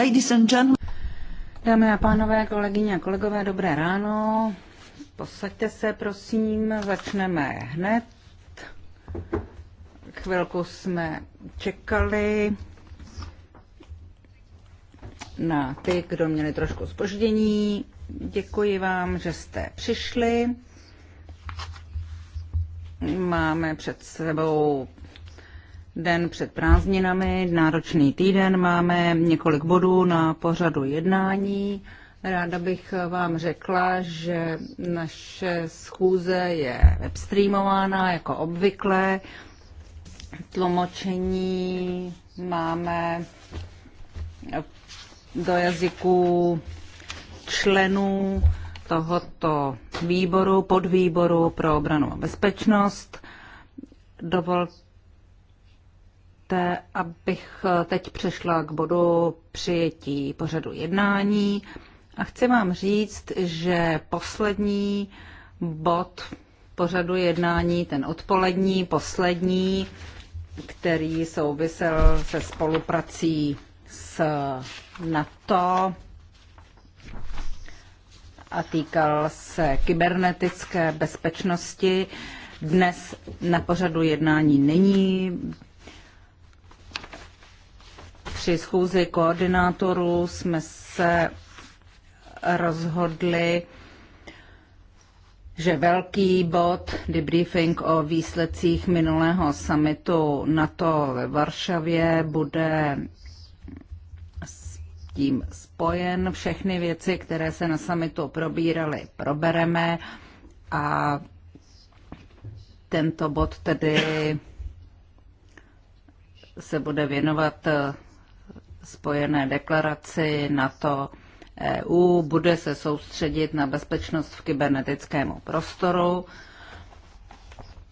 Ladies and gentlemen. Dámy a pánové, kolegyně a kolegové, dobré ráno. Posaďte se, prosím, začneme hned. Chvilku jsme čekali na ty, kdo měli trošku spoždění. Děkuji vám, že jste přišli. Máme před sebou den před prázdninami, náročný týden, máme několik bodů na pořadu jednání. Ráda bych vám řekla, že naše schůze je webstreamována jako obvykle. Tlumočení máme do jazyku členů tohoto výboru, podvýboru pro obranu a bezpečnost. Dovolte dovolte, abych teď přešla k bodu přijetí pořadu jednání a chci vám říct, že poslední bod pořadu jednání, ten odpolední, poslední, který souvisel se spoluprací s NATO a týkal se kybernetické bezpečnosti. Dnes na pořadu jednání není, při schůzi koordinátorů jsme se rozhodli, že velký bod debriefing o výsledcích minulého summitu NATO ve Varšavě bude s tím spojen. Všechny věci, které se na summitu probíraly, probereme a tento bod tedy se bude věnovat spojené deklaraci NATO EU, bude se soustředit na bezpečnost v kybernetickému prostoru.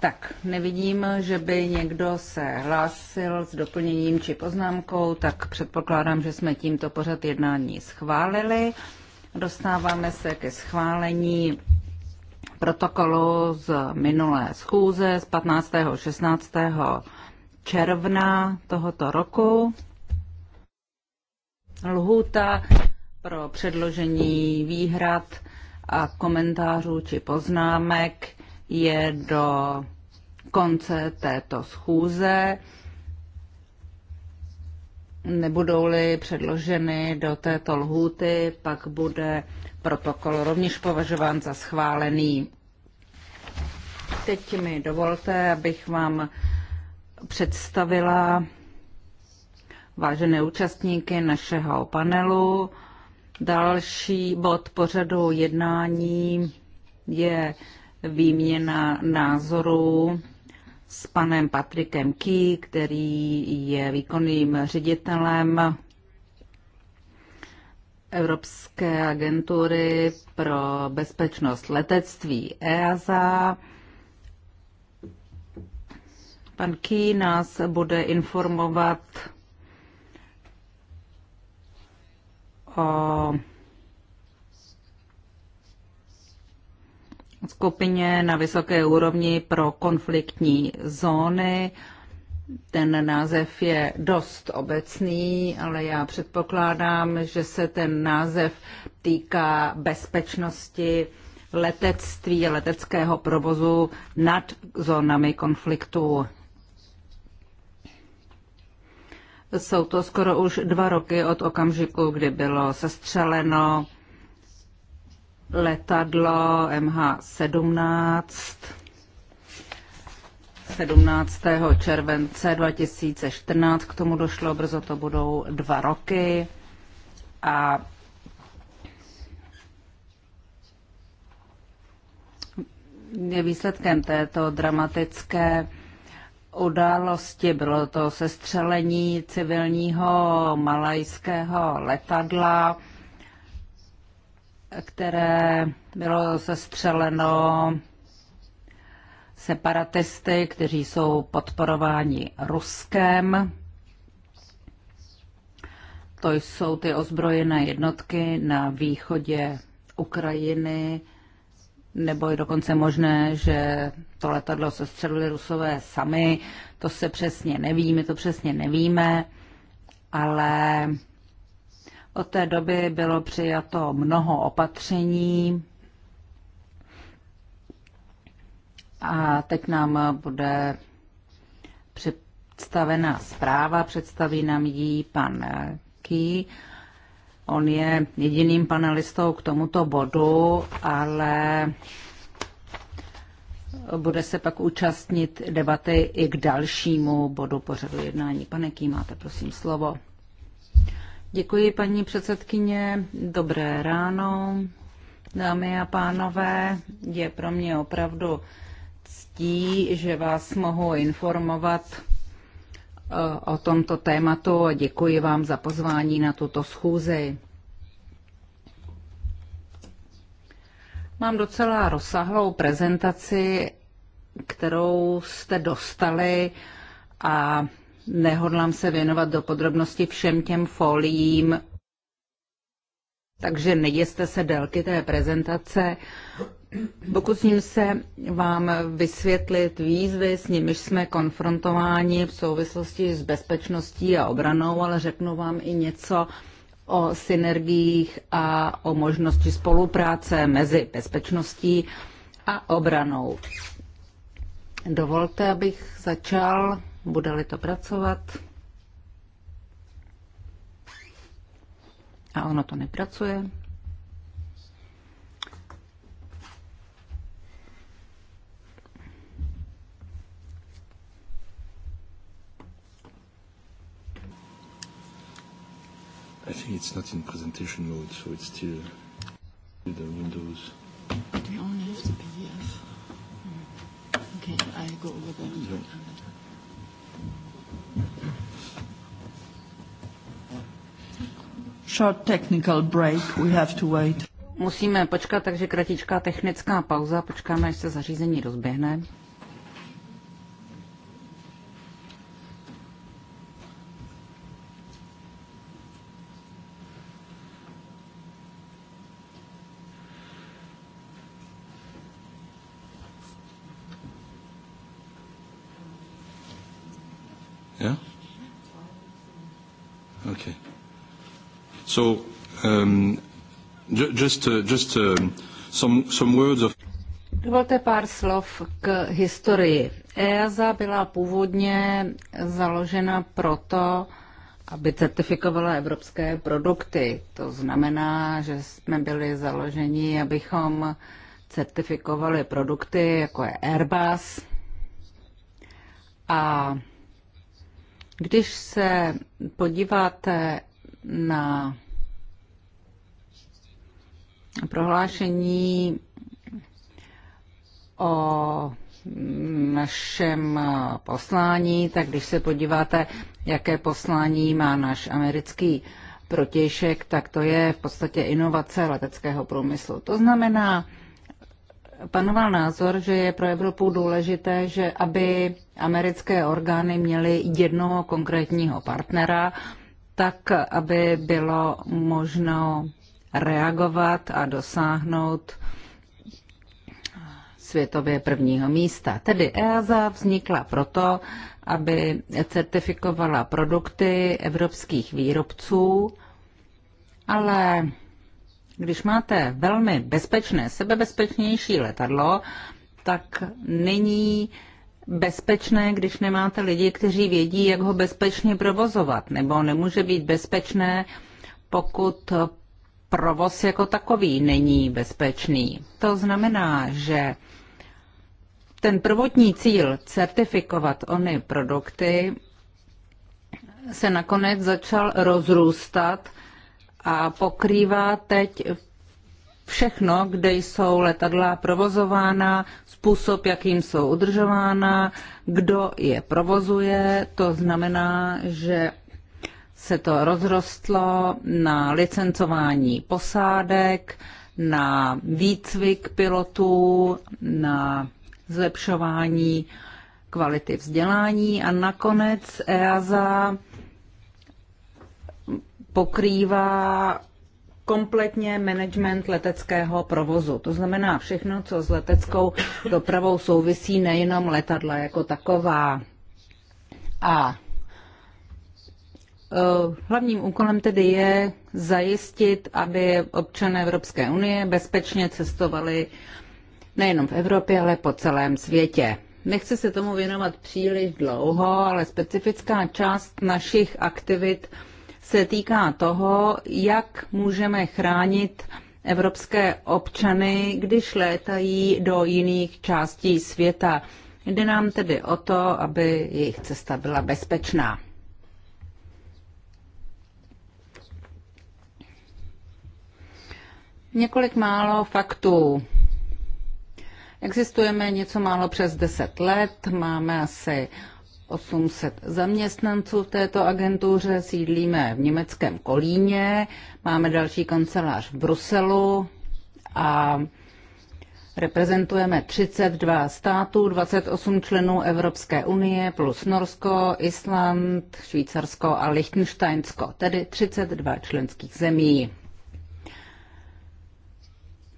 Tak, nevidím, že by někdo se hlásil s doplněním či poznámkou, tak předpokládám, že jsme tímto pořad jednání schválili. Dostáváme se ke schválení protokolu z minulé schůze z 15. 16. června tohoto roku. Lhůta pro předložení výhrad a komentářů či poznámek je do konce této schůze. Nebudou-li předloženy do této lhůty, pak bude protokol rovněž považován za schválený. Teď mi dovolte, abych vám představila vážené účastníky našeho panelu. Další bod pořadu jednání je výměna názorů s panem Patrikem Key, který je výkonným ředitelem Evropské agentury pro bezpečnost letectví EASA. Pan Key nás bude informovat a skupině na vysoké úrovni pro konfliktní zóny. Ten název je dost obecný, ale já předpokládám, že se ten název týká bezpečnosti letectví, leteckého provozu nad zónami konfliktu. Jsou to skoro už dva roky od okamžiku, kdy bylo sestřeleno letadlo MH17 17. července 2014. K tomu došlo, brzo to budou dva roky. A je výsledkem této dramatické události. Bylo to sestřelení civilního malajského letadla, které bylo sestřeleno separatisty, kteří jsou podporováni Ruskem. To jsou ty ozbrojené jednotky na východě Ukrajiny, nebo je dokonce možné, že to letadlo se střelili rusové sami, to se přesně neví, my to přesně nevíme, ale od té doby bylo přijato mnoho opatření a teď nám bude představena zpráva, představí nám ji pan Ký On je jediným panelistou k tomuto bodu, ale bude se pak účastnit debaty i k dalšímu bodu pořadu jednání. Pane Ký, máte prosím slovo. Děkuji, paní předsedkyně. Dobré ráno, dámy a pánové. Je pro mě opravdu ctí, že vás mohu informovat o tomto tématu a děkuji vám za pozvání na tuto schůzi. Mám docela rozsáhlou prezentaci, kterou jste dostali a nehodlám se věnovat do podrobnosti všem těm foliím, takže neděste se délky té prezentace. Pokusím se vám vysvětlit výzvy, s nimiž jsme konfrontováni v souvislosti s bezpečností a obranou, ale řeknu vám i něco o synergiích a o možnosti spolupráce mezi bezpečností a obranou. Dovolte, abych začal, bude-li to pracovat. A ono to nepracuje. I think it's not in presentation mode, so it's still in the windows. They only have the PDF. Okay, I go over there. Yeah. Short technical break. We have to wait. Musíme počkat, takže kratičká technická pauza. Počkáme, až se zařízení rozběhne. So, um, just, uh, just um, some, some words of... Dovolte pár slov k historii. EASA byla původně založena proto, aby certifikovala evropské produkty. To znamená, že jsme byli založeni, abychom certifikovali produkty, jako je Airbus. A když se podíváte na prohlášení o našem poslání, tak když se podíváte, jaké poslání má náš americký protějšek, tak to je v podstatě inovace leteckého průmyslu. To znamená, panoval názor, že je pro Evropu důležité, že aby americké orgány měly jednoho konkrétního partnera, tak, aby bylo možno reagovat a dosáhnout světově prvního místa. Tedy EASA vznikla proto, aby certifikovala produkty evropských výrobců, ale když máte velmi bezpečné, sebebezpečnější letadlo, tak nyní bezpečné, když nemáte lidi, kteří vědí, jak ho bezpečně provozovat, nebo nemůže být bezpečné, pokud provoz jako takový není bezpečný. To znamená, že ten prvotní cíl certifikovat ony produkty se nakonec začal rozrůstat a pokrývá teď všechno, kde jsou letadla provozována, způsob, jakým jsou udržována, kdo je provozuje. To znamená, že se to rozrostlo na licencování posádek, na výcvik pilotů, na zlepšování kvality vzdělání a nakonec EASA pokrývá kompletně management leteckého provozu. To znamená všechno, co s leteckou dopravou souvisí, nejenom letadla jako taková. A e, Hlavním úkolem tedy je zajistit, aby občané Evropské unie bezpečně cestovali nejenom v Evropě, ale po celém světě. Nechci se tomu věnovat příliš dlouho, ale specifická část našich aktivit se týká toho, jak můžeme chránit evropské občany, když létají do jiných částí světa. Jde nám tedy o to, aby jejich cesta byla bezpečná. Několik málo faktů. Existujeme něco málo přes 10 let, máme asi 800 zaměstnanců v této agentuře, sídlíme v německém Kolíně, máme další kancelář v Bruselu a reprezentujeme 32 států, 28 členů Evropské unie plus Norsko, Island, Švýcarsko a Liechtensteinsko, tedy 32 členských zemí.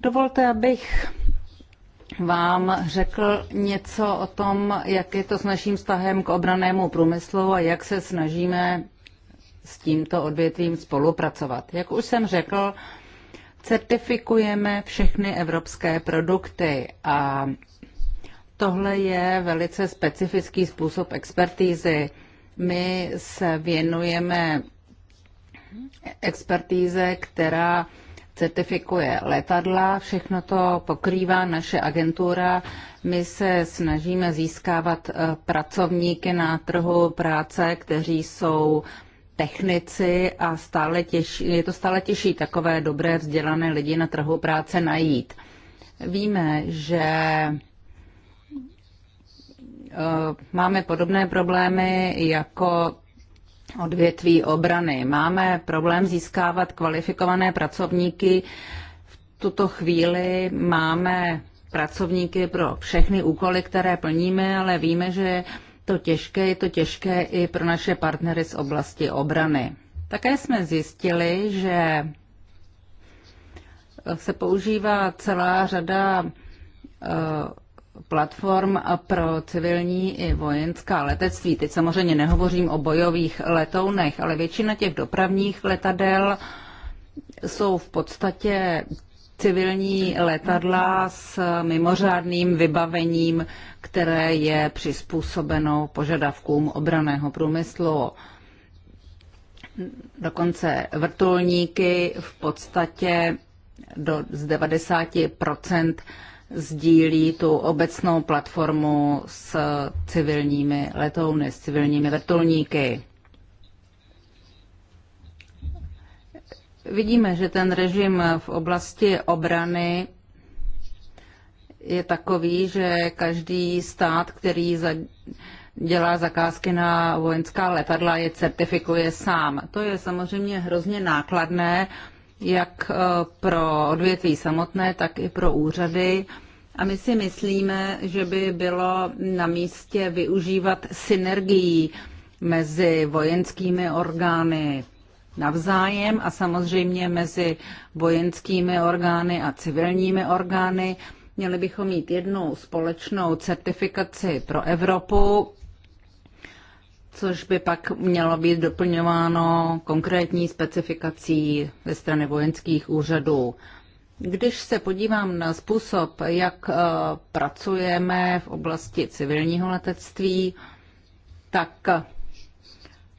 Dovolte, abych vám řekl něco o tom, jak je to s naším vztahem k obranému průmyslu a jak se snažíme s tímto odvětvím spolupracovat. Jak už jsem řekl, certifikujeme všechny evropské produkty a tohle je velice specifický způsob expertízy. My se věnujeme expertíze, která certifikuje letadla, všechno to pokrývá naše agentura. My se snažíme získávat eh, pracovníky na trhu práce, kteří jsou technici a stále těžší, je to stále těžší takové dobré vzdělané lidi na trhu práce najít. Víme, že eh, máme podobné problémy jako odvětví obrany. Máme problém získávat kvalifikované pracovníky. V tuto chvíli máme pracovníky pro všechny úkoly, které plníme, ale víme, že to těžké, je to těžké i pro naše partnery z oblasti obrany. Také jsme zjistili, že se používá celá řada eh, platform pro civilní i vojenská letectví. Teď samozřejmě nehovořím o bojových letounech, ale většina těch dopravních letadel jsou v podstatě civilní letadla s mimořádným vybavením, které je přizpůsobeno požadavkům obraného průmyslu. Dokonce vrtulníky v podstatě do, z 90 sdílí tu obecnou platformu s civilními letouny, s civilními vrtulníky. Vidíme, že ten režim v oblasti obrany je takový, že každý stát, který za, dělá zakázky na vojenská letadla, je certifikuje sám. To je samozřejmě hrozně nákladné, jak eh, pro odvětví samotné, tak i pro úřady. A my si myslíme, že by bylo na místě využívat synergii mezi vojenskými orgány navzájem a samozřejmě mezi vojenskými orgány a civilními orgány. Měli bychom mít jednu společnou certifikaci pro Evropu, což by pak mělo být doplňováno konkrétní specifikací ze strany vojenských úřadů. Když se podívám na způsob, jak eh, pracujeme v oblasti civilního letectví, tak eh,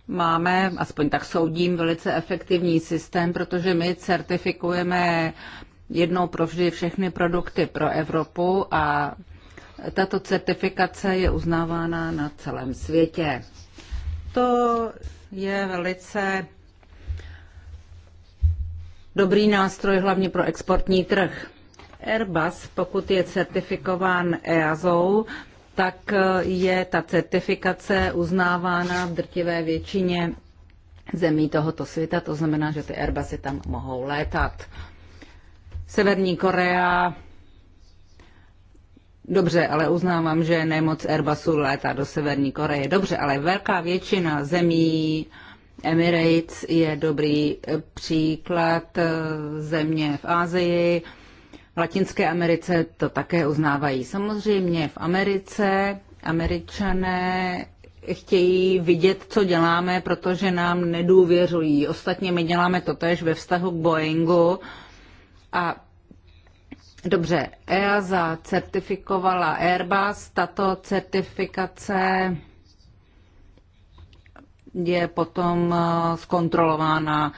máme, aspoň tak soudím, velice efektivní systém, protože my certifikujeme jednou provždy všechny produkty pro Evropu a tato certifikace je uznávána na celém světě. To je velice dobrý nástroj hlavně pro exportní trh. Airbus, pokud je certifikován EASO, tak je ta certifikace uznávána v drtivé většině zemí tohoto světa, to znamená, že ty Airbusy tam mohou létat. Severní Korea Dobře, ale uznávám, že nemoc Airbusu létá do Severní Koreje. Dobře, ale velká většina zemí Emirates je dobrý eh, příklad eh, země v Asii. V Latinské Americe to také uznávají. Samozřejmě v Americe američané chtějí vidět, co děláme, protože nám nedůvěřují. Ostatně my děláme to tež ve vztahu k Boeingu a Dobře, EASA certifikovala Airbus, tato certifikace je potom eh, zkontrolována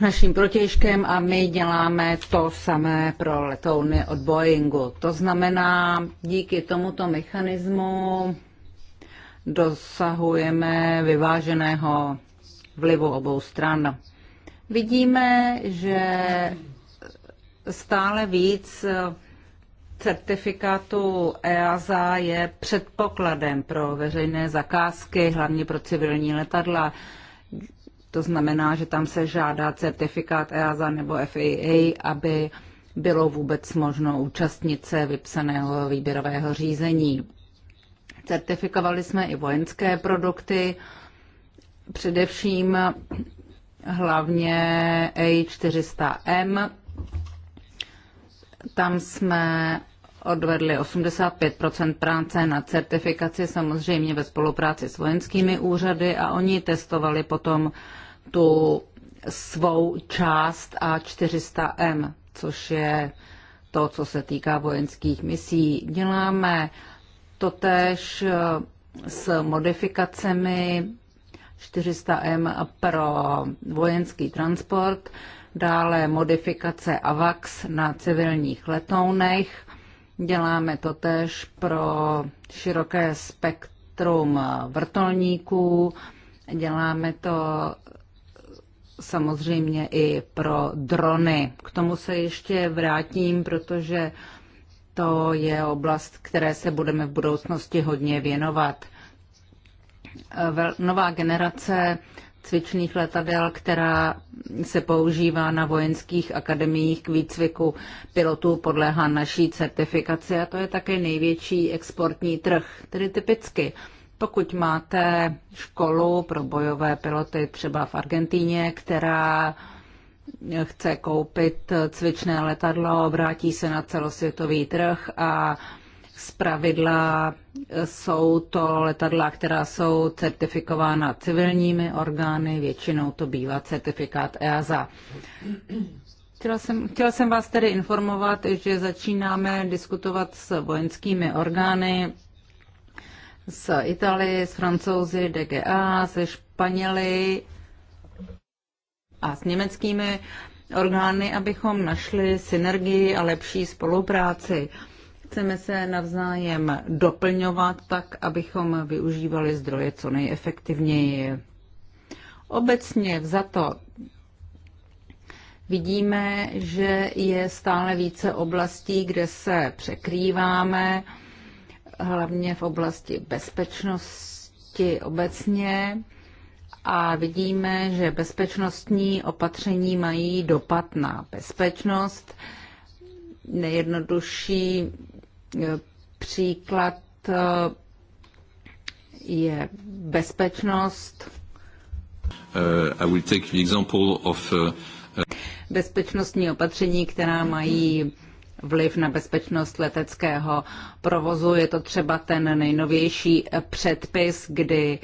naším protěžkem a my děláme to samé pro letouny od Boeingu. To znamená, díky tomuto mechanismu dosahujeme vyváženého vlivu obou stran. Vidíme, že stále víc eh, certifikátu EASA je předpokladem pro veřejné zakázky, hlavně pro civilní letadla. To znamená, že tam se žádá certifikát EASA nebo FAA, aby bylo vůbec možno účastnit se vypsaného výběrového řízení. Certifikovali jsme i vojenské produkty, především hlavně A400M, tam jsme odvedli 85 práce na certifikaci, samozřejmě ve spolupráci s vojenskými úřady a oni testovali potom tu svou část A400M, což je to, co se týká vojenských misí. Děláme to tež eh, s modifikacemi 400M pro vojenský transport dále modifikace AVAX na civilních letounech. Děláme to tež pro široké spektrum vrtolníků. Děláme to samozřejmě i pro drony. K tomu se ještě vrátím, protože to je oblast, které se budeme v budoucnosti hodně věnovat. Nová generace cvičných letadel, která se používá na vojenských akademiích k výcviku pilotů, podléhá naší certifikaci a to je také největší exportní trh. Tedy typicky, pokud máte školu pro bojové piloty třeba v Argentíně, která chce koupit cvičné letadlo, vrátí se na celosvětový trh a pravidla jsou to letadla, která jsou certifikována civilními orgány, většinou to bývá certifikát EASA. Chtěla jsem, chtěla jsem vás tedy informovat, že začínáme diskutovat s vojenskými orgány, s Italii, s Francouzi, DGA, se Španěli a s německými orgány, abychom našli synergii a lepší spolupráci. Chceme se navzájem doplňovat tak, abychom využívali zdroje co nejefektivněji. Obecně to vidíme, že je stále více oblastí, kde se překrýváme, hlavně v oblasti bezpečnosti obecně. A vidíme, že bezpečnostní opatření mají dopad na bezpečnost. Nejjednodušší E, příklad e, je bezpečnost. Uh, I will take the example of, uh, Bezpečnostní opatření, která mají vliv na bezpečnost leteckého provozu. Je to třeba ten nejnovější předpis, kdy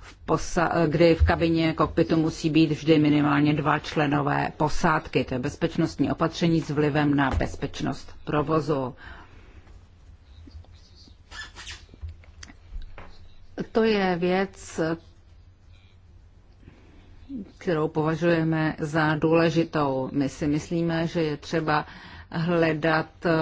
v, posa- kdy v kabině kokpitu musí být vždy minimálně dva členové posádky. To je bezpečnostní opatření s vlivem na bezpečnost provozu. To je věc, kterou považujeme za důležitou. My si myslíme, že je třeba hledat eh,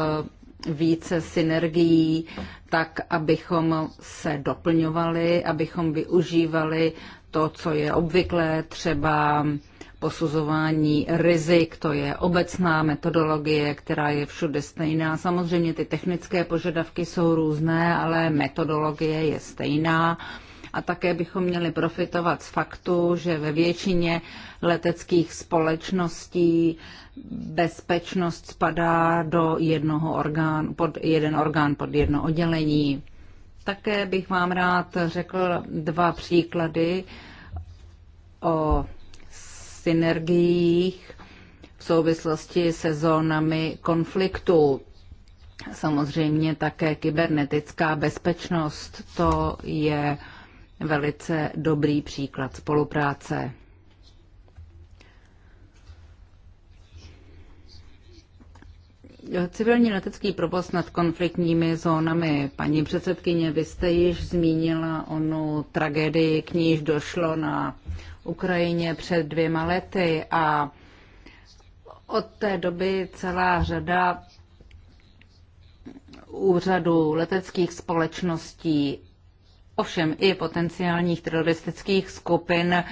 více synergií, tak abychom se doplňovali, abychom využívali to, co je obvyklé, třeba posuzování rizik, to je obecná metodologie, která je všude stejná. Samozřejmě ty technické požadavky jsou různé, ale metodologie je stejná. A také bychom měli profitovat z faktu, že ve většině leteckých společností bezpečnost spadá do jednoho orgánu, pod jeden orgán, pod jedno oddělení. Také bych vám rád řekl dva příklady o synergiích v souvislosti se zónami konfliktu. Samozřejmě také kybernetická bezpečnost, to je velice dobrý příklad spolupráce. Civilní letecký provoz nad konfliktními zónami. Paní předsedkyně, vy jste již zmínila onu tragédii, k níž došlo na Ukrajině před dvěma lety a od té doby celá řada úřadů leteckých společností, ovšem i potenciálních teroristických skupin,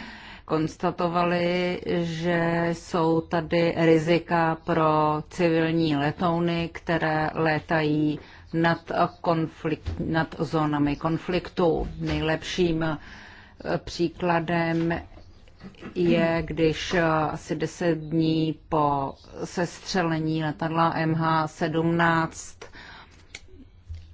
konstatovali, že jsou tady rizika pro civilní letouny, které létají nad, konflikt, nad zónami konfliktu. Nejlepším příkladem je, když eh, asi 10 dní po sestřelení letadla MH17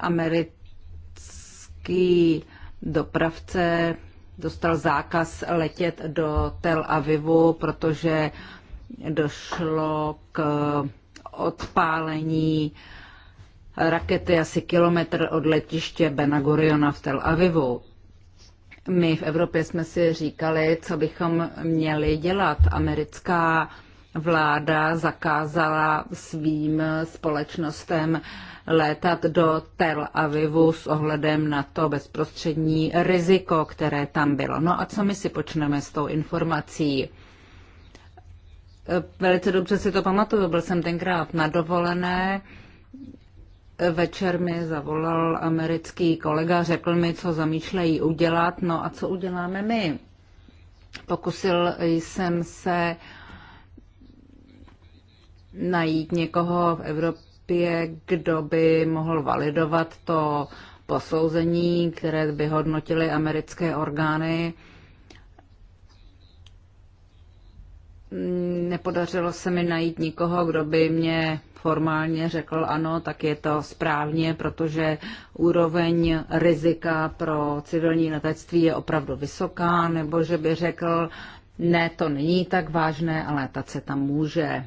americký dopravce dostal zákaz letět do Tel Avivu, protože došlo k odpálení rakety asi kilometr od letiště Benagoriona v Tel Avivu. My v Evropě jsme si říkali, co bychom měli dělat. Americká vláda zakázala svým společnostem létat do Tel Avivu s ohledem na to bezprostřední riziko, které tam bylo. No a co my si počneme s tou informací? Velice dobře si to pamatuju, byl jsem tenkrát na dovolené večer mi zavolal americký kolega, řekl mi, co zamýšlejí udělat, no a co uděláme my. Pokusil jsem se najít někoho v Evropě, kdo by mohl validovat to posouzení, které by hodnotily americké orgány Mm, nepodařilo se mi najít nikoho, kdo by mě formálně řekl ano, tak je to správně, protože úroveň rizika pro civilní letectví je opravdu vysoká, nebo že by řekl, ne, to není tak vážné, ale ta se tam může.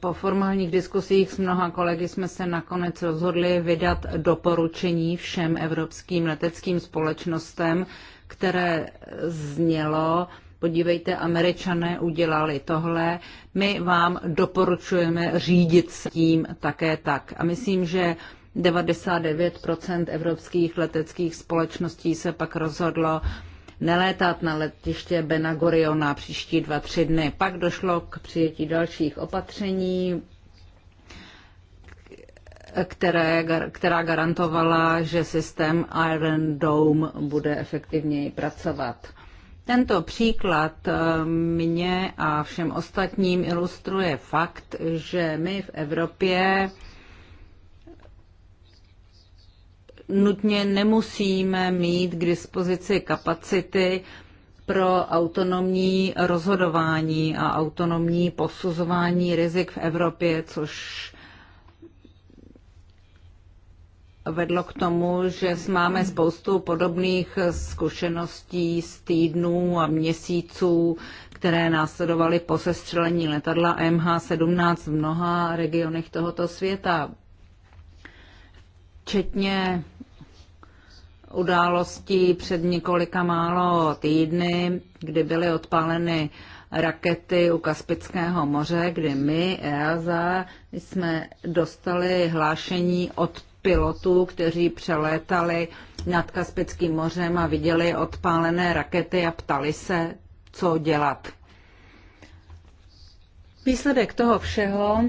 Po formálních diskusích s mnoha kolegy jsme se nakonec rozhodli vydat doporučení všem evropským leteckým společnostem, které znělo, Podívejte, američané udělali tohle, my vám doporučujeme řídit s tím také tak. A myslím, že 99% evropských leteckých společností se pak rozhodlo nelétat na letiště Benagoriona příští dva, tři dny. Pak došlo k přijetí dalších opatření, které, která garantovala, že systém Iron Dome bude efektivněji pracovat. Tento příklad eh, mě a všem ostatním ilustruje fakt, že my v Evropě nutně nemusíme mít k dispozici kapacity pro autonomní rozhodování a autonomní posuzování rizik v Evropě, což vedlo k tomu, že máme spoustu podobných zkušeností z týdnů a měsíců, které následovaly po sestřelení letadla MH17 v mnoha regionech tohoto světa. Včetně událostí před několika málo týdny, kdy byly odpáleny rakety u Kaspického moře, kdy my, EASA, jsme dostali hlášení od pilotů, kteří přelétali nad Kaspickým mořem a viděli odpálené rakety a ptali se, co dělat. Výsledek toho všeho,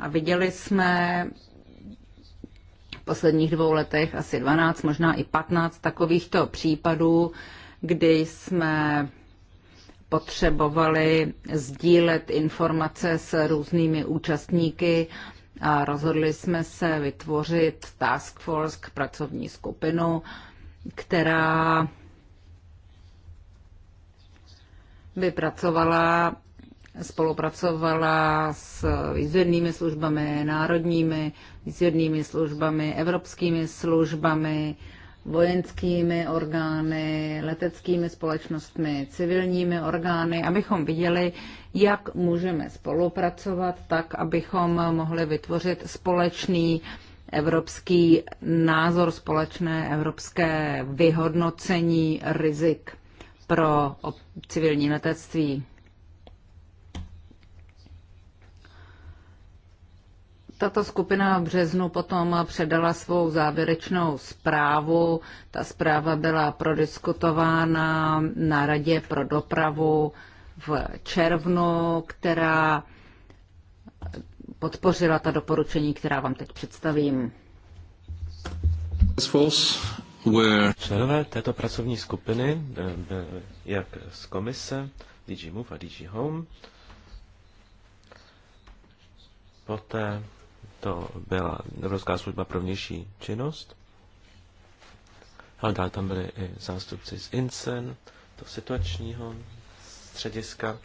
a viděli jsme v posledních dvou letech asi 12, možná i 15 takovýchto případů, kdy jsme potřebovali sdílet informace s různými účastníky a rozhodli jsme se vytvořit task force k pracovní skupinu, která by pracovala, spolupracovala s výzvědnými službami, národními výzvědnými službami, evropskými službami, vojenskými orgány, leteckými společnostmi, civilními orgány, abychom viděli, jak můžeme spolupracovat tak, abychom mohli vytvořit společný evropský názor, společné evropské vyhodnocení rizik pro civilní letectví. Tato skupina v březnu potom předala svou závěrečnou zprávu. Ta zpráva byla prodiskutována na Radě pro dopravu v červnu, která podpořila ta doporučení, která vám teď představím. Členové této pracovní skupiny eh, jak z komise DG Move a DG Home. Poté to byla Evropská služba pro vnější činnost, ale dál tam byli i zástupci z INSEN, to situačního střediska.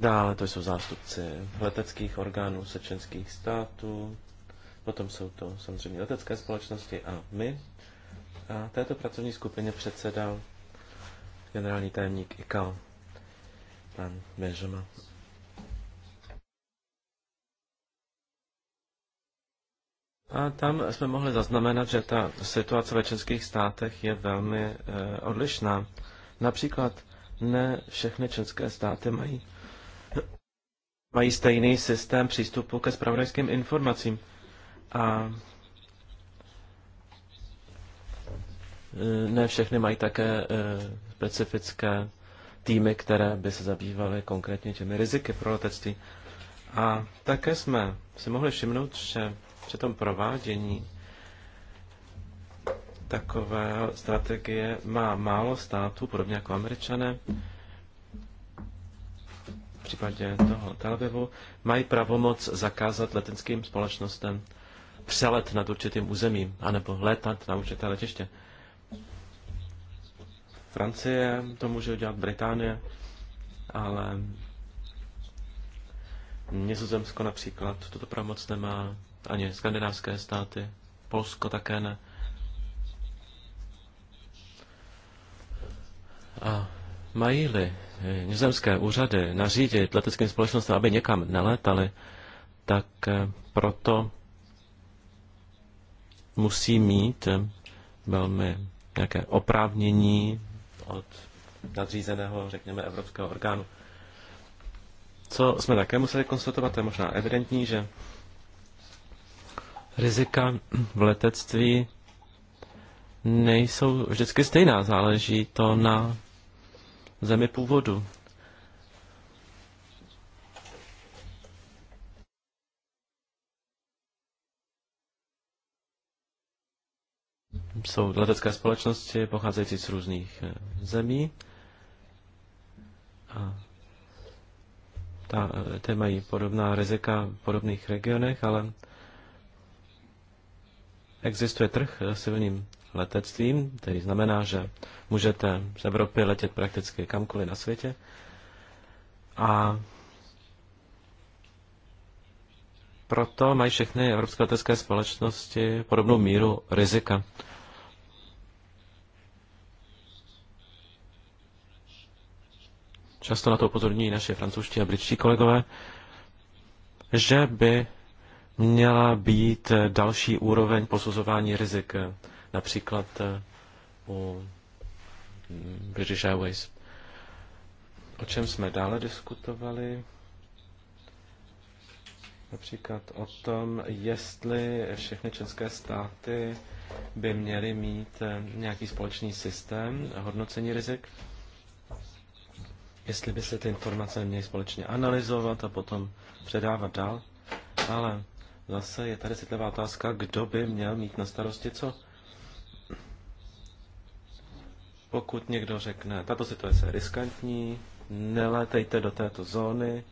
Dále to jsou zástupci leteckých orgánů sečenských států, potom jsou to samozřejmě letecké společnosti a my. A této pracovní skupině předsedal generální tajemník Ikal, pan Benjamin A tam jsme mohli zaznamenat, že ta situace ve českých státech je velmi eh, odlišná. Například ne všechny české státy mají, mají stejný systém přístupu ke spravodajským informacím. A eh, ne všechny mají také eh, specifické týmy, které by se zabývaly konkrétně těmi riziky pro letectví. A také jsme si mohli všimnout, že při tom provádění takové strategie má málo států, podobně jako američané, v případě toho Tel Avivu, mají pravomoc zakázat letenským společnostem přelet nad určitým územím, anebo létat na určité letiště. Francie to může udělat Británie, ale Nizozemsko například tuto pravomoc nemá, ani skandinávské státy, Polsko také ne. A mají-li nizozemské úřady nařídit leteckým společnostem, aby někam nelétali, tak eh, proto musí mít eh, velmi nějaké oprávnění od nadřízeného, řekněme, evropského orgánu. Co jsme také museli konstatovat, je možná evidentní, že rizika v letectví nejsou vždycky stejná, záleží to na zemi původu. Jsou letecké společnosti pocházející z různých eh, zemí a ta, eh, ty mají podobná rizika v podobných regionech, ale Existuje trh s civilním letectvím, který znamená, že můžete z Evropy letět prakticky kamkoliv na světě. A proto mají všechny evropské letecké společnosti podobnou míru rizika. Často na to upozorní naše francouzští a britští kolegové, že by měla být další úroveň posuzování rizik, například eh, u British Airways. O čem jsme dále diskutovali? Například o tom, jestli všechny české státy by měly mít eh, nějaký společný systém hodnocení rizik, jestli by se ty informace měly společně analyzovat a potom předávat dál. Ale zase je tady citlivá otázka, kdo by měl mít na starosti co. Pokud někdo řekne, tato situace je riskantní, nelétejte do této zóny,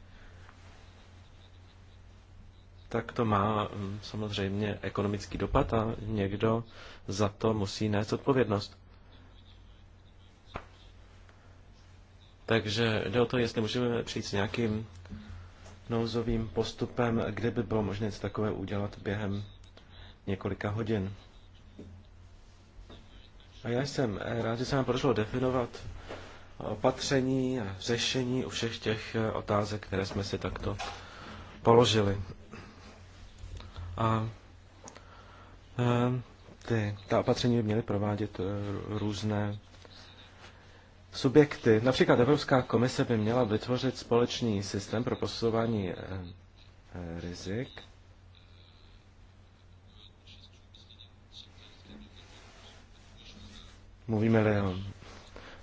tak to má mm, samozřejmě ekonomický dopad a někdo za to musí nést odpovědnost. Takže jde o to, jestli můžeme přijít s nějakým nouzovým postupem, kde by bylo možné něco takové udělat během několika hodin. A já jsem eh, rád, že se nám podařilo definovat opatření a řešení u všech těch eh, otázek, které jsme si takto položili. A eh, ty, ta opatření by měly provádět různé subjekty. Například Evropská komise by měla vytvořit společný systém pro posuzování eh, eh, rizik. Mluvíme-li o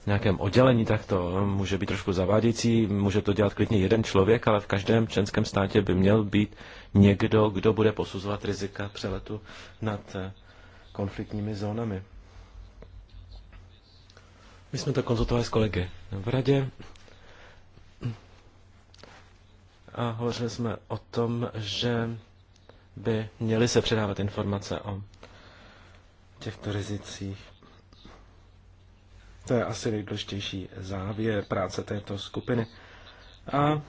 nějakém oddělení, tak to může být trošku zavádějící, může to dělat klidně jeden člověk, ale v každém členském státě by měl být někdo, kdo bude posuzovat rizika přeletu nad eh, konfliktními zónami. My jsme to konzultovali s kolegy v radě a hovořili jsme o tom, že by měly se předávat informace o těchto rizicích. To je asi nejdůležitější závěr práce této skupiny. A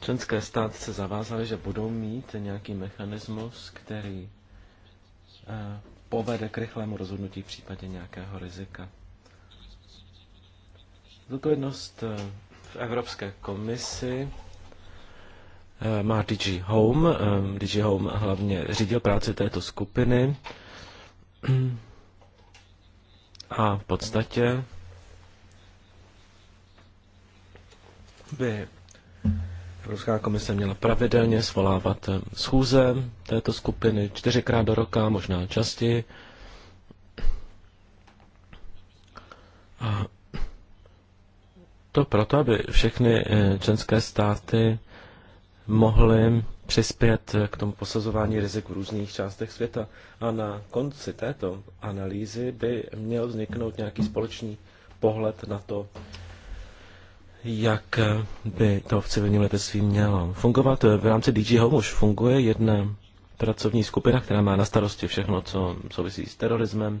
členské státy se zavázaly, že budou mít nějaký mechanismus, který eh, povede k rychlému rozhodnutí v případě nějakého rizika. Zodpovědnost eh, v Evropské komisi eh, má DG Home. Eh, DG Home hlavně řídil práci této skupiny a v podstatě by Evropská komise měla pravidelně svolávat schůze této skupiny čtyřikrát do roka, možná častěji. A to proto, aby všechny eh, členské státy mohly přispět eh, k tomu posazování rizik v různých částech světa. A na konci této analýzy by měl vzniknout nějaký společný pohled na to, jak eh, by to v civilním letectví mělo fungovat. V rámci DG Home už funguje jedna pracovní skupina, která má na starosti všechno, co souvisí s terorismem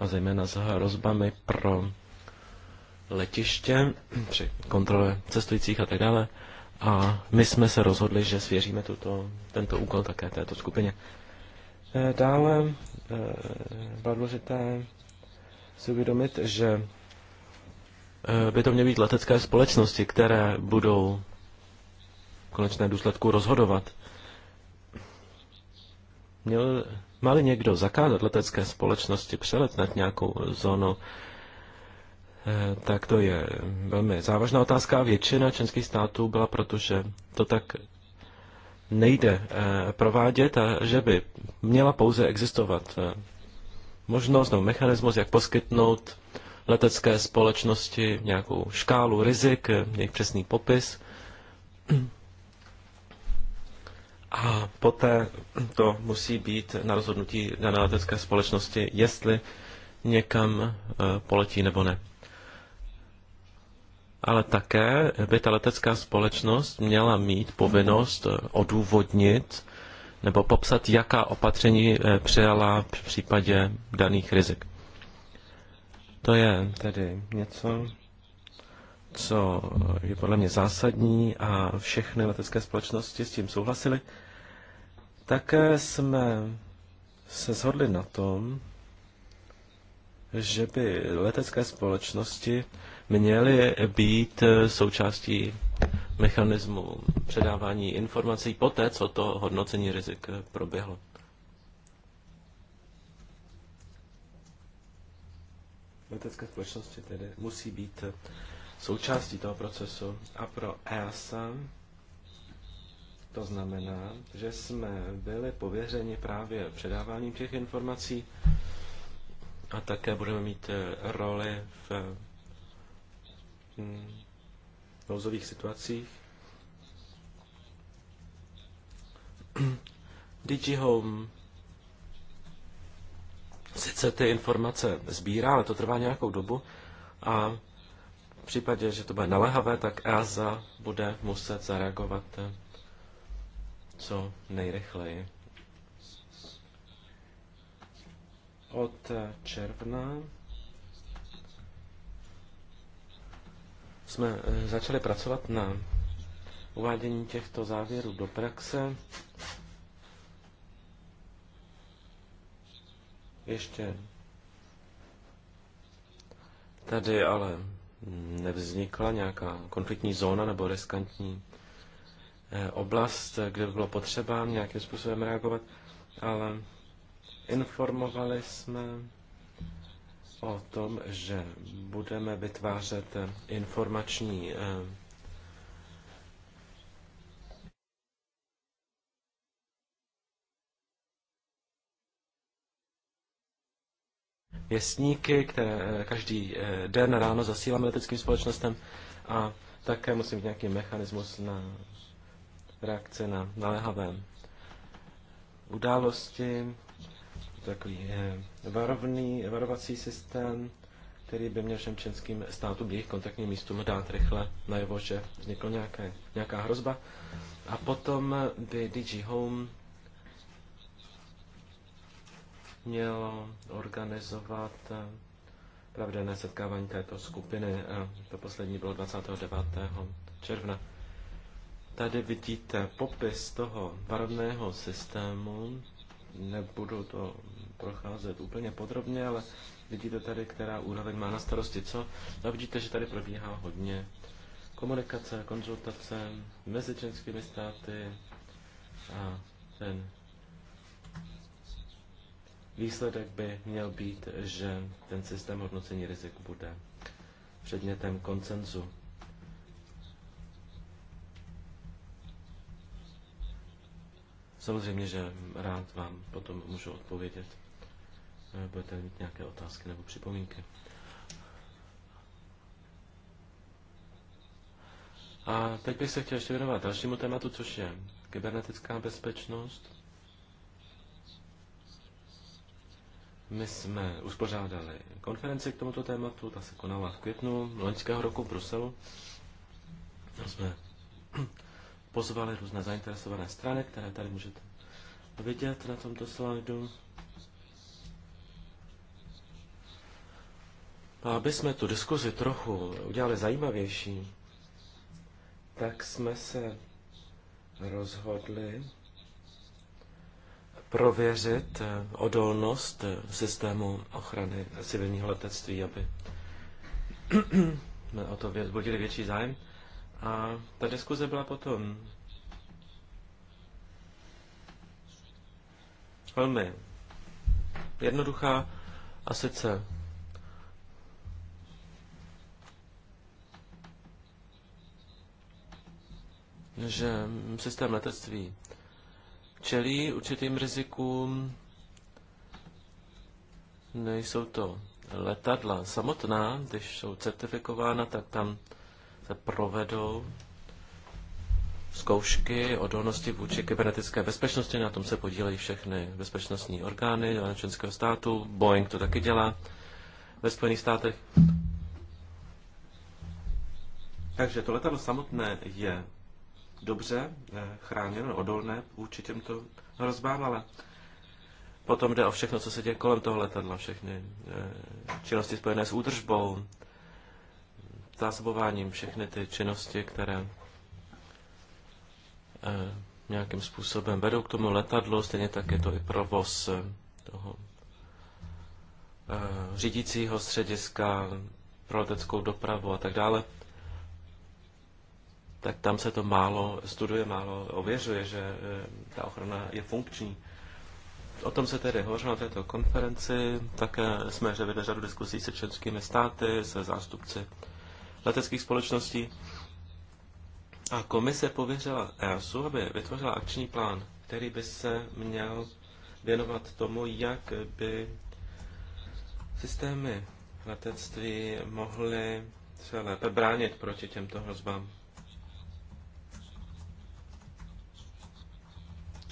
a zejména s hrozbami pro letiště při kontrole cestujících a tak dále. A my jsme se rozhodli, že svěříme tuto, tento úkol také této skupině. Eh, dále eh, bylo důležité si uvědomit, že eh, by to měly být letecké společnosti, které budou v konečné důsledku rozhodovat. Měl, má někdo zakázat letecké společnosti přelet nad nějakou zónu? Eh, tak to je velmi závažná otázka. Většina členských států byla, protože to tak nejde eh, provádět a že by měla pouze existovat eh, možnost nebo mechanismus, jak poskytnout letecké společnosti nějakou škálu rizik, jejich přesný popis. A poté to musí být na rozhodnutí dané letecké společnosti, jestli někam poletí nebo ne ale také by ta letecká společnost měla mít povinnost eh, odůvodnit nebo popsat, jaká opatření eh, přijala v případě daných rizik. To je tedy něco, co je podle mě zásadní a všechny letecké společnosti s tím souhlasily. Také jsme se shodli na tom, že by letecké společnosti měly být součástí mechanismu předávání informací poté, co to hodnocení rizik proběhlo. Letecké společnosti tedy musí být součástí toho procesu. A pro EASA to znamená, že jsme byli pověřeni právě předáváním těch informací a také budeme mít roli v nouzových situacích. DG Home sice ty informace sbírá, ale to trvá nějakou dobu a v případě, že to bude naléhavé, tak EASA bude muset zareagovat eh, co nejrychleji. Od eh, června jsme eh, začali pracovat na uvádění těchto závěrů do praxe. Ještě tady ale nevznikla nějaká konfliktní zóna nebo riskantní eh, oblast, kde by bylo potřeba nějakým způsobem reagovat, ale informovali jsme o tom, že budeme vytvářet informační eh, věstníky, které eh, každý eh, den ráno zasíláme leteckým společnostem a také musí být nějaký mechanismus na reakce na naléhavé události takový eh, varovný, varovací systém, který by měl všem členským státům jejich kontaktním místům dát rychle najevo, že vznikla nějaké, nějaká hrozba. A potom by DG Home mělo organizovat eh, pravidelné setkávání této skupiny. To poslední bylo 29. června. Tady vidíte popis toho varovného systému, nebudu to procházet úplně podrobně, ale vidíte tady, která úroveň má na starosti co. A vidíte, že tady probíhá hodně komunikace, konzultace mezi členskými státy a ten výsledek by měl být, že ten systém hodnocení rizik bude předmětem koncenzu. Samozřejmě, že rád vám potom můžu odpovědět. Eh, budete mít nějaké otázky nebo připomínky. A teď bych se chtěl ještě věnovat dalšímu tématu, což je kybernetická bezpečnost. My jsme uspořádali konferenci k tomuto tématu, ta se konala v květnu loňského roku v Bruselu. Tam jsme pozvali různé zainteresované strany, které tady můžete vidět na tomto slajdu. A aby jsme tu diskuzi trochu udělali zajímavější, tak jsme se rozhodli prověřit eh, odolnost eh, systému ochrany civilního letectví, aby o to vzbudili větší zájem. A ta diskuze byla potom velmi jednoduchá a sice že systém letectví čelí určitým rizikům. Nejsou to letadla samotná, když jsou certifikována, tak tam se provedou zkoušky odolnosti vůči kybernetické bezpečnosti. Na tom se podílejí všechny bezpečnostní orgány členského státu. Boeing to taky dělá ve Spojených státech. Takže to letadlo samotné je dobře chráněno, odolné vůči těmto hrozbám, ale potom jde o všechno, co se děje kolem toho letadla, všechny eh, činnosti spojené s údržbou, zásobováním všechny ty činnosti, které eh, nějakým způsobem vedou k tomu letadlu, stejně tak je to i provoz eh, toho eh, řídícího střediska pro leteckou dopravu a tak dále, tak tam se to málo studuje, málo ověřuje, že ta ochrana je funkční. O tom se tedy hovořilo na této konferenci, také jsme řevili řadu diskusí se členskými státy, se zástupci leteckých společností. A komise pověřila EASu, aby vytvořila akční plán, který by se měl věnovat tomu, jak by systémy letectví mohly se lépe bránit proti těmto hrozbám.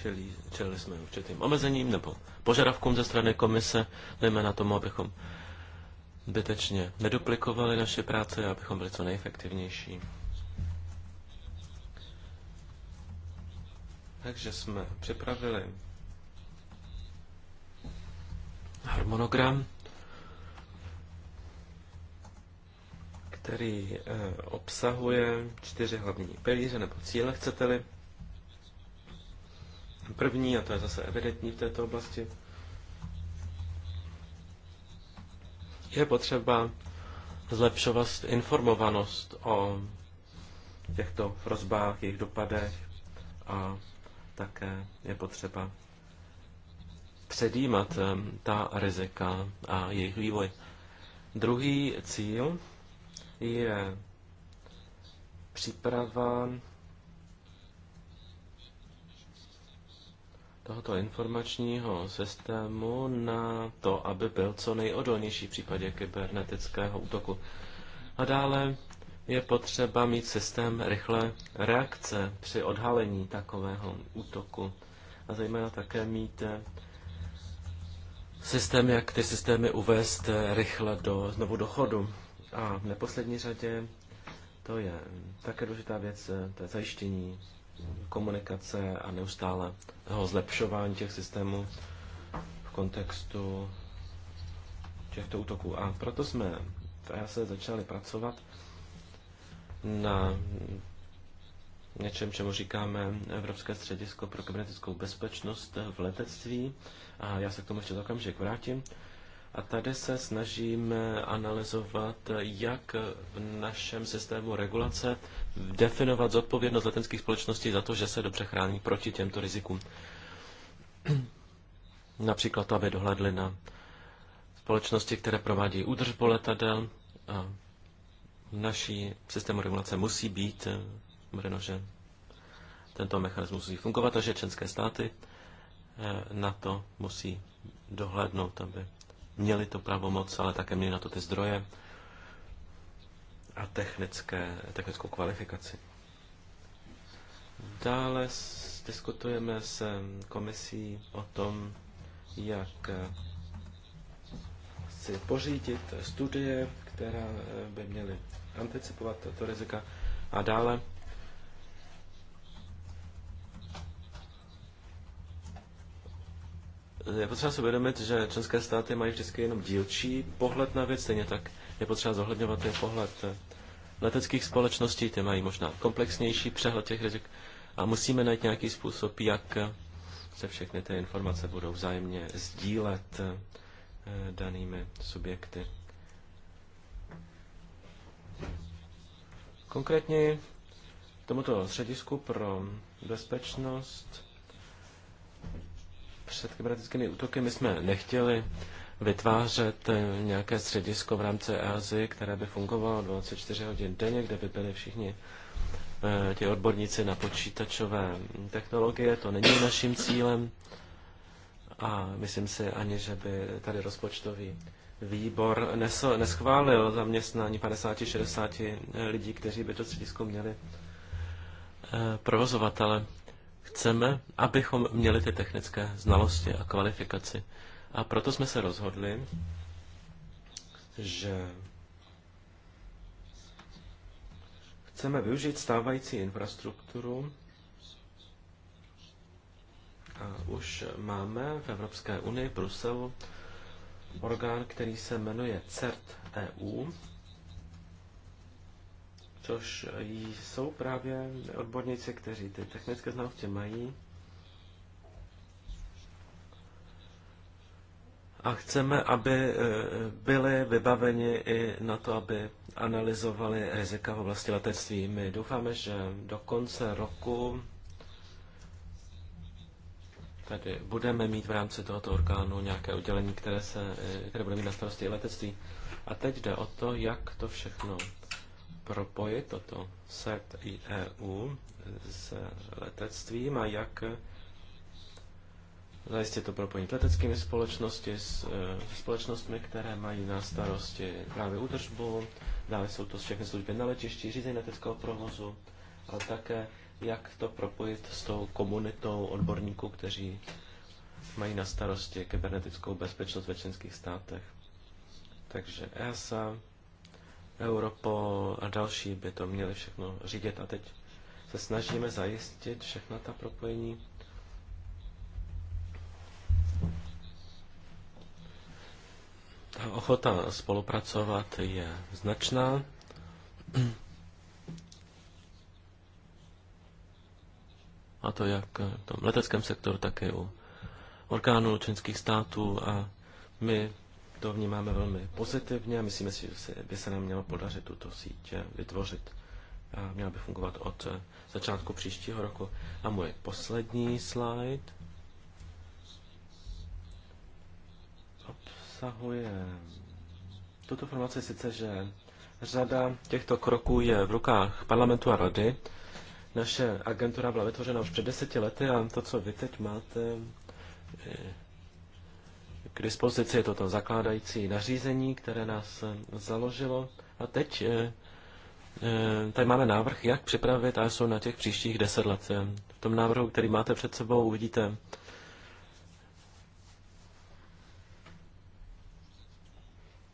Čili, čili jsme určitým omezením nebo požadavkům ze strany komise, zejména tomu, abychom zbytečně neduplikovali naše práce, abychom byli co nejefektivnější. Takže jsme připravili harmonogram, který eh, obsahuje čtyři hlavní pilíře nebo cíle, chcete-li. První, a to je zase evidentní v této oblasti, Je potřeba zlepšovat informovanost o těchto rozbách, jejich dopadech a také je potřeba předjímat ta rizika a jejich vývoj. Druhý cíl je příprava tohoto informačního systému na to, aby byl co nejodolnější v případě kybernetického útoku. A dále je potřeba mít systém rychlé reakce při odhalení takového útoku. A zejména také mít eh, systém, jak ty systémy uvést eh, rychle do, znovu do chodu. A v neposlední řadě to je také důležitá věc, eh, to je zajištění komunikace a neustále ho zlepšování těch systémů v kontextu těchto útoků. A proto jsme v se e začali pracovat na něčem, čemu říkáme Evropské středisko pro kybernetickou bezpečnost v letectví. A já se k tomu ještě za okamžik vrátím. A tady se snažíme analyzovat, jak v našem systému regulace definovat zodpovědnost letenských společností za to, že se dobře chrání proti těmto rizikům. Například to, aby dohledli na společnosti, které provádí údržbu letadel. A naší systému regulace musí být uvedeno, eh, že tento mechanismus musí fungovat a že členské státy eh, na to musí dohlédnout, aby měli to pravomoc, ale také měli na to ty zdroje a technické, technickou kvalifikaci. Dále diskutujeme s komisí o tom, jak si pořídit studie, která by měly anticipovat tato rizika. A dále je potřeba si uvědomit, že členské státy mají vždycky jenom dílčí pohled na věc, stejně tak je potřeba zohledňovat i pohled leteckých společností, ty mají možná komplexnější přehled těch rizik a musíme najít nějaký způsob, jak se všechny ty informace budou vzájemně sdílet eh, danými subjekty. Konkrétně tomuto středisku pro bezpečnost před kybernetickými útoky my jsme nechtěli vytvářet eh, nějaké středisko v rámci EASY, které by fungovalo 24 hodin denně, kde by byli všichni eh, ti odborníci na počítačové technologie. To není naším cílem a myslím si ani, že by tady rozpočtový výbor neschválil zaměstnání 50-60 lidí, kteří by to středisko měli eh, provozovatele. Chceme, abychom měli ty technické znalosti a kvalifikaci. A proto jsme se rozhodli, že chceme využít stávající infrastrukturu a už máme v Evropské unii, Bruselu, orgán, který se jmenuje CERT EU, což jsou právě odborníci, kteří ty technické znalosti mají a chceme, aby eh, byli vybaveni i na to, aby analyzovali rizika v oblasti letectví. My doufáme, že do konce roku tady budeme mít v rámci tohoto orgánu nějaké oddělení, které, se, eh, které bude mít na starosti letectví. A teď jde o to, jak to všechno propojit, toto CERT i EU s letectvím a jak zajistit to propojení s leteckými společnosti, s eh, společnostmi, které mají na starosti právě údržbu, dále jsou to všechny služby na letišti, řízení leteckého provozu, ale také jak to propojit s tou komunitou odborníků, kteří mají na starosti kybernetickou bezpečnost ve členských státech. Takže ESA, Europol a další by to měli všechno řídit a teď se snažíme zajistit všechna ta propojení Ta ochota spolupracovat je značná. A to jak v tom leteckém sektoru, tak i u orgánů členských států. A my to vnímáme velmi pozitivně a myslíme si, že se, by se nám mělo podařit tuto síť vytvořit. A měla by fungovat od začátku příštího roku. A můj poslední slide. obsahuje tuto formaci sice, že řada těchto kroků je v rukách parlamentu a rady. Naše agentura byla vytvořena už před deseti lety a to, co vy teď máte k dispozici, je toto zakládající nařízení, které nás založilo. A teď eh, eh, tady máme návrh, jak připravit ASO na těch příštích deset let. V tom návrhu, který máte před sebou, uvidíte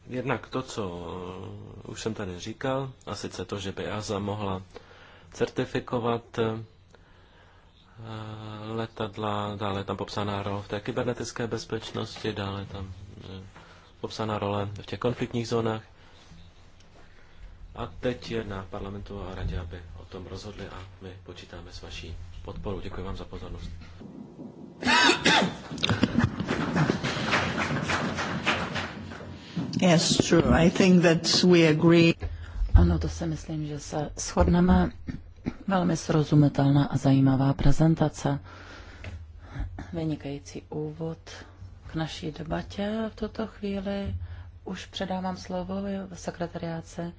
Jednak to, co eh, už jsem tady říkal, a sice to, že by EASA mohla certifikovat eh, letadla, dále je tam popsaná role v té kybernetické bezpečnosti, dále je tam eh, popsaná role v těch konfliktních zónách. A teď je na parlamentu a radě, aby o tom rozhodli a my počítáme s vaší podporou. Děkuji vám za pozornost. Yes, true. I think that we agree. Ano, to si myslím, že se shodneme. Velmi srozumitelná a zajímavá prezentace. Vynikající úvod k naší debatě v tuto chvíli. Už předávám slovo v sekretariáce.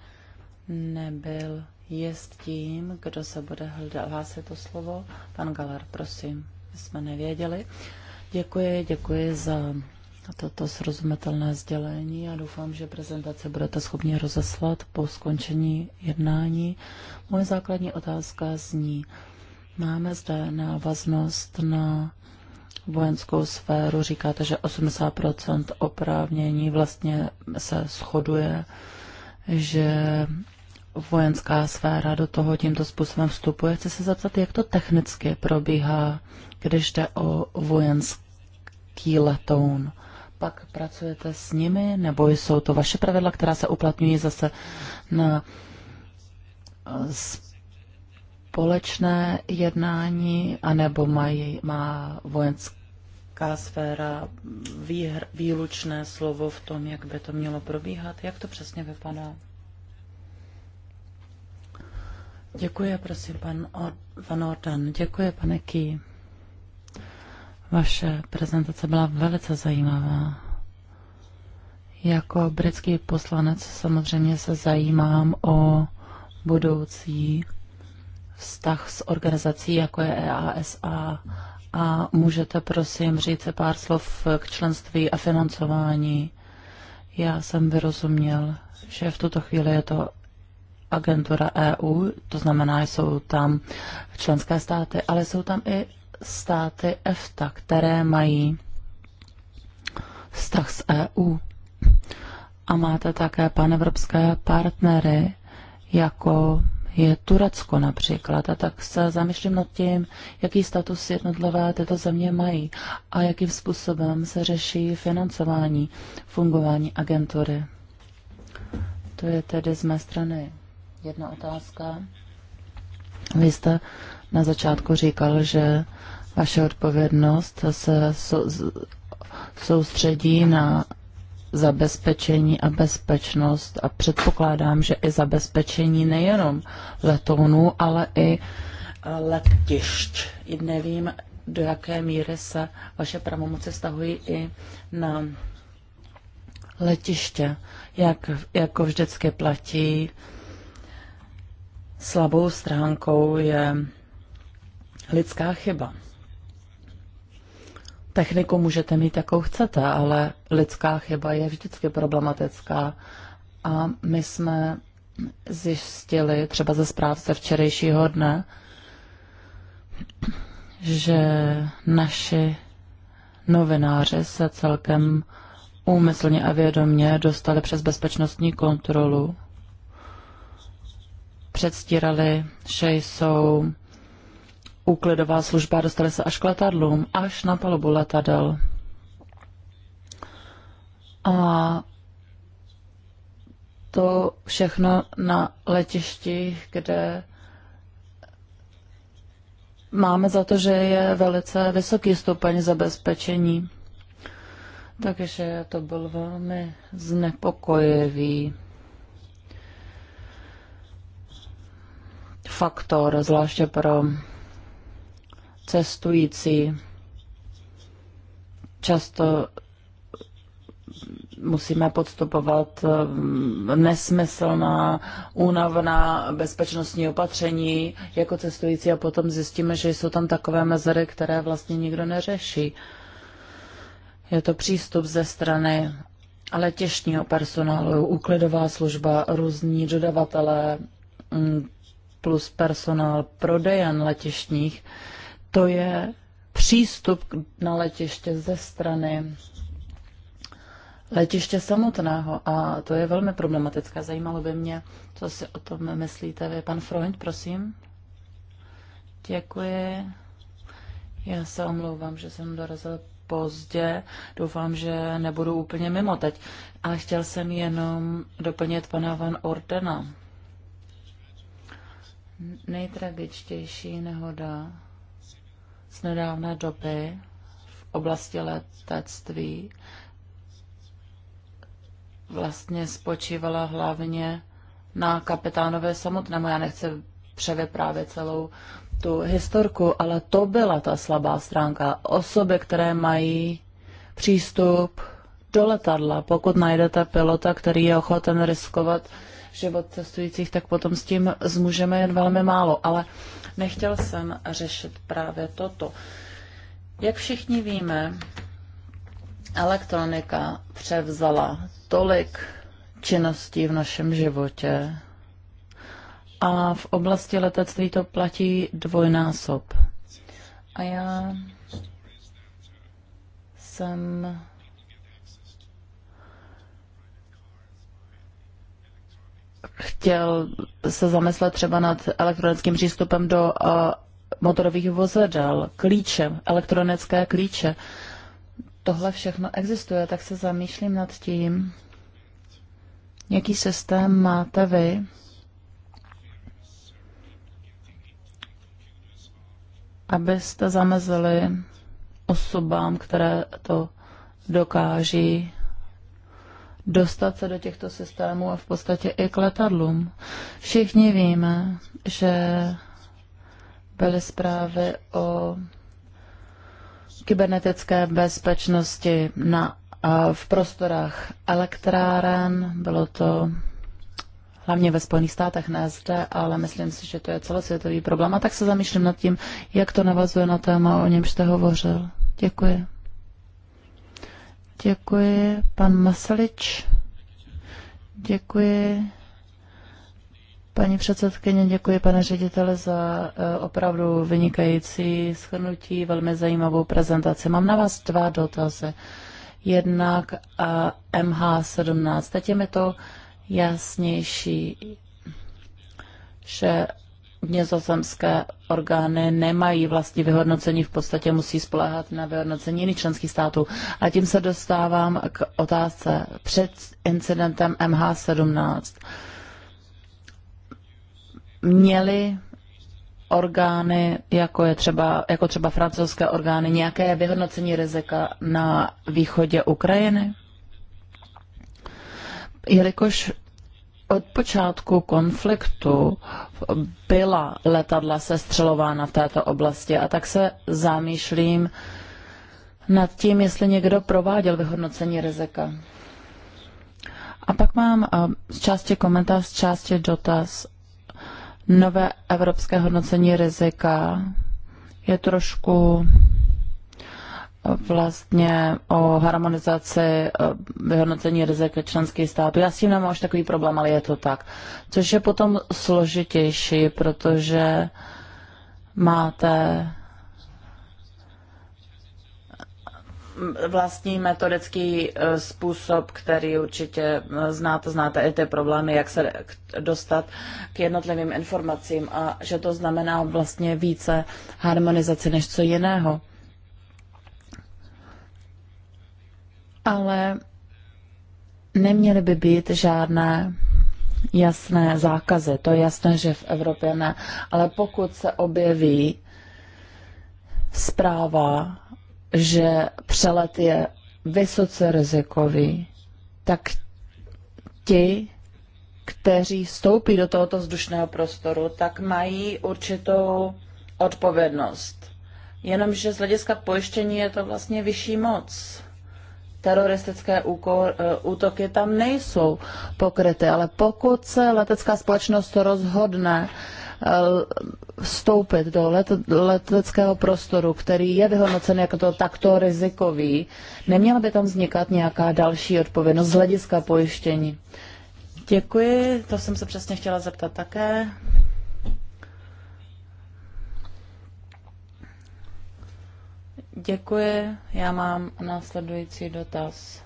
Nebyl jest tím, kdo se bude hlásit to slovo. Pan Galar, prosím, jsme nevěděli. Děkuji, děkuji za na toto srozumitelné sdělení a doufám, že prezentace budete schopni rozeslat po skončení jednání. Moje základní otázka zní, máme zde návaznost na vojenskou sféru, říkáte, že 80% oprávnění vlastně se shoduje, že vojenská sféra do toho tímto způsobem vstupuje. Chci se zeptat, jak to technicky probíhá, když jde o vojenský letoun pak pracujete s nimi, nebo jsou to vaše pravidla, která se uplatňují zase na eh, společné jednání, anebo mají, má vojenská sféra výhr, výlučné slovo v tom, jak by to mělo probíhat? Jak to přesně vypadá? Děkuji, prosím, pan Van Orden. Děkuji, pane Ký. Vaše prezentace byla velice zajímavá. Jako britský poslanec samozřejmě se zajímám o budoucí vztah s organizací, jako je EASA. A můžete prosím říct pár slov k členství a financování. Já jsem vyrozuměl, že v tuto chvíli je to agentura EU, to znamená, jsou tam členské státy, ale jsou tam i státy EFTA, které mají vztah s EU. A máte také panevropské partnery, jako je Turecko například. A tak se zamýšlím nad tím, jaký status jednotlivé tyto země mají a jakým způsobem se řeší financování fungování agentury. To je tedy z mé strany jedna otázka. Vy jste na začátku říkal, že vaše odpovědnost se soustředí na zabezpečení a bezpečnost a předpokládám, že i zabezpečení nejenom letounů, ale i e, letišť. Nevím, do jaké míry se vaše pravomoce stahují i na letiště. Jak, jako vždycky platí, slabou stránkou je lidská chyba. Techniku můžete mít, jakou chcete, ale lidská chyba je vždycky problematická. A my jsme zjistili třeba ze zprávce včerejšího dne, že naši novináři se celkem úmyslně a vědomně dostali přes bezpečnostní kontrolu, předstírali, že jsou úklidová služba, dostali se až k letadlům, až na palubu letadel. A to všechno na letišti, kde máme za to, že je velice vysoký stupeň zabezpečení. Takže to byl velmi znepokojivý faktor, zvláště pro cestující. Často musíme podstupovat eh, nesmyslná, únavná bezpečnostní opatření jako cestující a potom zjistíme, že jsou tam takové mezery, které vlastně nikdo neřeší. Je to přístup ze strany ale těžního personálu, úklidová služba, různí dodavatelé, mm, plus personál prodejen letišních to je přístup na letiště ze strany letiště samotného a to je velmi problematické. Zajímalo by mě, co si o tom myslíte vy. Pan Freund, prosím. Děkuji. Já se omlouvám, že jsem dorazil pozdě. Doufám, že nebudu úplně mimo teď. A chtěl jsem jenom doplnit pana Van Ordena. Nejtragičtější nehoda z nedávné doby v oblasti letectví vlastně spočívala hlavně na kapitánové samotnému. Já nechci převyprávět celou tu historku, ale to byla ta slabá stránka. Osoby, které mají přístup do letadla, pokud najdete pilota, který je ochoten riskovat život cestujících, tak potom s tím zmůžeme jen velmi málo. Ale Nechtěl jsem řešit právě toto. Jak všichni víme, elektronika převzala tolik činností v našem životě a v oblasti letectví to platí dvojnásob. A já jsem chtěl se zamyslet třeba nad elektronickým přístupem do uh, motorových vozidel, klíče, elektronické klíče. Tohle všechno existuje, tak se zamýšlím nad tím, jaký systém máte vy, abyste zamezili osobám, které to dokáží dostat se do těchto systémů a v podstatě i k letadlům. Všichni víme, že byly zprávy o kybernetické bezpečnosti na, a v prostorách elektráren. Bylo to hlavně ve Spojených státech, ne zde, ale myslím si, že to je celosvětový problém. A tak se zamýšlím nad tím, jak to navazuje na téma, o němž jste hovořil. Děkuji. Děkuji, pan Masalič. Děkuji. Paní předsedkyně, děkuji pane ředitele za eh, opravdu vynikající shrnutí, velmi zajímavou prezentaci. Mám na vás dva dotazy. Jednak eh, MH17. Teď je mi to jasnější, že vnězozemské orgány nemají vlastní vyhodnocení, v podstatě musí spolehat na vyhodnocení jiných členských států. A tím se dostávám k otázce před incidentem MH17. Měly orgány, jako, je třeba, jako třeba francouzské orgány, nějaké vyhodnocení rizika na východě Ukrajiny? Jelikož od počátku konfliktu byla letadla sestřelována v této oblasti a tak se zamýšlím nad tím, jestli někdo prováděl vyhodnocení rizika. A pak mám eh, z části komentář, z části dotaz. Nové evropské hodnocení rizika je trošku vlastně o harmonizaci eh, vyhodnocení rizik členských států. Já s tím nemám až takový problém, ale je to tak. Což je potom složitější, protože máte mm, vlastní metodický eh, způsob, který určitě eh, znáte, znáte i ty problémy, jak se dostat k jednotlivým informacím a že to znamená vlastně více harmonizaci než co jiného. ale neměly by být žádné jasné zákazy. To je jasné, že v Evropě ne. Ale pokud se objeví zpráva, že přelet je vysoce rizikový, tak ti, kteří vstoupí do tohoto vzdušného prostoru, tak mají určitou odpovědnost. Jenomže z hlediska pojištění je to vlastně vyšší moc teroristické e, útoky tam nejsou pokryty, ale pokud se letecká společnost rozhodne e, vstoupit do let, leteckého prostoru, který je vyhodnocen jako to takto rizikový, neměla by tam vznikat nějaká další odpovědnost z hlediska pojištění. Děkuji, to jsem se přesně chtěla zeptat také. Děkuji. Já mám následující dotaz.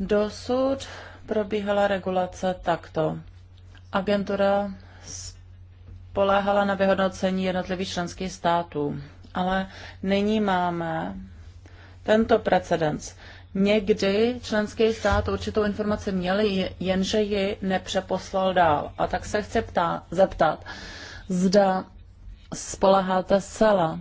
Dosud probíhala regulace takto. Agentura spoléhala na vyhodnocení jednotlivých členských států, ale nyní máme tento precedens. Někdy členský stát určitou informaci měl, jenže ji nepřeposlal dál. A tak se chci ptá, zeptat, zda spoleháte zcela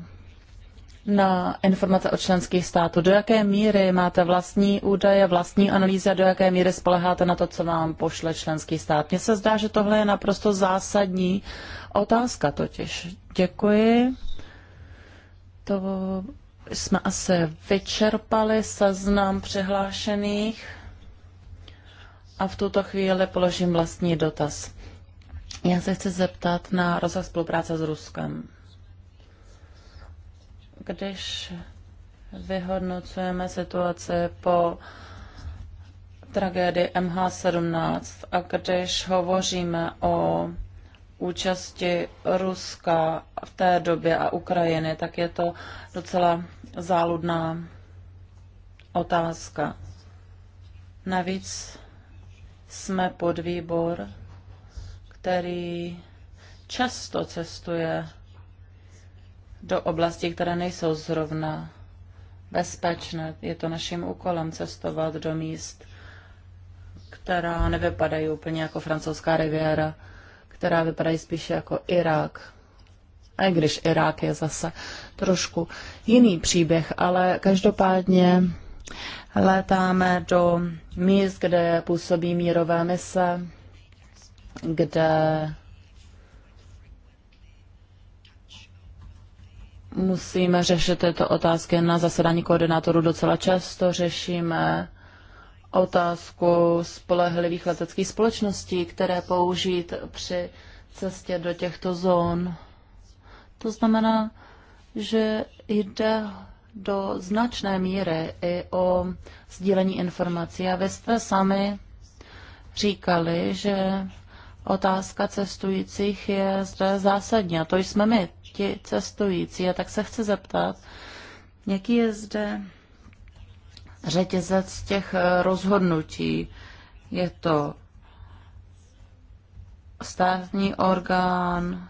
na informace od členských států. Do jaké míry máte vlastní údaje, vlastní analýzy a do jaké míry spoleháte na to, co vám pošle členský stát? Mně se zdá, že tohle je naprosto zásadní otázka totiž. Děkuji. To jsme asi vyčerpali seznam přihlášených a v tuto chvíli položím vlastní dotaz. Já se chci zeptat na rozsah spolupráce s Ruskem. Když vyhodnocujeme situaci po tragédii MH17 a když hovoříme o účasti Ruska v té době a Ukrajiny, tak je to docela záludná otázka. Navíc jsme podvýbor, který často cestuje do oblastí, které nejsou zrovna bezpečné. Je to naším úkolem cestovat do míst, která nevypadají úplně jako francouzská riviera, která vypadají spíše jako Irák. A i když Irák je zase trošku jiný příběh, ale každopádně létáme do míst, kde působí mírové mise, kde Musíme řešit tyto otázky na zasedání koordinátorů docela často. Řešíme otázku spolehlivých leteckých společností, které použít při cestě do těchto zón. To znamená, že jde do značné míry i o sdílení informací. A vy jste sami říkali, že otázka cestujících je zde zásadní. A to jsme my ti cestující. A tak se chci zeptat, jaký je zde řetězec těch eh, rozhodnutí. Je to státní orgán,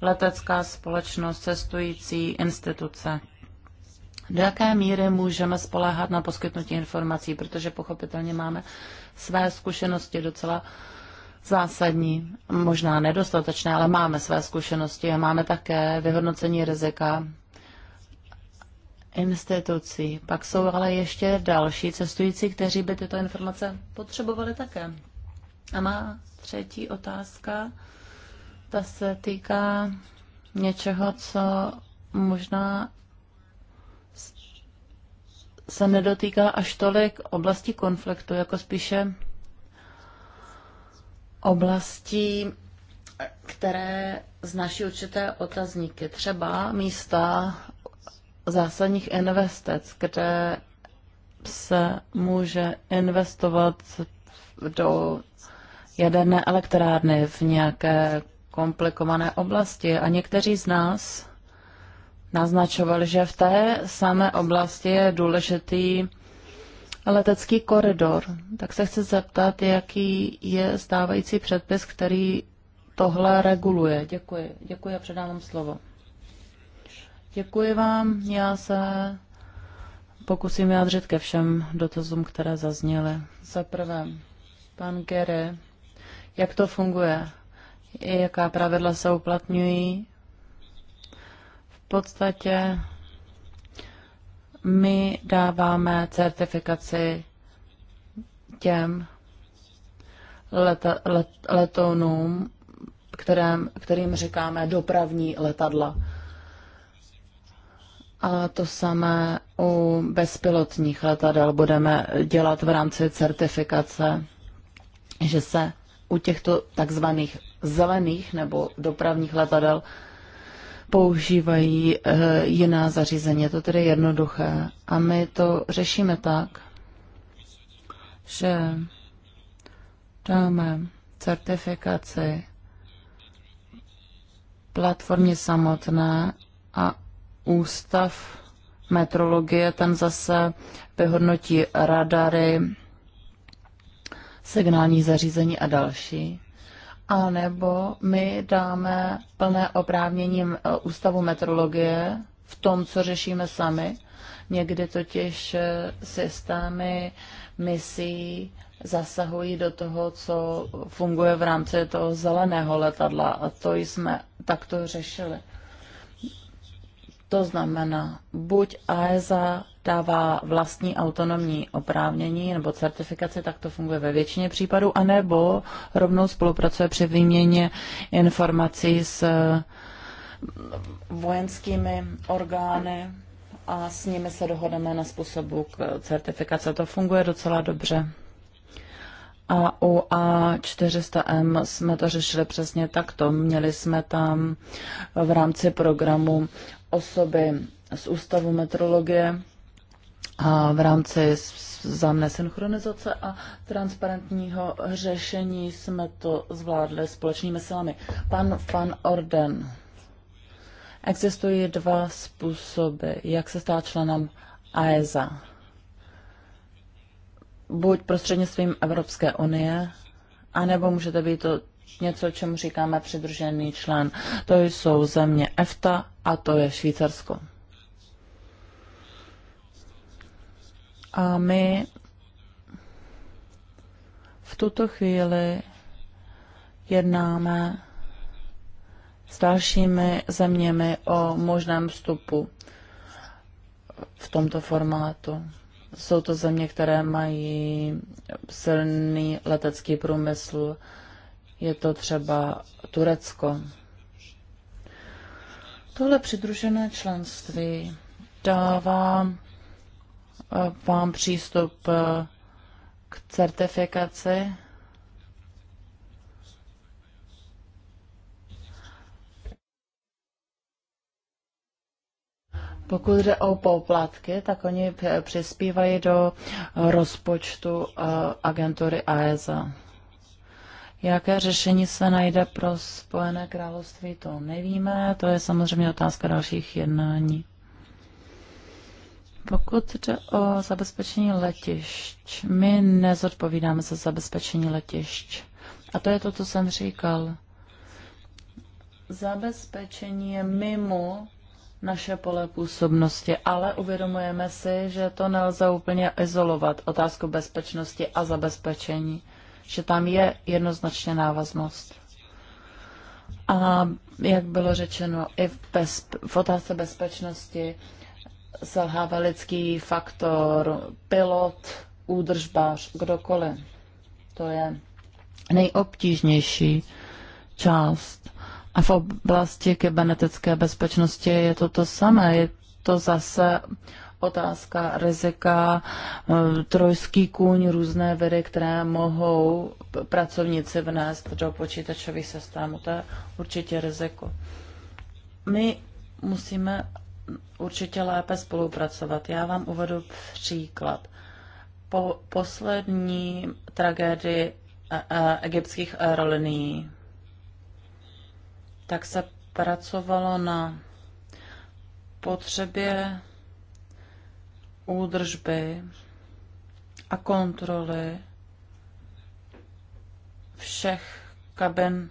letecká společnost, cestující instituce. Do jaké míry můžeme spoléhat na poskytnutí informací, protože pochopitelně máme své zkušenosti docela uh, zásadní, možná nedostatečné, ale máme své zkušenosti a máme také vyhodnocení rizika institucí. Pak jsou ale ještě další cestující, kteří by tyto informace potřebovali také. A má třetí otázka, ta se týká něčeho, co možná se nedotýká až tolik oblasti konfliktu, jako spíše oblastí, které znaší určité otazníky. Třeba místa zásadních investic, kde se může investovat do jaderné elektrárny v nějaké komplikované oblasti. A někteří z nás naznačovali, že v té samé oblasti je důležitý letecký koridor, tak se chci zeptat, jaký je stávající předpis, který tohle reguluje. Děkuji. Děkuji a předám vám slovo. Děkuji vám. Já se pokusím vyjádřit ke všem dotazům, které zazněly. Za prvé, pan Gere, jak to funguje? Jaká pravidla se uplatňují? V podstatě my dáváme certifikaci těm leta, let, letounům, kterém, kterým říkáme dopravní letadla. A to samé u bezpilotních letadel budeme dělat v rámci certifikace, že se u těchto takzvaných zelených nebo dopravních letadel používají eh, jiná zařízení. Je to tedy jednoduché. A my to řešíme tak, že dáme certifikaci platformě samotné a ústav metrologie, ten zase vyhodnotí radary, signální zařízení a další. A nebo my dáme plné oprávnění e, Ústavu metrologie v tom, co řešíme sami. Někdy totiž e, systémy misí zasahují do toho, co funguje v rámci toho zeleného letadla. A to jsme takto řešili. To znamená, buď AESA e dává vlastní autonomní oprávnění nebo certifikaci, tak to funguje ve většině případů, anebo rovnou spolupracuje při výměně informací s eh, vojenskými orgány a s nimi se dohodneme na způsobu k certifikace. To funguje docela dobře. A u A400M jsme to řešili přesně takto. Měli jsme tam v rámci programu osoby z Ústavu metrologie, a v rámci zájemné synchronizace a transparentního řešení jsme to zvládli společnými silami. Pan Van Orden. Existují dva způsoby, jak se stát členem AESA. E Buď prostřednictvím Evropské unie, anebo můžete být to něco, čemu říkáme přidružený člen. To jsou země EFTA a to je Švýcarsko. A my v tuto chvíli jednáme s dalšími zeměmi o možném vstupu v tomto formátu. Jsou to země, které mají silný letecký průmysl. Je to třeba Turecko. Tohle přidružené členství dává vám přístup e, k certifikaci. Pokud jde o poplatky, tak oni přispívají do rozpočtu e, agentury AESA. E Jaké řešení se najde pro Spojené království, to nevíme. To je samozřejmě otázka dalších jednání. Pokud jde o zabezpečení letišť, my nezodpovídáme za zabezpečení letišť. A to je to, co jsem říkal. Zabezpečení je mimo naše pole působnosti, ale uvědomujeme si, že to nelze úplně izolovat, otázku bezpečnosti a zabezpečení, že tam je jednoznačně návaznost. A jak bylo řečeno, i v, bez, v otázce bezpečnosti selhává lidský faktor, pilot, údržbář, kdokoliv. To je nejobtížnější část. A v oblasti kybernetické bezpečnosti je to to samé. Je to zase otázka rizika, eh, trojský kůň, různé viry, které mohou pracovníci vnést do počítačových systémů. To je určitě riziko. My musíme určitě lépe spolupracovat. Já vám uvedu příklad. Po poslední tragédii e, e, egyptských aerolinií, tak se pracovalo na potřebě údržby a kontroly všech kabin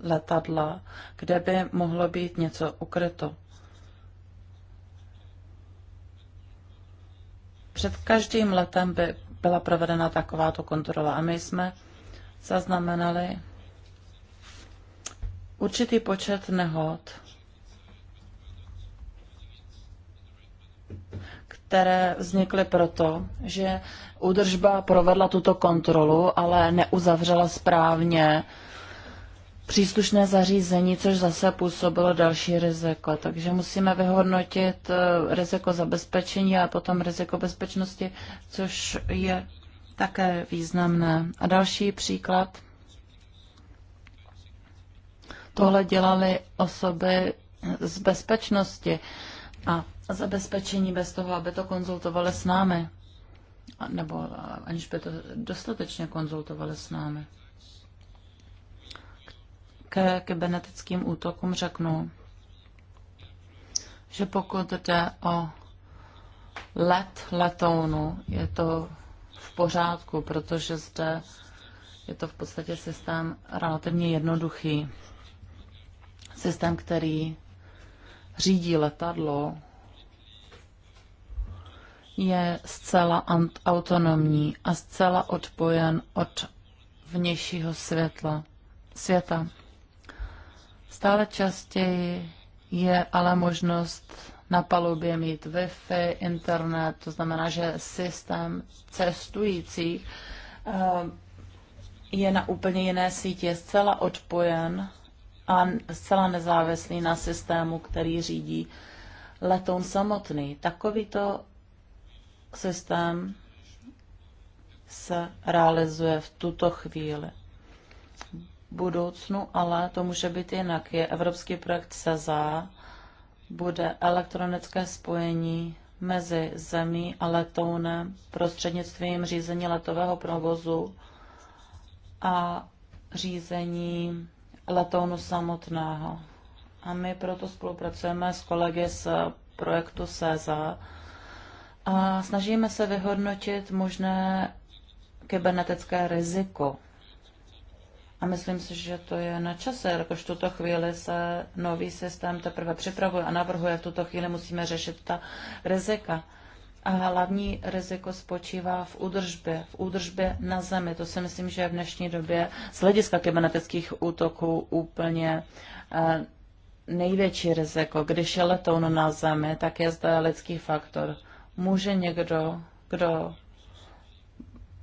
letadla, kde by mohlo být něco ukryto. Před každým letem by byla provedena takováto kontrola a my jsme zaznamenali určitý počet nehod, které vznikly proto, že údržba provedla tuto kontrolu, ale neuzavřela správně příslušné zařízení, což zase působilo další riziko. Takže musíme vyhodnotit eh, riziko zabezpečení a potom riziko bezpečnosti, což je také významné. A další příklad. Tohle dělali osoby z bezpečnosti a zabezpečení bez toho, aby to konzultovali s námi. Nebo aniž by to dostatečně konzultovali s námi k kybernetickým útokům řeknu, že pokud jde o let letounu, je to v pořádku, protože zde je to v podstatě systém relativně jednoduchý. Systém, který řídí letadlo, je zcela autonomní a zcela odpojen od vnějšího světla, světa. Stále častěji je ale možnost na palubě mít Wi-Fi, internet, to znamená, že systém cestujících eh, je na úplně jiné síti, je zcela odpojen a zcela nezávislý na systému, který řídí letoun samotný. Takovýto systém se realizuje v tuto chvíli budoucnu, ale to může být jinak. Je evropský projekt e SEZA, bude elektronické spojení mezi zemí a letounem prostřednictvím řízení letového provozu a řízení letounu samotného. A my proto spolupracujeme s kolegy z projektu e SEZA a snažíme se vyhodnotit možné kybernetické riziko a myslím si, že to je na čase, jakož v tuto chvíli se nový systém teprve připravuje a navrhuje. V tuto chvíli musíme řešit ta rizika. A hlavní riziko spočívá v údržbě, v údržbě na zemi. To si myslím, že je v dnešní době z hlediska kybernetických útoků úplně eh, největší riziko. Když je letoun na zemi, tak je zde lidský faktor. Může někdo, kdo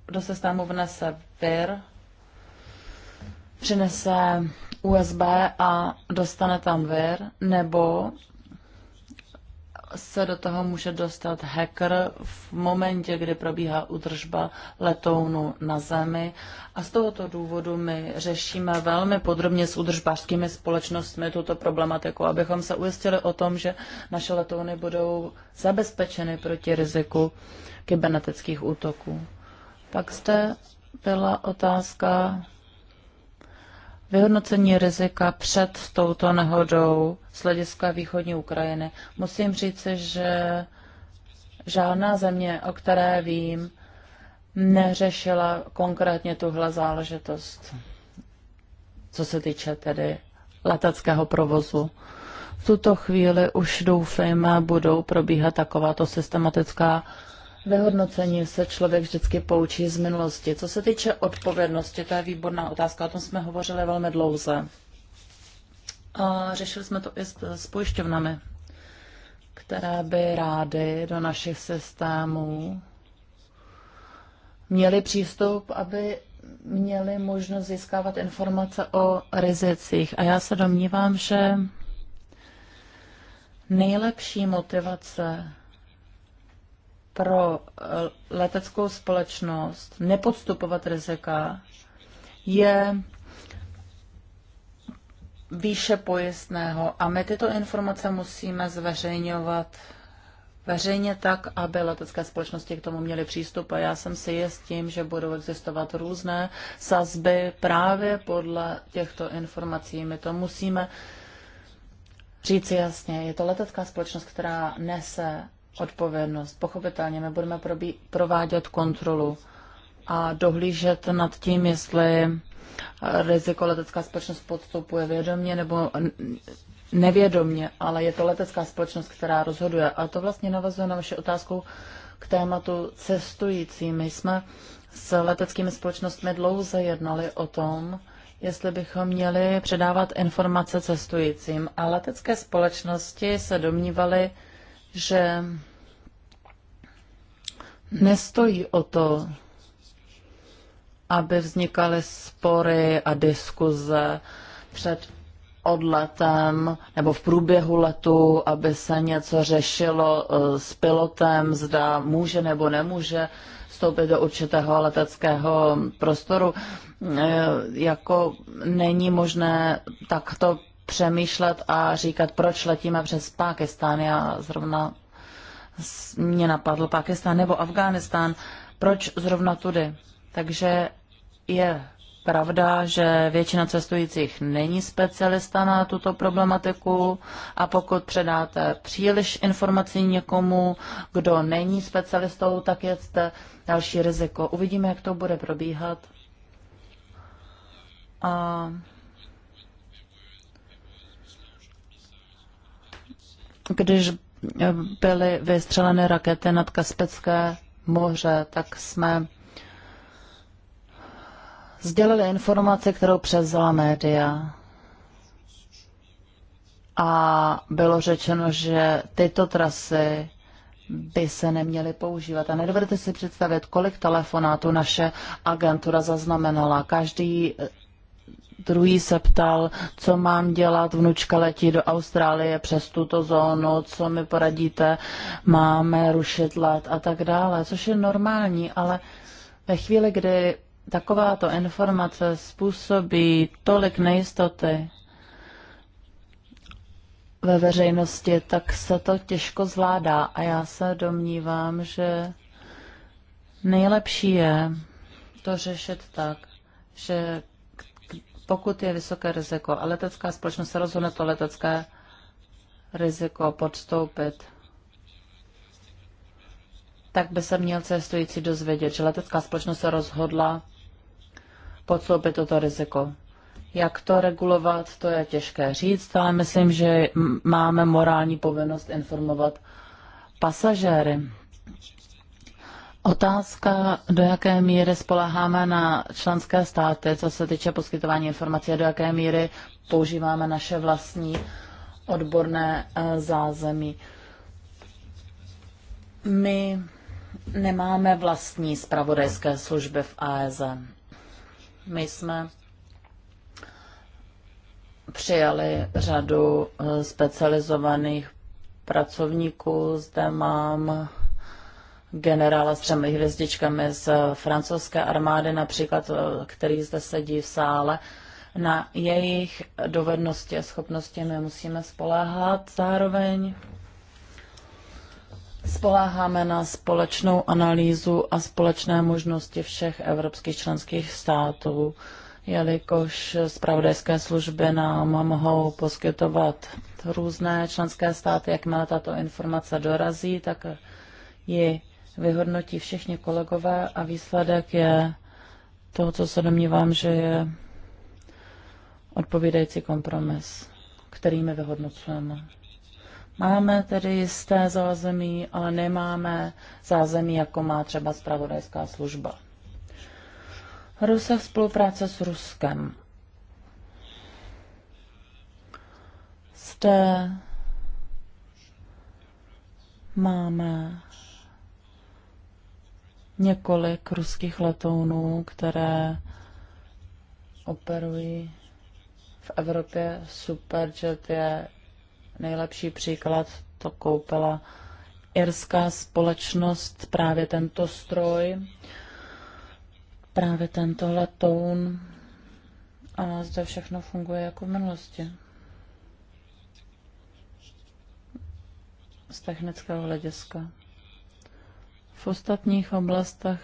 do systému vnese vir, přinese USB a dostane tam vir, nebo se do toho může dostat hacker v momentě, kdy probíhá udržba letounu na zemi. A z tohoto důvodu my řešíme velmi podrobně s udržbářskými společnostmi tuto problematiku, abychom se ujistili o tom, že naše letouny budou zabezpečeny proti riziku kybernetických útoků. Pak zde byla otázka Vyhodnocení rizika před touto nehodou z hlediska východní Ukrajiny. Musím říct, že žádná země, o které vím, neřešila konkrétně tuhle záležitost, co se týče tedy leteckého provozu. V tuto chvíli už doufejme, budou probíhat takováto systematická vyhodnocení se člověk vždycky poučí z minulosti. Co se týče odpovědnosti, to je výborná otázka, o tom jsme hovořili velmi dlouze. A řešili jsme to i s, s pojišťovnami, které by rády do našich systémů měli přístup, aby měli možnost získávat informace o rizicích. A já se domnívám, že nejlepší motivace pro eh, leteckou společnost nepodstupovat rizika je výše pojistného a my tyto informace musíme zveřejňovat veřejně tak, aby letecké společnosti k tomu měly přístup a já jsem si jist tím, že budou existovat různé sazby právě podle těchto informací. My to musíme říci jasně. Je to letecká společnost, která nese odpovědnost. Pochopitelně my budeme probí- provádět kontrolu a dohlížet nad tím, jestli riziko letecká společnost podstupuje vědomě nebo nevědomě, ale je to letecká společnost, která rozhoduje. A to vlastně navazuje na vaši otázku k tématu cestující. My jsme s leteckými společnostmi dlouze jednali o tom, jestli bychom měli předávat informace cestujícím. A letecké společnosti se domnívaly, že nestojí o to, aby vznikaly spory a diskuze před odletem nebo v průběhu letu, aby se něco řešilo eh, s pilotem, zda může nebo nemůže vstoupit do určitého leteckého prostoru. Eh, jako není možné takto přemýšlet a říkat, proč letíme přes Pákistán. Já zrovna mě napadl Pákistán nebo Afghánistán, proč zrovna tudy. Takže je pravda, že většina cestujících není specialista na tuto problematiku a pokud předáte příliš informací někomu, kdo není specialistou, tak je další riziko. Uvidíme, jak to bude probíhat. A když eh, byly vystřeleny rakety nad Kaspické moře, tak jsme sdělili informaci, kterou převzala média. A bylo řečeno, že tyto trasy by se neměly používat. A nedovedete si představit, kolik telefonátů naše agentura zaznamenala. Každý druhý se ptal, co mám dělat, vnučka letí do Austrálie přes tuto zónu, co mi poradíte, máme rušit let a tak dále, což je normální, ale ve chvíli, kdy takováto informace způsobí tolik nejistoty ve veřejnosti, tak se to těžko zvládá a já se domnívám, že nejlepší je to řešit tak, že pokud je vysoké riziko a letecká společnost se rozhodne to letecké riziko podstoupit, tak by se měl cestující dozvědět, že letecká společnost se rozhodla podstoupit toto riziko. Jak to regulovat, to je těžké říct, ale myslím, že máme morální povinnost informovat pasažéry. Otázka, do jaké míry spoleháme na členské státy, co se týče poskytování informací a do jaké míry používáme naše vlastní odborné eh, zázemí. My nemáme vlastní spravodajské služby v AEZ. My jsme přijali řadu eh, specializovaných pracovníků. Zde mám generála s třemi hvězdičkami z francouzské armády, například, eh, který zde sedí v sále. Na jejich dovednosti a schopnosti my musíme spoléhat zároveň. Spoláháme na společnou analýzu a společné možnosti všech evropských členských států, jelikož zpravodajské služby nám mohou poskytovat různé členské státy, jakmile tato informace dorazí, tak ji vyhodnotí všichni kolegové a výsledek je to, co se domnívám, že je odpovídající kompromis, který my vyhodnocujeme. Máme tedy jisté zázemí, ale nemáme zázemí, jako má třeba spravodajská služba. Rusev spolupráce s Ruskem. Zde máme několik ruských letounů, které operují v Evropě. Superjet je nejlepší příklad, to koupila irská společnost, právě tento stroj, právě tento letoun. A zde všechno funguje jako v minulosti. Z technického hlediska. V ostatních oblastech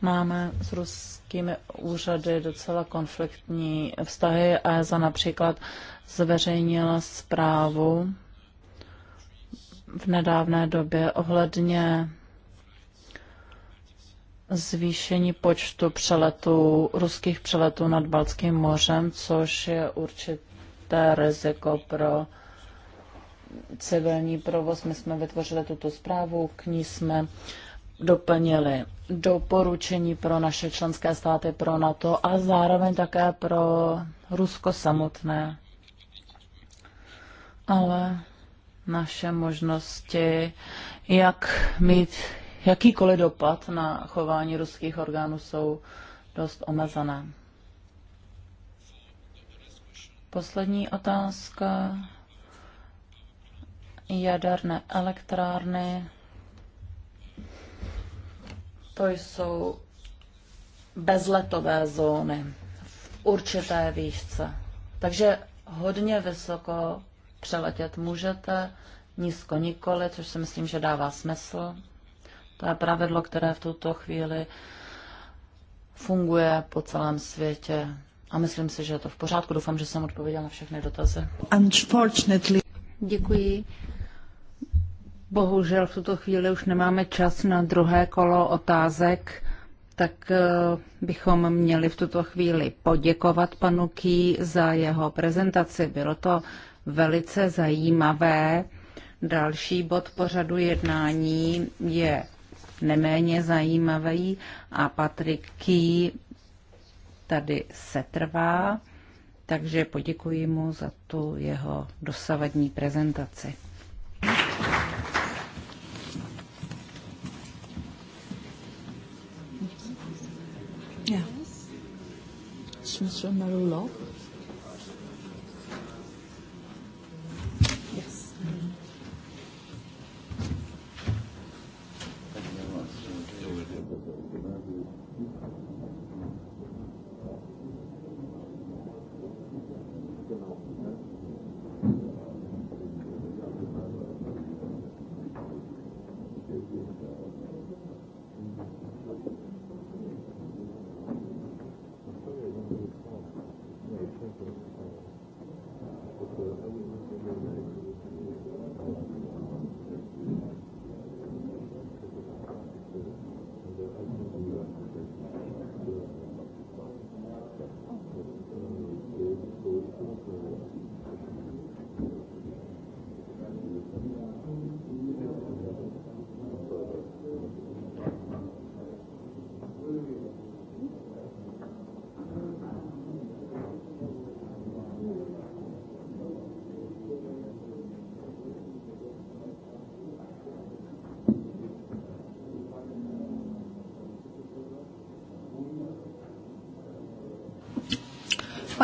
máme s ruskými úřady docela konfliktní vztahy. ESA například zveřejnila zprávu v nedávné době ohledně zvýšení počtu přeletů, ruských přeletů nad Balckým mořem, což je určité riziko pro civilní provoz. My jsme vytvořili tuto zprávu, k ní jsme doplnili doporučení pro naše členské státy pro NATO a zároveň také pro Rusko samotné. Ale naše možnosti, jak mít jakýkoliv dopad na chování ruských orgánů, jsou dost omezené. Poslední otázka. Jaderné elektrárny to jsou bezletové zóny v určité výšce. Takže hodně vysoko přeletět můžete, nízko nikoli, což si myslím, že dává smysl. To je pravidlo, které v tuto chvíli funguje po celém světě. A myslím si, že je to v pořádku. Doufám, že jsem odpověděla na všechny dotazy. Unfortunately. Děkuji. Bohužel v tuto chvíli už nemáme čas na druhé kolo otázek, tak eh, bychom měli v tuto chvíli poděkovat panu Ký za jeho prezentaci. Bylo to velice zajímavé. Další bod pořadu jednání je neméně zajímavý a Patrik Ký tady setrvá, takže poděkuji mu za tu jeho dosavadní prezentaci. Yeah. It's Mr. Marullo.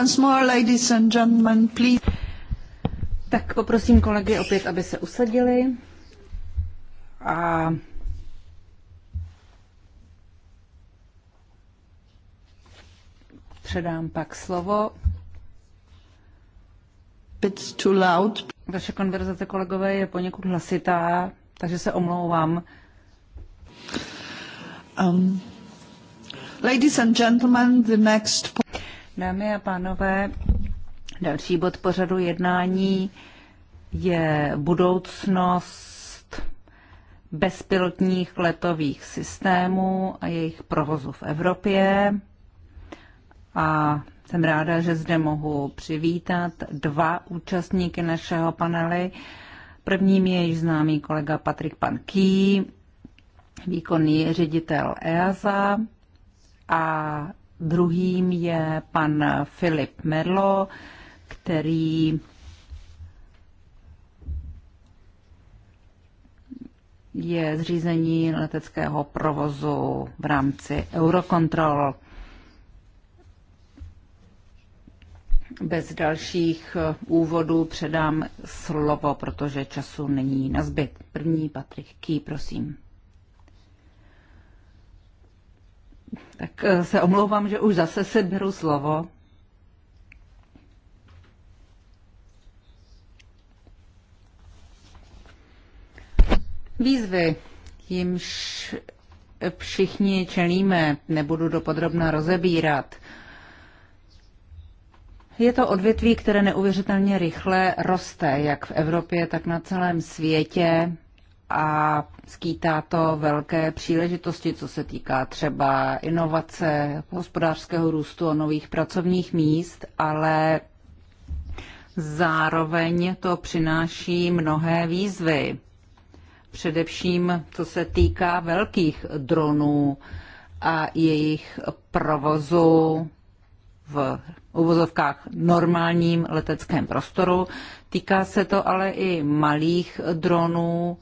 Once more, ladies and gentlemen, please. Tak poprosím kolegy opět, aby se usadili. A předám pak slovo. It's too loud. Vaše konverzace, kolegové, je poněkud hlasitá, takže se omlouvám. Um, ladies and gentlemen, the next Dámy a pánové, další bod pořadu jednání je budoucnost bezpilotních letových systémů a jejich provozu v Evropě. A jsem ráda, že zde mohu přivítat dva účastníky našeho panely. Prvním je již známý kolega Patrik Panký, výkonný ředitel EASA a Druhým je pan Filip Merlo, který je zřízení leteckého provozu v rámci Eurocontrol. Bez dalších úvodů předám slovo, protože času není na zbyt. První Patrik Ký, prosím. Tak eh, se omlouvám, že už zase si beru slovo. Výzvy, jimž všichni čelíme, nebudu dopodrobna rozebírat. Je to odvětví, které neuvěřitelně rychle roste, jak v Evropě, tak na celém světě a skýtá to velké příležitosti, co se týká třeba inovace, hospodářského růstu a nových pracovních míst, ale zároveň to přináší mnohé výzvy. Především co se týká velkých dronů a jejich provozu v uvozovkách normálním leteckém prostoru. Týká se to ale i malých dronů,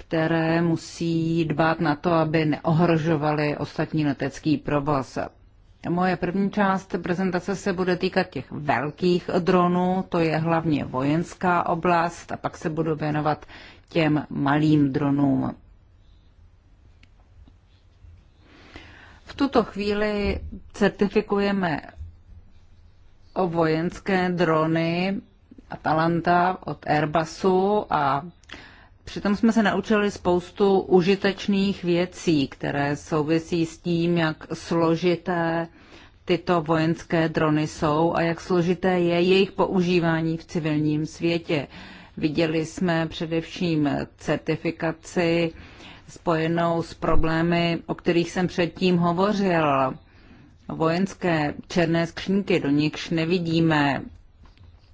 které musí dbát na to, aby neohrožovaly ostatní letecký provoz. Moje první část prezentace se bude týkat těch velkých dronů, to je hlavně vojenská oblast, a pak se budu věnovat těm malým dronům. V tuto chvíli certifikujeme o vojenské drony Atalanta od Airbusu a Přitom jsme se naučili spoustu užitečných věcí, které souvisí s tím, jak složité tyto vojenské drony jsou a jak složité je jejich používání v civilním světě. Viděli jsme především certifikaci spojenou s problémy, o kterých jsem předtím hovořil. Vojenské černé skřínky, do nichž nevidíme,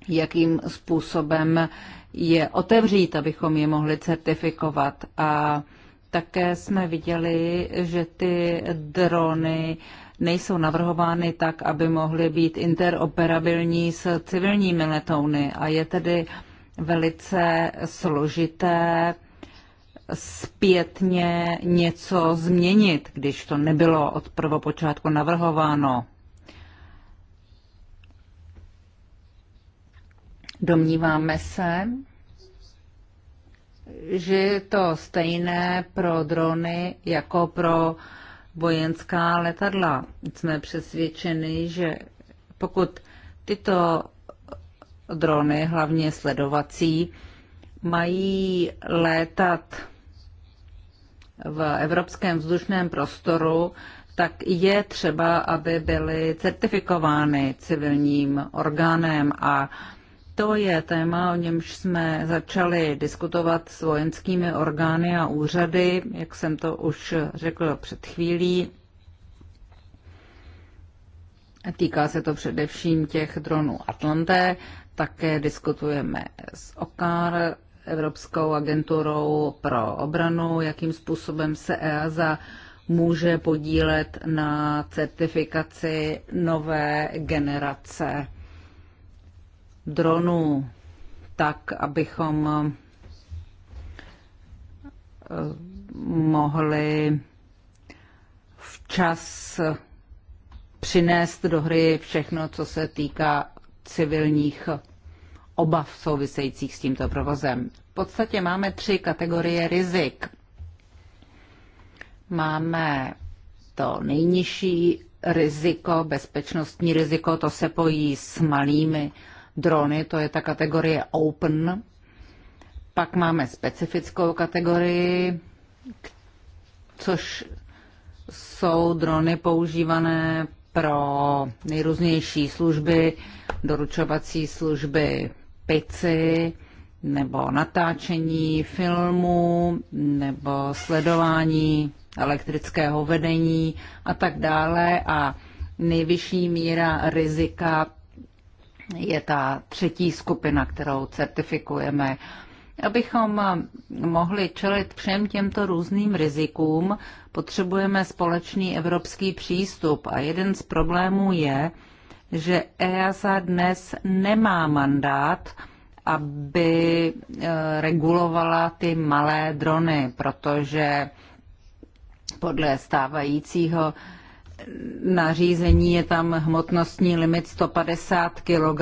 jakým způsobem je otevřít, abychom je mohli certifikovat. A také jsme viděli, že ty drony nejsou navrhovány tak, aby mohly být interoperabilní s civilními letouny a je tedy velice složité zpětně něco změnit, když to nebylo od prvopočátku navrhováno. Domníváme se, že je to stejné pro drony jako pro vojenská letadla. Jsme přesvědčeni, že pokud tyto drony, hlavně sledovací, mají létat v evropském vzdušném prostoru, tak je třeba, aby byly certifikovány civilním orgánem a to je téma, o němž jsme začali diskutovat s vojenskými orgány a úřady, jak jsem to už řekl před chvílí. Týká se to především těch dronů Atlanté. Také diskutujeme s OKAR, Evropskou agenturou pro obranu, jakým způsobem se EASA může podílet na certifikaci nové generace dronů tak, abychom eh, mohli včas přinést do hry všechno, co se týká civilních obav souvisejících s tímto provozem. V podstatě máme tři kategorie rizik. Máme to nejnižší riziko, bezpečnostní riziko, to se pojí s malými drony, to je ta kategorie Open. Pak máme specifickou kategorii, což jsou drony používané pro nejrůznější služby, doručovací služby pici nebo natáčení filmu nebo sledování elektrického vedení a tak dále a nejvyšší míra rizika je ta třetí skupina, kterou certifikujeme. Abychom mohli čelit všem těmto různým rizikům, potřebujeme společný evropský přístup a jeden z problémů je, že EASA dnes nemá mandát, aby e, regulovala ty malé drony, protože podle stávajícího nařízení je tam hmotnostní limit 150 kg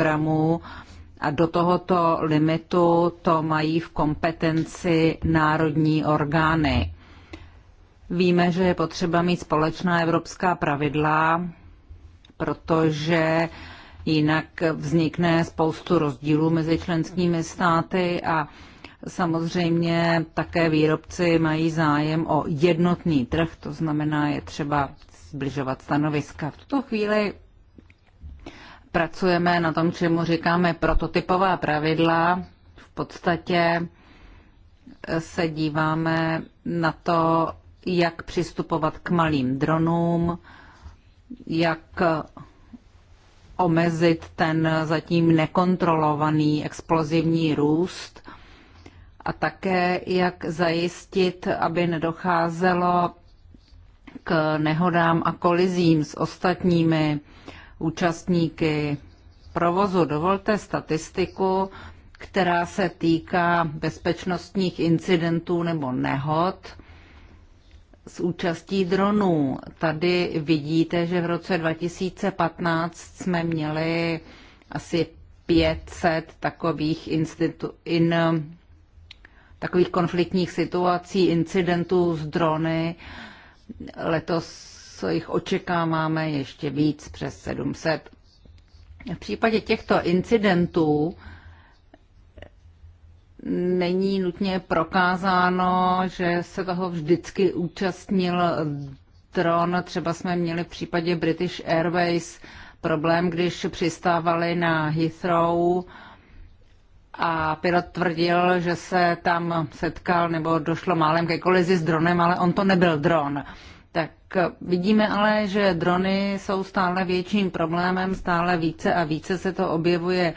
a do tohoto limitu to mají v kompetenci národní orgány. Víme, že je potřeba mít společná evropská pravidla, protože jinak vznikne spoustu rozdílů mezi členskými státy a samozřejmě také výrobci mají zájem o jednotný trh, to znamená, je třeba zbližovat stanoviska. V tuto chvíli pracujeme na tom, čemu říkáme prototypová pravidla. V podstatě eh, se díváme na to, jak přistupovat k malým dronům, jak eh, omezit ten zatím nekontrolovaný explozivní růst a také jak zajistit, aby nedocházelo k nehodám a kolizím s ostatními účastníky provozu. Dovolte statistiku, která se týká bezpečnostních incidentů nebo nehod s účastí dronů. Tady vidíte, že v roce 2015 jsme měli asi 500 takových, institu- in, takových konfliktních situací, incidentů s drony Letos jich očekáváme ještě víc, přes 700. V případě těchto incidentů není nutně prokázáno, že se toho vždycky účastnil dron. Třeba jsme měli v případě British Airways problém, když přistávali na Heathrow a pilot tvrdil, že se tam setkal nebo došlo málem ke kolizi s dronem, ale on to nebyl dron. Tak vidíme ale, že drony jsou stále větším problémem, stále více a více se to objevuje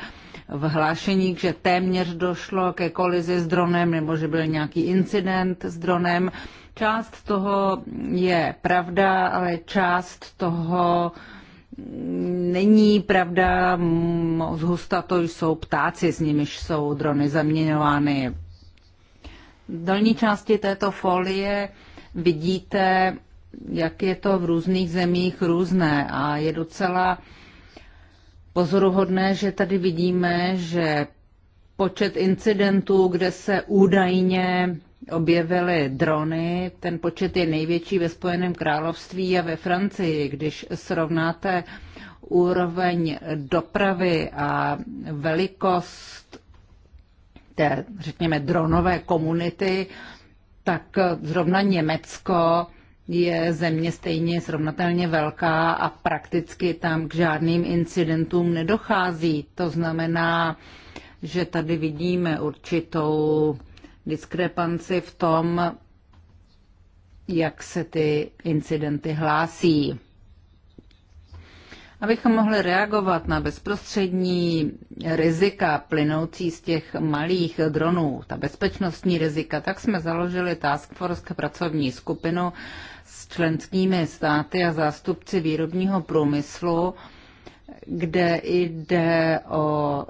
v hlášeních, že téměř došlo ke kolizi s dronem nebo že byl nějaký incident s dronem. Část toho je pravda, ale část toho uh, Není pravda, zhusta to jsou ptáci, s nimiž jsou drony zaměňovány. V dolní části této folie vidíte, jak je to v různých zemích různé a je docela pozoruhodné, že tady vidíme, že počet incidentů, kde se údajně objevily drony. Ten počet je největší ve Spojeném království a ve Francii. Když srovnáte úroveň dopravy a velikost té, řekněme, dronové komunity, tak zrovna Německo je země stejně srovnatelně velká a prakticky tam k žádným incidentům nedochází. To znamená, že tady vidíme určitou diskrepanci v tom, jak se ty incidenty hlásí. Abychom mohli reagovat na bezprostřední rizika plynoucí z těch malých dronů, ta bezpečnostní rizika, tak jsme založili Task Force pracovní skupinu s členskými státy a zástupci výrobního průmyslu, kde jde o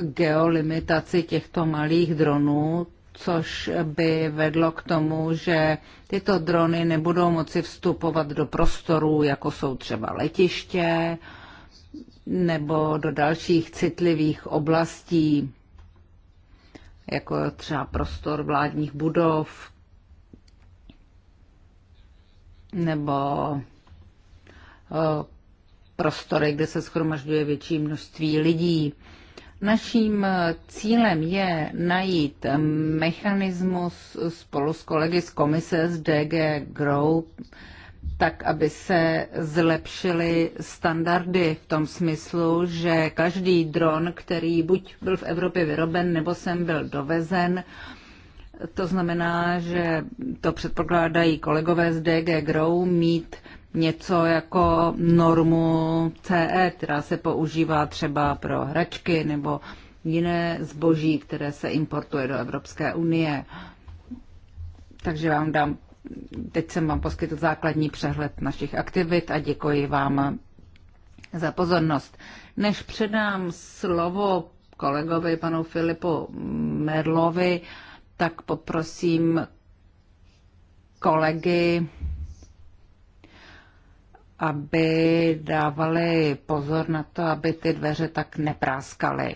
geolimitaci těchto malých dronů, což by vedlo k tomu, že tyto drony nebudou moci vstupovat do prostorů, jako jsou třeba letiště nebo do dalších citlivých oblastí, jako třeba prostor vládních budov nebo eh, prostory, kde se schromažďuje větší množství lidí. Naším eh, cílem je najít eh, mechanismus spolu s kolegy z komise z DG Grow, tak aby se zlepšily standardy v tom smyslu, že každý dron, který buď byl v Evropě vyroben nebo sem byl dovezen, to znamená, že to předpokládají kolegové z DG Grow mít něco jako normu CE, která se používá třeba pro hračky nebo jiné zboží, které se importuje do Evropské unie. Takže vám dám, teď jsem vám poskytl základní přehled našich aktivit a děkuji vám za pozornost. Než předám slovo kolegovi panu Filipu Merlovi, tak poprosím kolegy aby dávali pozor na to, aby ty dveře tak nepráskaly.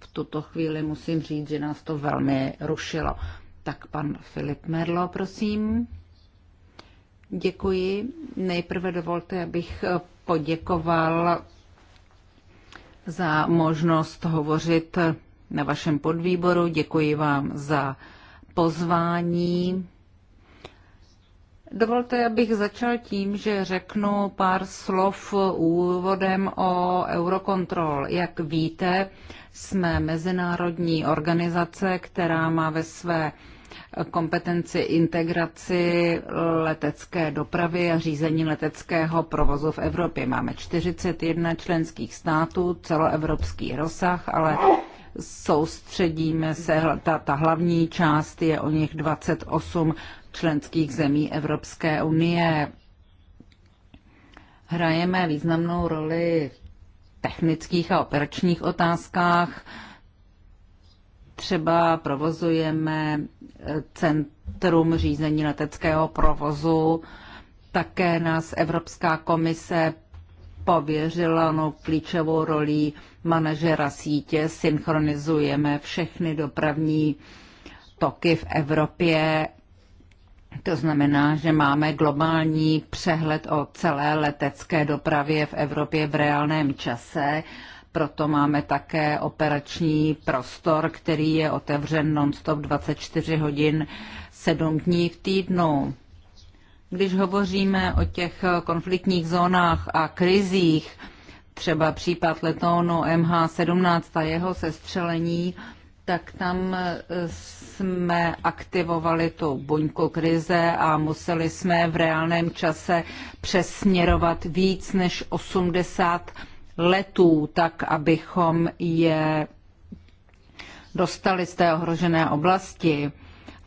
V tuto chvíli musím říct, že nás to velmi rušilo. Tak pan Filip Merlo, prosím. Děkuji. Nejprve dovolte, abych poděkoval za možnost hovořit na vašem podvýboru. Děkuji vám za pozvání. Dovolte, abych začal tím, že řeknu pár slov úvodem o Eurocontrol. Jak víte, jsme mezinárodní organizace, která má ve své kompetenci integraci letecké dopravy a řízení leteckého provozu v Evropě. Máme 41 členských států, celoevropský rozsah, ale soustředíme se, ta, ta hlavní část je o nich 28 členských zemí Evropské unie. Hrajeme významnou roli v technických a operačních otázkách. Třeba provozujeme eh, Centrum řízení leteckého provozu. Také nás Evropská komise pověřila no, klíčovou rolí manažera sítě. Synchronizujeme všechny dopravní toky v Evropě to znamená, že máme globální přehled o celé letecké dopravě v Evropě v reálném čase. Proto máme také operační prostor, který je otevřen non-stop 24 hodin 7 dní v týdnu. Když hovoříme o těch konfliktních zónách a krizích, třeba případ letounu MH17 a jeho sestřelení, tak tam eh, jsme aktivovali tu buňku krize a museli jsme v reálném čase přesměrovat víc než 80 letů, tak abychom je dostali z té ohrožené oblasti.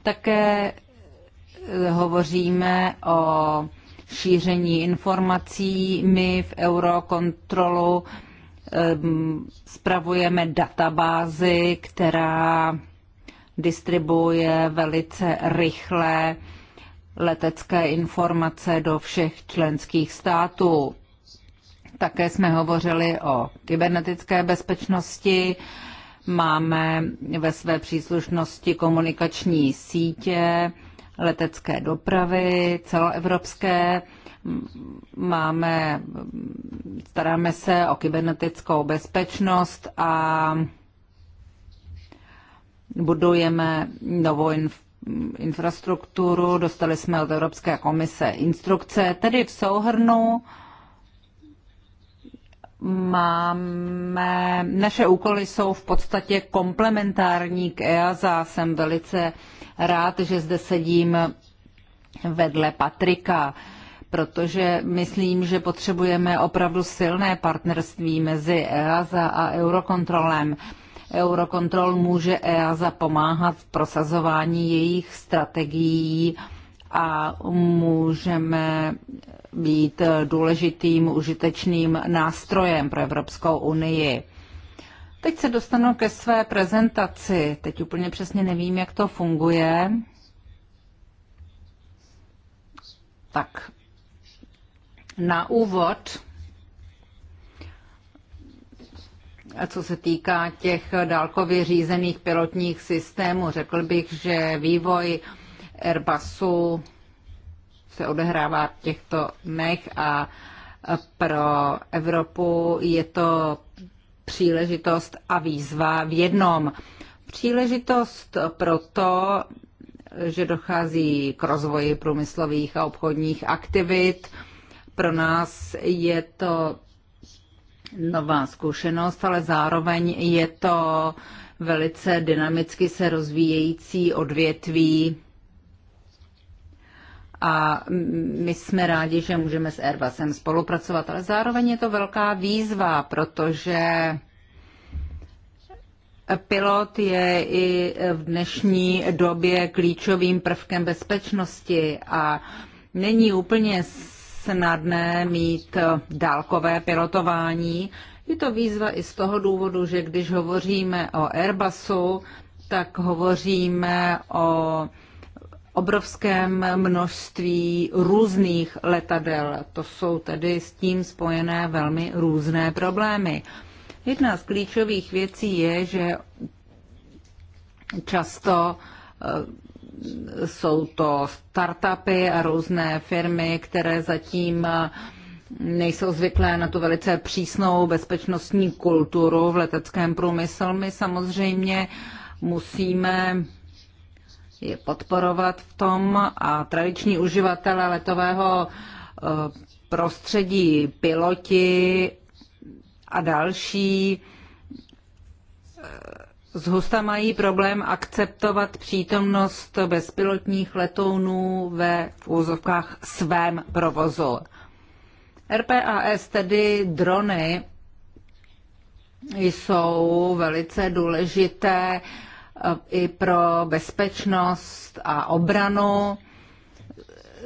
Také eh, hovoříme o šíření informací. My v Eurokontrolu ehm, spravujeme databázi, která distribuuje velice rychle letecké informace do všech členských států. Také jsme hovořili o kybernetické bezpečnosti. Máme ve své příslušnosti komunikační sítě letecké dopravy celoevropské. Máme, staráme se o kybernetickou bezpečnost a budujeme novou inf- infrastrukturu, dostali jsme od Evropské komise instrukce, tedy v souhrnu máme, naše úkoly jsou v podstatě komplementární k EASA. Jsem velice rád, že zde sedím vedle Patrika, protože myslím, že potřebujeme opravdu silné partnerství mezi EASA a Eurokontrolem. Eurokontrol může EASA pomáhat v prosazování jejich strategií a můžeme být důležitým, užitečným nástrojem pro Evropskou unii. Teď se dostanu ke své prezentaci. Teď úplně přesně nevím, jak to funguje. Tak, na úvod co se týká těch dálkově řízených pilotních systémů. Řekl bych, že vývoj Airbusu se odehrává v těchto dnech a pro Evropu je to příležitost a výzva v jednom. Příležitost proto, že dochází k rozvoji průmyslových a obchodních aktivit. Pro nás je to nová zkušenost, ale zároveň je to velice dynamicky se rozvíjející odvětví. A my jsme rádi, že můžeme s Airbusem spolupracovat, ale zároveň je to velká výzva, protože Pilot je i v dnešní době klíčovým prvkem bezpečnosti a není úplně snadné mít eh, dálkové pilotování. Je to výzva i z toho důvodu, že když hovoříme o Airbusu, tak hovoříme o obrovském množství různých letadel. To jsou tedy s tím spojené velmi různé problémy. Jedna z klíčových věcí je, že často eh, jsou to startupy a různé firmy, které zatím nejsou zvyklé na tu velice přísnou bezpečnostní kulturu v leteckém průmyslu. My samozřejmě musíme je podporovat v tom a tradiční uživatele letového eh, prostředí, piloti a další eh, Zhusta mají problém akceptovat přítomnost bezpilotních letounů ve úzovkách svém provozu. RPAS, tedy drony, jsou velice důležité eh, i pro bezpečnost a obranu.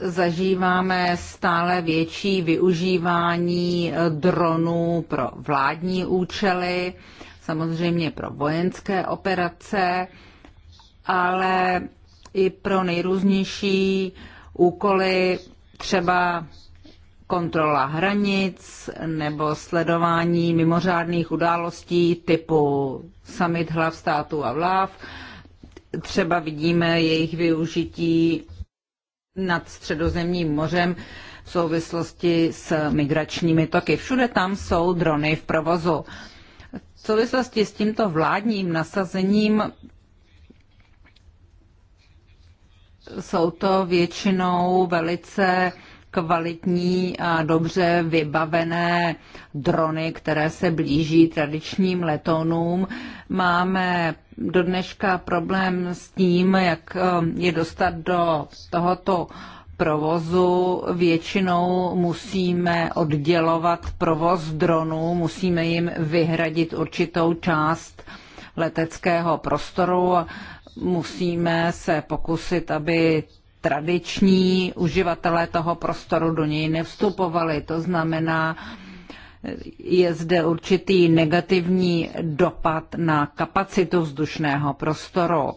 Zažíváme stále větší využívání eh, dronů pro vládní účely samozřejmě pro vojenské operace, ale i pro nejrůznější úkoly, třeba kontrola hranic nebo sledování mimořádných událostí typu summit hlav států a vláv. Třeba vidíme jejich využití nad středozemním mořem v souvislosti s migračními toky. Všude tam jsou drony v provozu. V souvislosti s tímto vládním nasazením jsou to většinou velice kvalitní a dobře vybavené drony, které se blíží tradičním letounům. Máme do dneška problém s tím, jak eh, je dostat do tohoto provozu. Většinou musíme oddělovat provoz dronů, musíme jim vyhradit určitou část leteckého prostoru. Musíme se pokusit, aby tradiční uživatelé toho prostoru do něj nevstupovali. To znamená, je zde určitý negativní dopad na kapacitu vzdušného prostoru.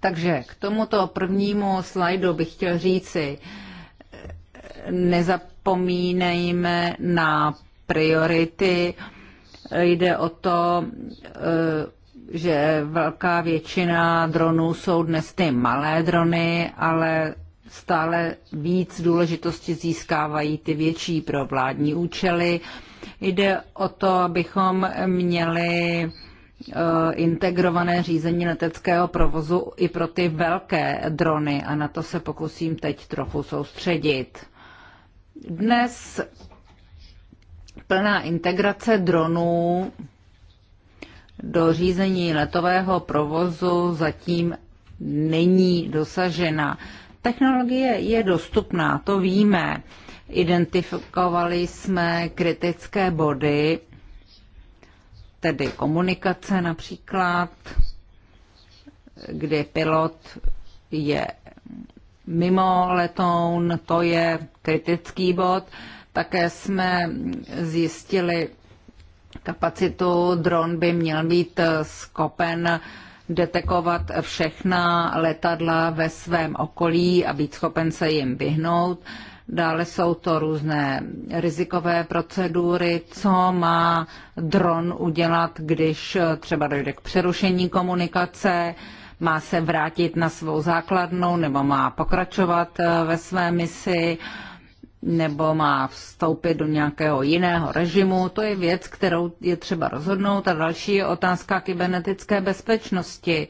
Takže k tomuto prvnímu slajdu bych chtěl říci, nezapomínejme na priority. Jde o to, eh, že velká většina dronů jsou dnes ty malé drony, ale stále víc důležitosti získávají ty větší pro vládní účely. Jde o to, abychom měli Eh, integrované řízení leteckého provozu i pro ty velké drony a na to se pokusím teď trochu soustředit. Dnes plná integrace dronů do řízení letového provozu zatím není dosažena. Technologie je dostupná, to víme. Identifikovali jsme kritické body, tedy komunikace například, kdy pilot je mimo letoun, to je kritický bod. Také jsme zjistili kapacitu, dron by měl být skopen detekovat všechna letadla ve svém okolí a být schopen se jim vyhnout. Dále jsou to různé rizikové procedury, co má dron udělat, když třeba dojde k přerušení komunikace, má se vrátit na svou základnu nebo má pokračovat eh, ve své misi nebo má vstoupit do nějakého jiného režimu. To je věc, kterou je třeba rozhodnout. A další je otázka kybernetické bezpečnosti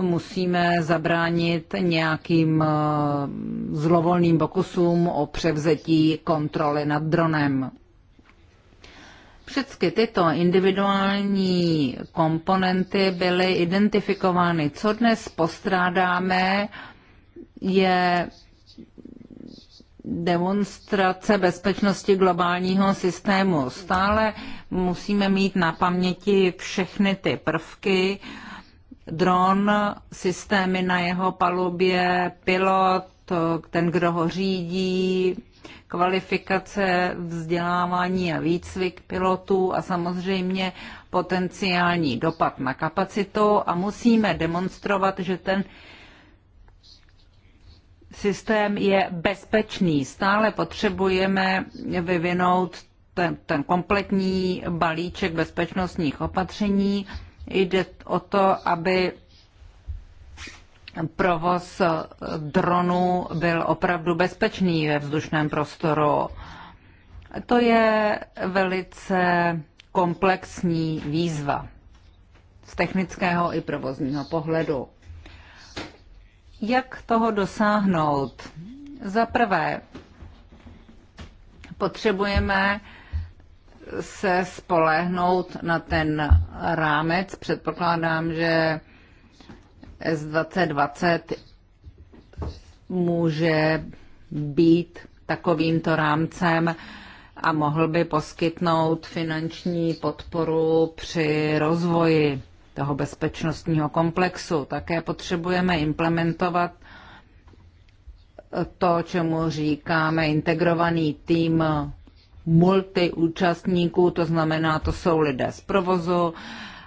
musíme zabránit nějakým eh, zlovolným pokusům o převzetí kontroly nad dronem. Všechny tyto individuální komponenty byly identifikovány. Co dnes postrádáme, je demonstrace bezpečnosti globálního systému. Stále musíme mít na paměti všechny ty prvky, dron, systémy na jeho palubě, pilot, ten, kdo ho řídí, kvalifikace, vzdělávání a výcvik pilotů a samozřejmě potenciální dopad na kapacitu a musíme demonstrovat, že ten systém je bezpečný. Stále potřebujeme vyvinout ten, ten kompletní balíček bezpečnostních opatření, Jde o to, aby provoz dronů byl opravdu bezpečný ve vzdušném prostoru. To je velice komplexní výzva z technického i provozního pohledu. Jak toho dosáhnout? Za prvé, potřebujeme se spolehnout na ten rámec. Předpokládám, že S2020 může být takovýmto rámcem a mohl by poskytnout finanční podporu při rozvoji toho bezpečnostního komplexu. Také potřebujeme implementovat to, čemu říkáme integrovaný tým multiúčastníků, to znamená, to jsou lidé z provozu,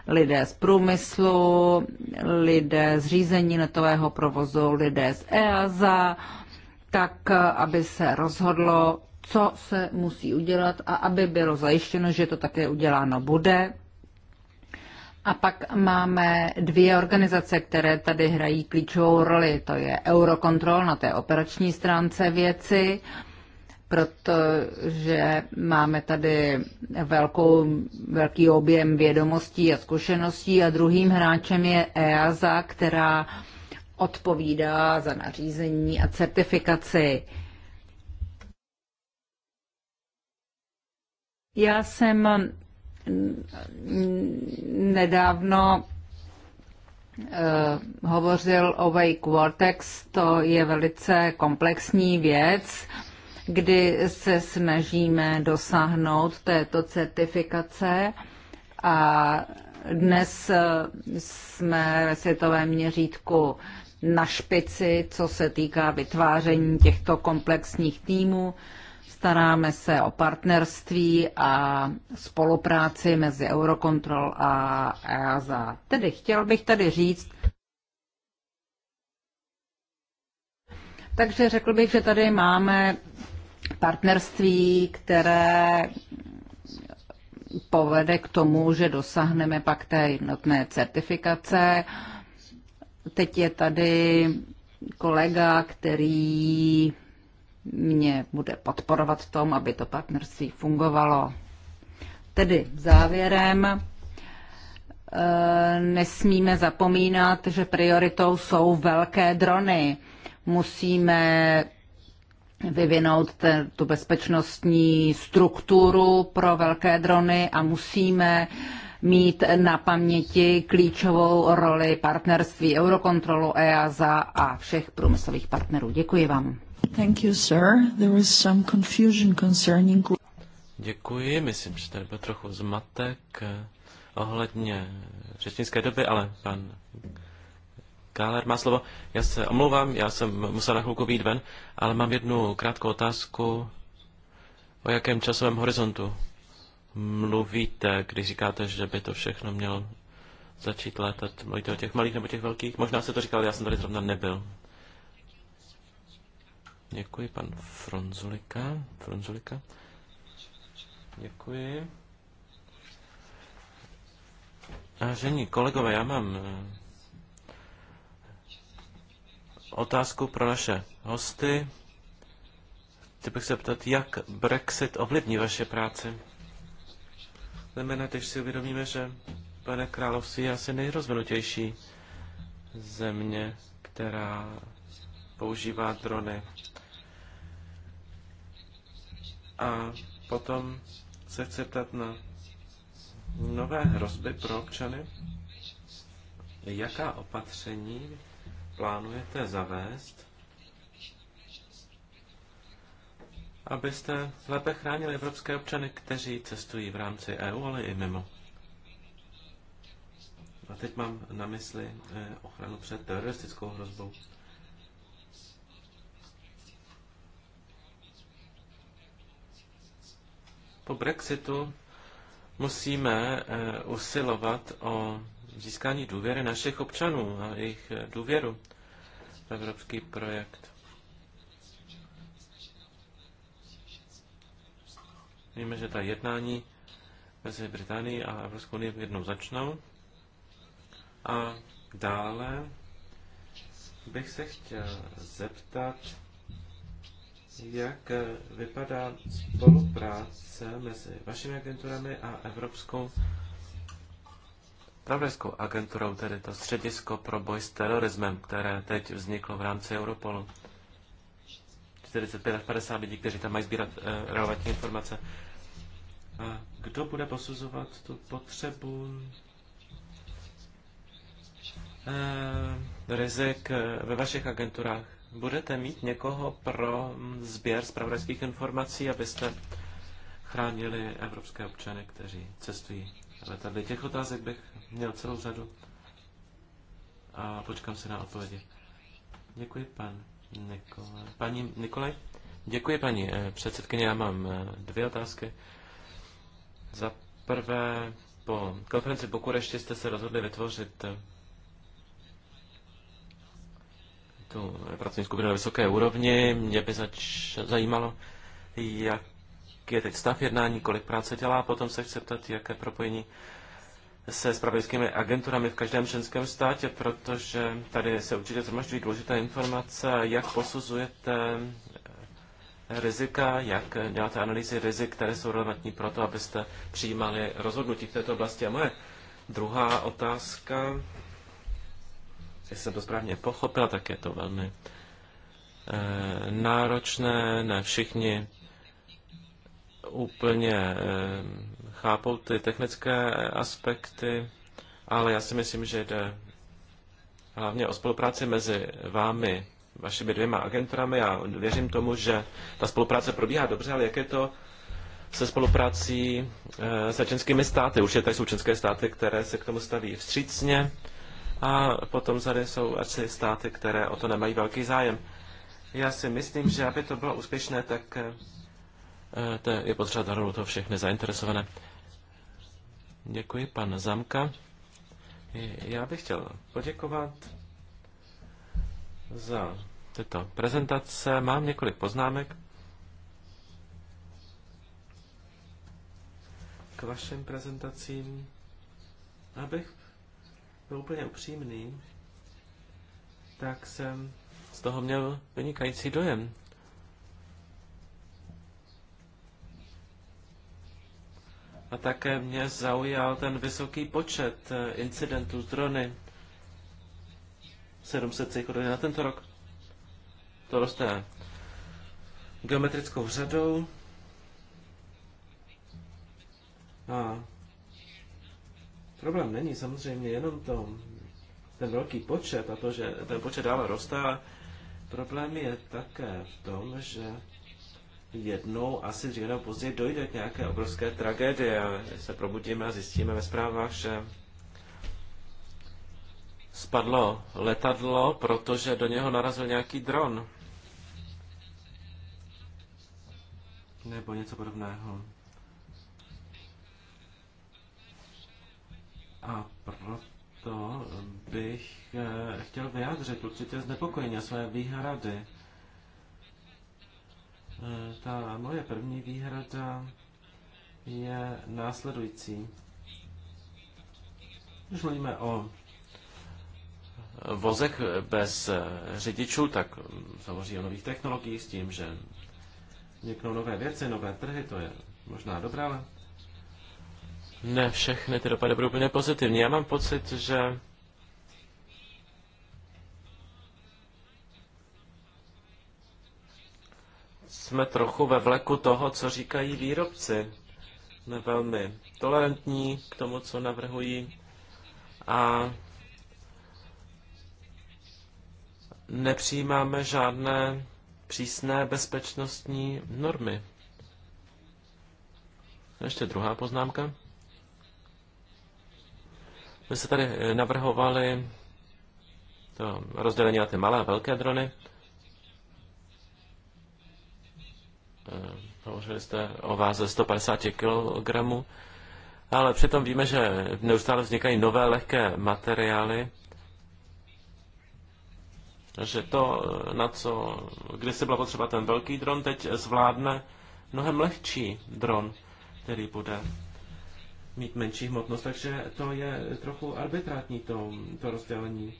lidé z průmyslu, lidé z řízení netového provozu, lidé z EASA, tak aby se rozhodlo, co se musí udělat a aby bylo zajištěno, že to také uděláno bude. A pak máme dvě organizace, které tady hrají klíčovou roli. To je Eurocontrol na té operační stránce věci, protože máme tady velkou, velký objem vědomostí a zkušeností a druhým hráčem je EASA, která odpovídá za nařízení a certifikaci. Já jsem nedávno eh, hovořil o Wake Vortex, to je velice komplexní věc kdy se snažíme dosáhnout této certifikace a dnes eh, jsme ve světovém měřítku na špici, co se týká vytváření těchto komplexních týmů. Staráme se o partnerství a spolupráci mezi Eurocontrol a EASA. Tedy chtěl bych tady říct, takže řekl bych, že tady máme partnerství, které povede k tomu, že dosáhneme pak té jednotné certifikace. Teď je tady kolega, který mě bude podporovat v tom, aby to partnerství fungovalo. Tedy závěrem eh, nesmíme zapomínat, že prioritou jsou velké drony. Musíme vyvinout te, tu bezpečnostní strukturu pro velké drony a musíme mít na paměti klíčovou roli partnerství Eurokontrolu, EASA a všech průmyslových partnerů. Děkuji vám. Thank you, sir. There is some confusion concerning... Děkuji, myslím, že tady byl trochu zmatek eh, ohledně řečnické doby, ale pan Káler má slovo. Já se omlouvám, já jsem musel na chvilku být ven, ale mám jednu krátkou otázku. O jakém časovém horizontu mluvíte, když říkáte, že by to všechno mělo začít létat? Mluvíte o těch malých nebo těch velkých? Možná se to říkal, já jsem tady zrovna nebyl. Děkuji, pan Fronzulika. Fronzulika. Děkuji. Vážení kolegové, já mám eh, otázku pro naše hosty. Chtěl bych se ptat, jak Brexit ovlivní vaše práci? Znamená, když si uvědomíme, že pane království je asi nejrozvinutější země, která používá drony. A potom se chci ptat na nové hrozby pro občany. Jaká opatření plánujete zavést, abyste lépe chránili evropské občany, kteří cestují v rámci EU, ale i mimo. A teď mám na mysli eh, ochranu před teroristickou hrozbou. Po Brexitu musíme eh, usilovat o získání důvěry našich občanů a jejich eh, důvěru v evropský projekt. Víme, že ta jednání mezi Británií a Evropskou unii jednou začnou. A dále bych se chtěl zeptat, jak eh, vypadá spolupráce mezi vašimi agenturami a Evropskou spravodajskou agenturou, tedy to středisko pro boj s terorismem, které teď vzniklo v rámci Europolu. 45 až 50 lidí, kteří tam mají sbírat eh, relevantní informace. A kdo bude posuzovat tu potřebu eh, rizik eh, ve vašich agenturách? Budete mít někoho pro hm, sběr zpravodajských informací, abyste chránili evropské občany, kteří cestují Tady Těch otázek bych měl celou řadu a počkám se na odpovědi. Děkuji, pan Nikolaj. Paní Nikolaj? Děkuji, paní eh, předsedkyně. Já mám eh, dvě otázky. Za prvé, po konferenci Bukurešti jste se rozhodli vytvořit eh, tu pracovní skupinu na vysoké úrovni. Mě by zač- zajímalo, jak je teď stav jednání, kolik práce dělá, potom se chci ptat, jaké propojení se spravedlickými agenturami v každém členském státě, protože tady se určitě zhromažďují důležité informace, jak posuzujete rizika, jak děláte analýzy rizik, které jsou relevantní pro to, abyste přijímali rozhodnutí v této oblasti. A moje druhá otázka, jestli jsem to správně pochopila, tak je to velmi eh, náročné, ne všichni úplně eh, chápou ty technické aspekty, ale já si myslím, že jde hlavně o spolupráci mezi vámi, vašimi dvěma agenturami. Já věřím tomu, že ta spolupráce probíhá dobře, ale jak je to se spoluprácí eh, se členskými státy? Už je tady jsou členské státy, které se k tomu staví vstřícně a potom tady jsou asi státy, které o to nemají velký zájem. Já si myslím, že aby to bylo úspěšné, tak eh, Eh, to je potřeba zahrnout to všechny zainteresované. Děkuji, pan Zamka. Eh, já bych chtěl poděkovat za tyto prezentace. Mám několik poznámek k vašim prezentacím. Abych byl úplně upřímný, tak jsem z toho měl vynikající dojem. A také mě zaujal ten vysoký počet eh, incidentů s drony. 700 cyklodrony na tento rok. To roste geometrickou řadou. A problém není samozřejmě jenom to, ten velký počet a to, že ten počet dále roste, problém je také v tom, že jednou asi dříve nebo později dojde k nějaké obrovské tragédie. a se probudíme a zjistíme ve zprávách, že spadlo letadlo, protože do něho narazil nějaký dron. Nebo něco podobného. A proto bych eh, chtěl vyjádřit určitě znepokojení a své výhrady Eh, ta moje první výhrada je následující. Když mluvíme o vozech bez eh, řidičů, tak hm, samozřejmě o nových technologiích s tím, že vzniknou nové věci, nové trhy, to je možná dobré, ale ne všechny ty dopady budou úplně pozitivní. Já mám pocit, že jsme trochu ve vleku toho, co říkají výrobci. Jsme velmi tolerantní k tomu, co navrhují a nepřijímáme žádné přísné bezpečnostní normy. Ještě druhá poznámka. My se tady navrhovali to rozdělení na ty malé a velké drony. hovořili jste o váze 150 kg, ale přitom víme, že neustále vznikají nové lehké materiály, že to, na co kdysi byla potřeba ten velký dron, teď zvládne mnohem lehčí dron, který bude mít menší hmotnost, takže to je trochu arbitrátní to, to rozdělení.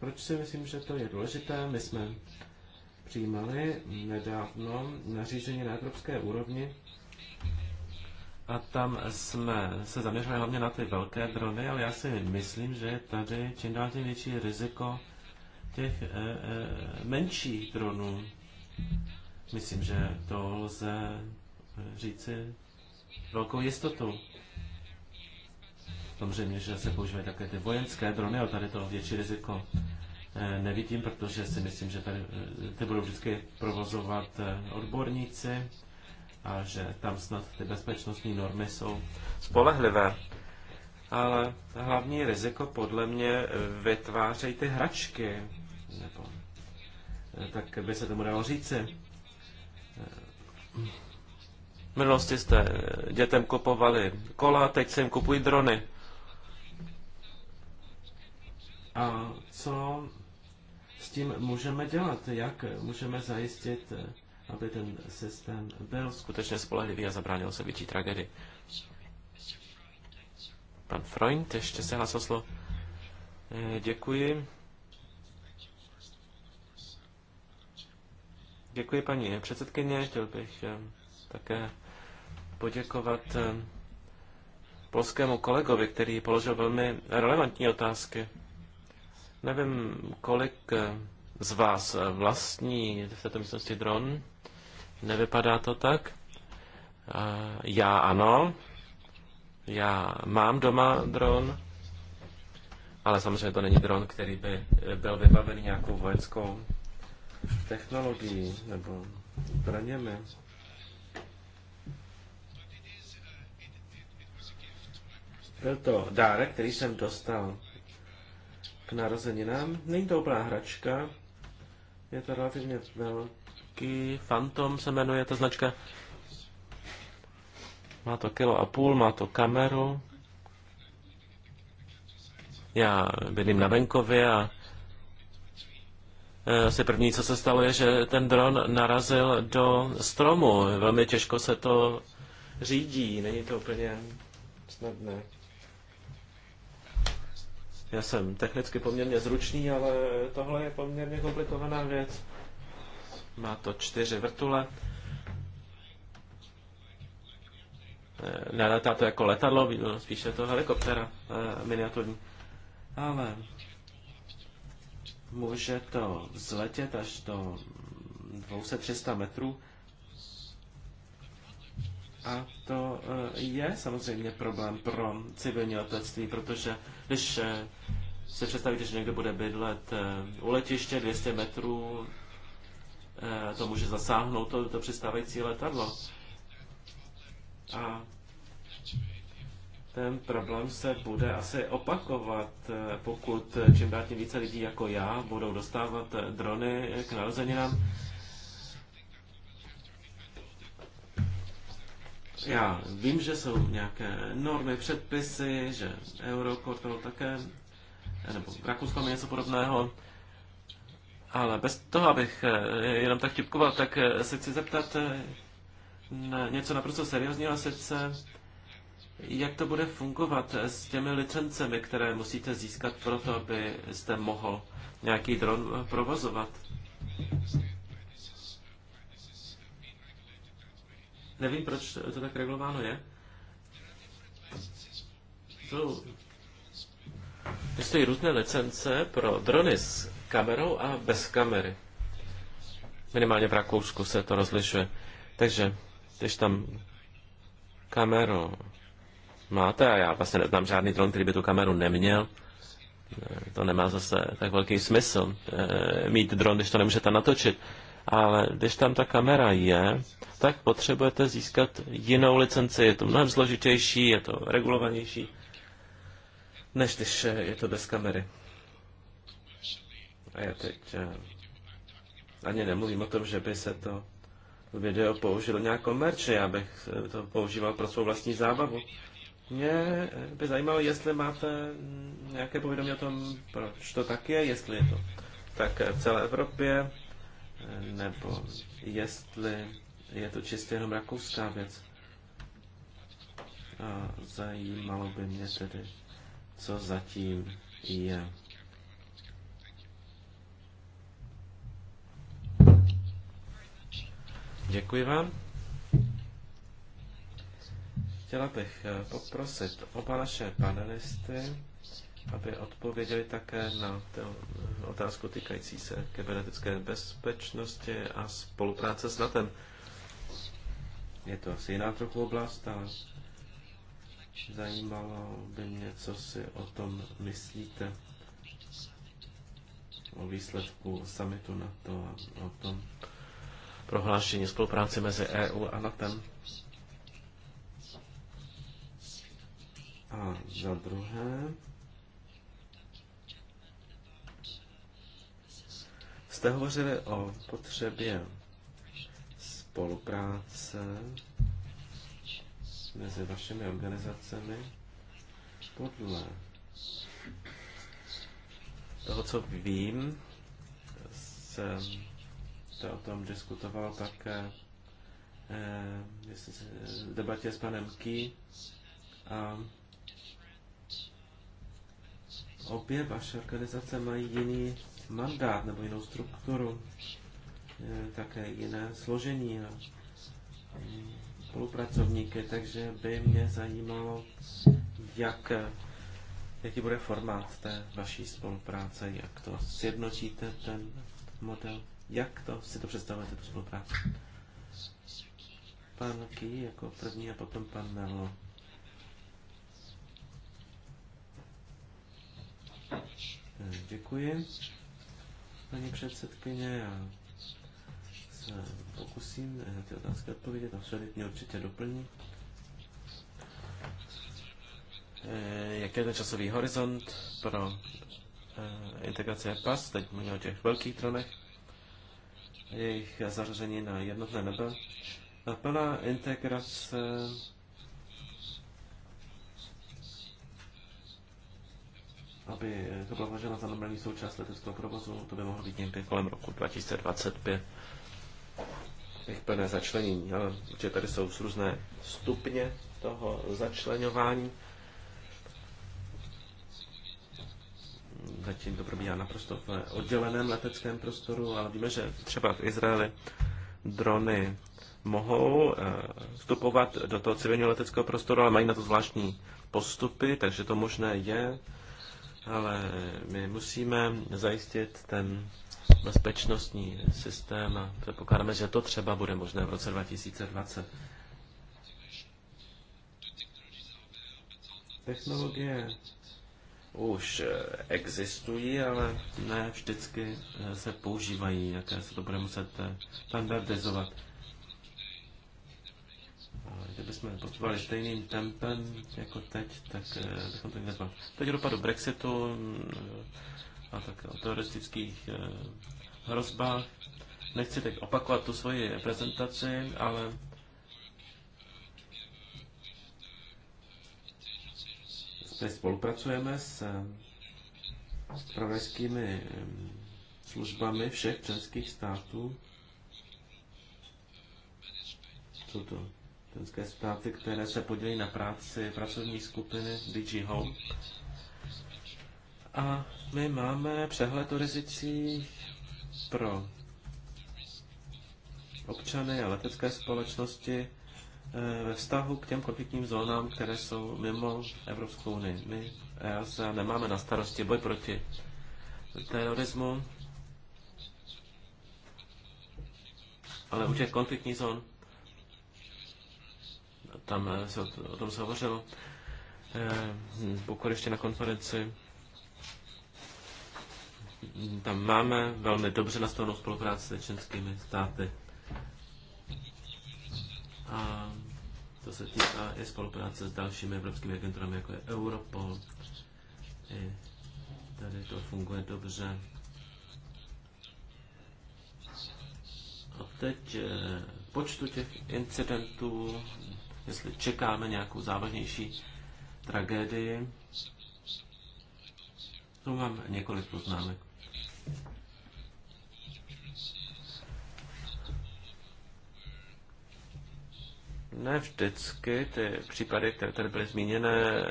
Proč si myslím, že to je důležité? My jsme přijímali nedávno nařízení na evropské úrovni a tam jsme se zaměřili hlavně na ty velké drony, ale já si myslím, že je tady čím dál tím větší riziko těch e, e, menších dronů. Myslím, že to lze eh, říci velkou jistotu. Samozřejmě, že se používají také ty vojenské drony, ale tady to větší riziko Eh, nevidím, protože si myslím, že tady, eh, ty budou vždycky provozovat eh, odborníci a že tam snad ty bezpečnostní normy jsou spolehlivé. Ale hlavní riziko podle mě vytvářejí ty hračky, nebo tak by se tomu dalo říci. V minulosti jste dětem kupovali kola, teď se jim kupují drony. A co tím můžeme dělat? Jak můžeme zajistit, eh, aby ten systém byl skutečně spolehlivý a zabránil se větší tragedii? Pan Freund ještě se hlásil slovo. Eh, děkuji. Děkuji paní předsedkyně. Chtěl bych eh, také poděkovat polskému kolegovi, který položil velmi relevantní otázky. Nevím, kolik eh, z vás eh, vlastní v této místnosti dron. Nevypadá to tak. Eh, já ano. Já mám doma dron, ale samozřejmě to není dron, který by byl vybaven nějakou vojenskou technologií nebo zbraněmi. Byl to dárek, který jsem dostal k narozeninám. Není to úplná hračka, je to relativně velký. Phantom se jmenuje ta značka. Má to kilo a půl, má to kameru. Já bydlím na venkově a eh, asi první, co se stalo, je, že ten dron narazil do stromu. Velmi těžko se to řídí, není to úplně snadné. Já jsem technicky poměrně zručný, ale tohle je poměrně komplikovaná věc. Má to čtyři vrtule. Nelétá to jako letadlo, spíše je to helikoptera eh, miniaturní. Ale může to vzletět až do 200-300 metrů a to eh, je samozřejmě problém pro civilní letectví, protože když eh, si představíte, že někdo bude bydlet eh, u letiště 200 metrů, to může zasáhnout to, to přistávající letadlo. A ten problém se bude asi opakovat, pokud čím dál tím více lidí jako já budou dostávat drony k narozeninám Já vím, že jsou nějaké normy, předpisy, že Eurocode bylo také, nebo Rakousko něco podobného, ale bez toho, abych eh, jenom tak tipkoval, tak eh, se chci zeptat eh, na něco naprosto seriózního, a sice jak to bude fungovat s těmi licencemi, které musíte získat pro to, abyste mohl nějaký dron provozovat? Nevím, proč to tak regulováno je. Jsou, prostě různé licence pro drony s kamerou a bez kamery. Minimálně v Rakousku se to rozlišuje. Takže, když tam kameru máte, a já vlastně neznám žádný dron, který by tu kameru neměl, to nemá zase tak velký smysl eh, mít dron, když to nemůžete natočit ale když tam ta kamera je, tak potřebujete získat jinou licenci. Je to mnohem složitější, je to regulovanější, než když eh, je to bez kamery. A já teď eh, ani nemluvím o tom, že by se to video použilo nějak komerčně, já bych eh, to používal pro svou vlastní zábavu. Mě by zajímalo, jestli máte mm, nějaké povědomí o tom, proč to tak je, jestli je to tak v celé Evropě, nebo jestli je to čistě jenom rakouská věc. A zajímalo by mě tedy, co zatím je. Děkuji vám. Chtěla bych poprosit oba naše panelisty, aby odpověděli také na otázku týkající se kybernetické bezpečnosti a spolupráce s NATO. Je to asi jiná trochu oblast, ale zajímalo by mě, co si o tom myslíte, o výsledku summitu NATO a o tom prohlášení spolupráce mezi EU a NATO. A za druhé, Jste hovořili o potřebě spolupráce mezi vašimi organizacemi podle toho, co vím, se to o tom diskutoval také eh, v debatě s panem Ký a obě vaše organizace mají jiný mandát nebo jinou strukturu, e, také jiné složení a e, spolupracovníky, takže by mě zajímalo, jak, e, jaký bude formát té vaší spolupráce, jak to sjednotíte, ten model, jak to si to představujete, tu spolupráci. Pan Ký jako první a potom pan Melo. Děkuji paní předsedkyně. Já se pokusím na ty otázky odpovědět a Filip mě určitě doplní. Eh, jaký je ten časový horizont pro eh, integraci PAS, teď mluvíme o těch velkých tronech, jejich zařazení na jednotné nebe. A plná integrace aby to bylo považováno za normální součást leteckého provozu, to by mohlo být někdy kolem roku 2025. Jejich plné začlenění, ale určitě tady jsou různé stupně toho začlenování. Zatím to probíhá naprosto v odděleném leteckém prostoru, ale víme, že třeba v Izraeli drony mohou eh, vstupovat do toho civilního leteckého prostoru, ale mají na to zvláštní postupy, takže to možné je ale my musíme zajistit ten bezpečnostní systém a předpokládáme, že to třeba bude možné v roce 2020. Technologie už existují, ale ne vždycky se používají, jaké se to bude muset standardizovat kdybychom postupovali stejným tempem jako teď, tak eh, bychom to nezvládli. Teď dopadu Brexitu eh, a tak o teoretických eh, hrozbách. Nechci teď opakovat tu svoji prezentaci, ale Teď spolupracujeme s spravodajskými službami všech členských států. Jsou to členské státy, které se podělí na práci pracovní skupiny DG Home. A my máme přehled o rizicích pro občany a letecké společnosti eh, ve vztahu k těm konfliktním zónám, které jsou mimo Evropskou unii. My EASA nemáme na starosti boj proti terorismu, ale u těch konfliktních zón tam eh, se o, o tom se hovořilo v eh, Bukurešti na konferenci. Tam máme velmi dobře nastavenou spolupráci s čínskými státy. A to se týká i spolupráce s dalšími evropskými agenturami, jako je Europol. I tady to funguje dobře. A teď eh, počtu těch incidentů jestli čekáme nějakou závažnější tragédii. Tu mám několik poznámek. Ne vždycky ty případy, které tady byly zmíněné,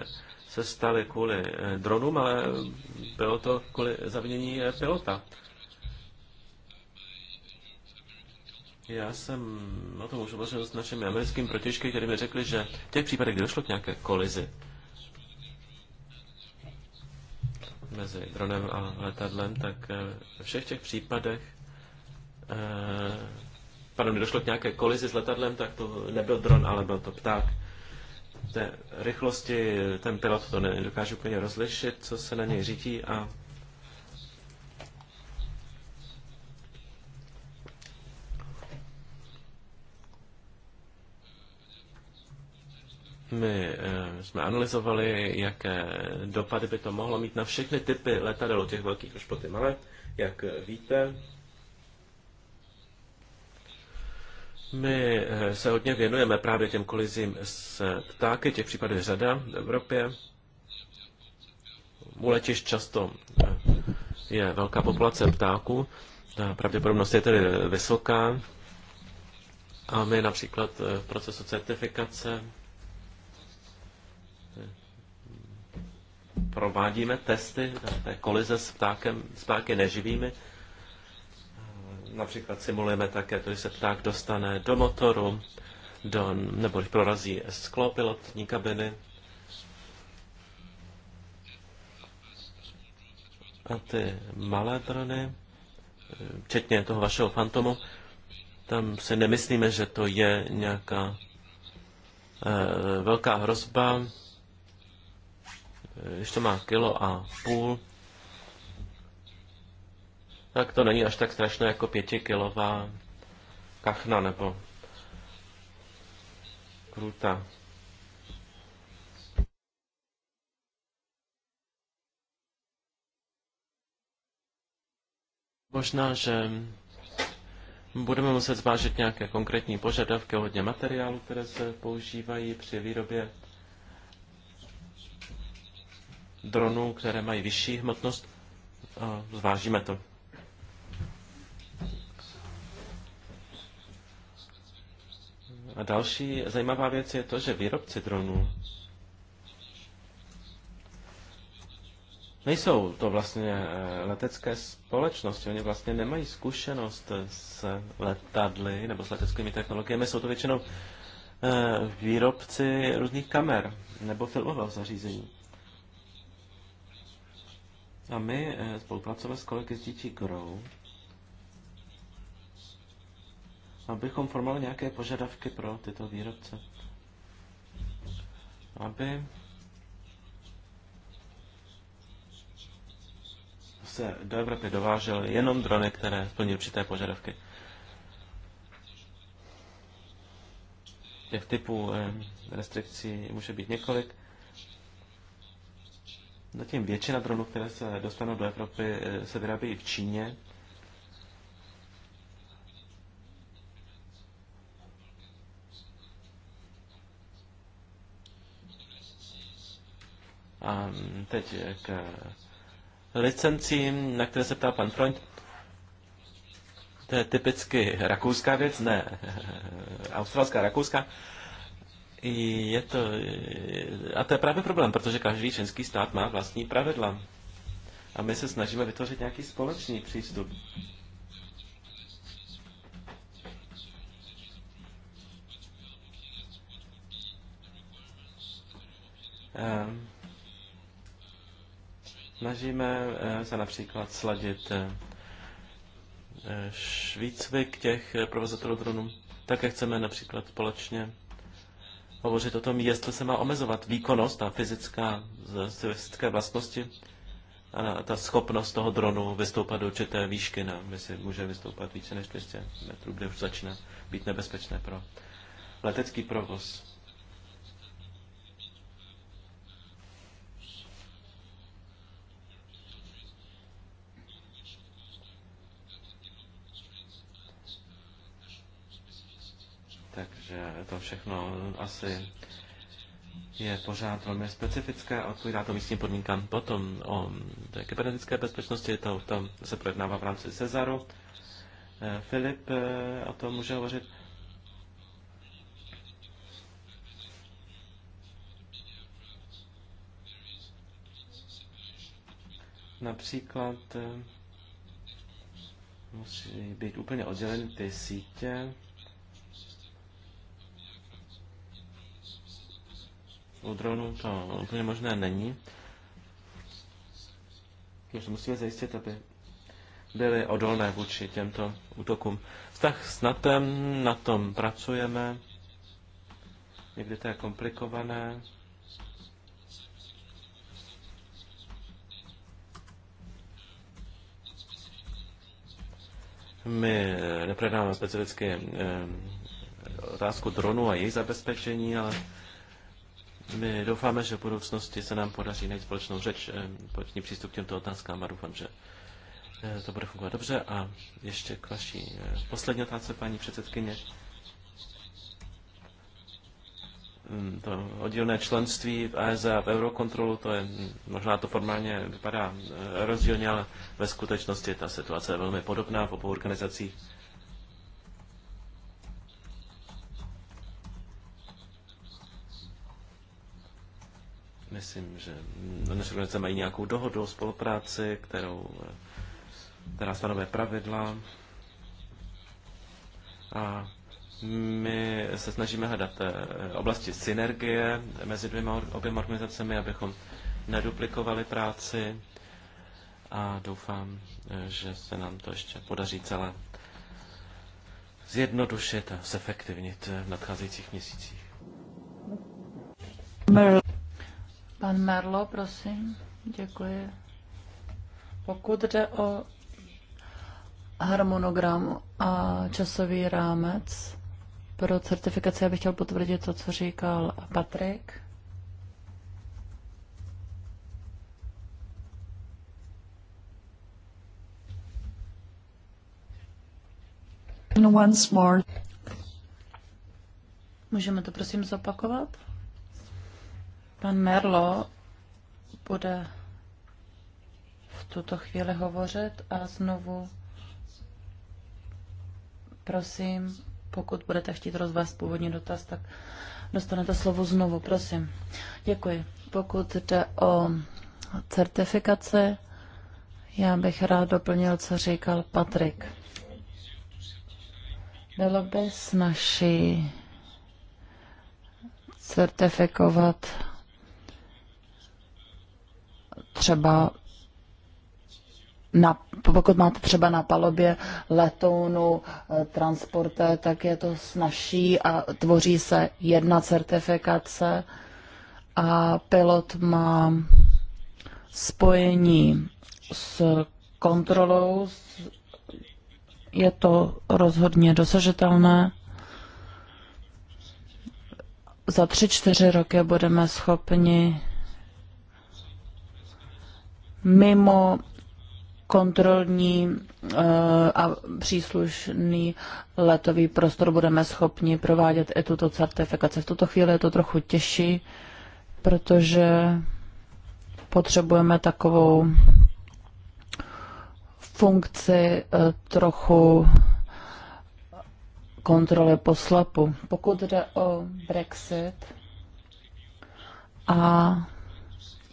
se staly kvůli eh, dronům, ale bylo to kvůli zavinění eh, pilota. Já jsem o tom už hovořil s našimi americkými protižky, kteří mi řekli, že v těch případech, kdy došlo k nějaké kolizi mezi dronem a letadlem, tak eh, ve všech těch případech eh, pardon, kdy došlo k nějaké kolizi s letadlem, tak to nebyl dron, ale byl to pták. V té rychlosti ten pilot to nedokáže úplně rozlišit, co se na něj řídí a My eh, jsme analyzovali, jaké dopady by to mohlo mít na všechny typy letadel, těch velkých až po ty malé. Jak víte, my eh, se hodně věnujeme právě těm kolizím s ptáky, těch případů je řada v Evropě. U letišť často eh, je velká populace ptáků, ta pravděpodobnost je tedy vysoká. A my například v procesu certifikace provádíme testy na té kolize s, ptákem, s ptáky neživými. Například simulujeme také to, že se pták dostane do motoru, do, nebo když prorazí sklo pilotní kabiny. A ty malé drony, včetně toho vašeho fantomu, tam si nemyslíme, že to je nějaká e, velká hrozba když to má kilo a půl, tak to není až tak strašné jako pětikilová kachna nebo kruta. Možná, že budeme muset zvážit nějaké konkrétní požadavky hodně materiálu, které se používají při výrobě dronů, které mají vyšší hmotnost. Zvážíme to. A další zajímavá věc je to, že výrobci dronů nejsou to vlastně eh, letecké společnosti. Oni vlastně nemají zkušenost s letadly nebo s leteckými technologiemi. Jsou to většinou eh, výrobci různých kamer nebo filmového zařízení. A my eh, spolupracujeme s kolegy z DG Grow, abychom formovali nějaké požadavky pro tyto výrobce. Aby se do Evropy dovážely jenom drony, které splní určité požadavky. Těch typů eh, restrikcí může být několik. Zatím většina dronů, které se dostanou do Evropy, eh, se vyrábí v Číně. A teď k licencím, na které se ptá pan Freund. To je typicky rakouská věc, ne australská, rakouská. Je to, a to je právě problém, protože každý členský stát má vlastní pravidla. A my se snažíme vytvořit nějaký společný přístup. Eh, snažíme eh, se například sladit eh, k těch provozatelů dronů. Také chceme například společně hovořit o tom, jestli se má omezovat výkonnost a fyzická, fyzické vlastnosti a ta schopnost toho dronu vystoupat do určité výšky, na, jestli může vystoupat více než 200 metrů, kde už začíná být nebezpečné pro letecký provoz. že to všechno asi je pořád velmi specifické a odpovídá to místním podmínkám. Potom o té kybernetické bezpečnosti, to, to se projednává v rámci Cezaru. Eh, Filip eh, o tom může hovořit. Například eh, musí být úplně odděleny ty sítě u dronů to úplně možné není. Takže musíme zajistit, aby byly odolné vůči těmto útokům. Vztah s NATem, na tom pracujeme. Někdy to je komplikované. My neprodáváme specificky eh, otázku dronu a její zabezpečení, ale my doufáme, že v budoucnosti se nám podaří najít společnou řeč, eh, společný přístup k těmto otázkám a doufám, že eh, to bude fungovat dobře. A ještě k vaší eh, poslední otázce, paní předsedkyně. Hmm, to oddílné členství v ESA a v Eurokontrolu, to je, hm, možná to formálně vypadá rozdílně, ale ve skutečnosti ta situace je velmi podobná v obou organizacích Myslím, že naše organizace mají nějakou dohodu o spolupráci, kterou, která stanovuje pravidla. A my se snažíme hledat eh, oblasti synergie mezi dvěma, oběma organizacemi, abychom neduplikovali práci a doufám, eh, že se nám to ještě podaří celé zjednodušit a zefektivnit v nadcházejících měsících. Pan Merlo, prosím. Děkuji. Pokud jde o harmonogram a časový rámec pro certifikaci, já bych chtěl potvrdit to, co říkal Patrik. Once more. Můžeme to prosím zopakovat? Pan Merlo bude v tuto chvíli hovořit a znovu prosím, pokud budete chtít rozvést původní dotaz, tak dostanete slovo znovu, prosím. Děkuji. Pokud jde o certifikace, já bych rád doplnil, co říkal Patrik. Bylo by snaží certifikovat třeba na, pokud máte třeba na palobě letounu, eh, transporte, tak je to snažší a tvoří se jedna certifikace a pilot má spojení s kontrolou, je to rozhodně dosažitelné. Za tři, čtyři roky budeme schopni mimo kontrolní eh, a příslušný letový prostor budeme schopni provádět i tuto certifikaci. V tuto chvíli je to trochu těžší, protože potřebujeme takovou funkci eh, trochu kontroly poslapu. Pokud jde o Brexit a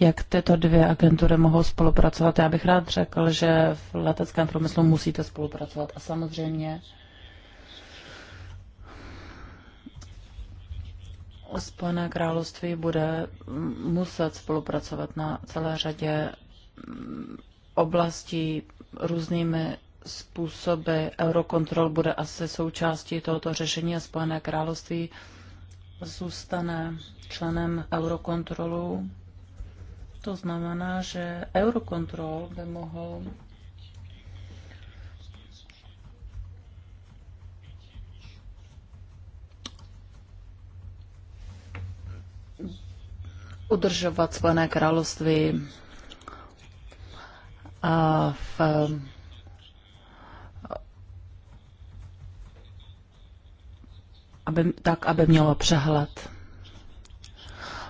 jak tyto dvě agentury mohou spolupracovat. Já bych rád řekl, že v leteckém průmyslu musíte spolupracovat a samozřejmě Spojené království bude muset spolupracovat na celé řadě mm, oblastí různými způsoby. Eurokontrol bude asi součástí tohoto řešení a Spojené království zůstane členem Eurokontrolu to znamená, že Eurocontrol by mohl udržovat Spojené království a v aby, tak, aby mělo přehled.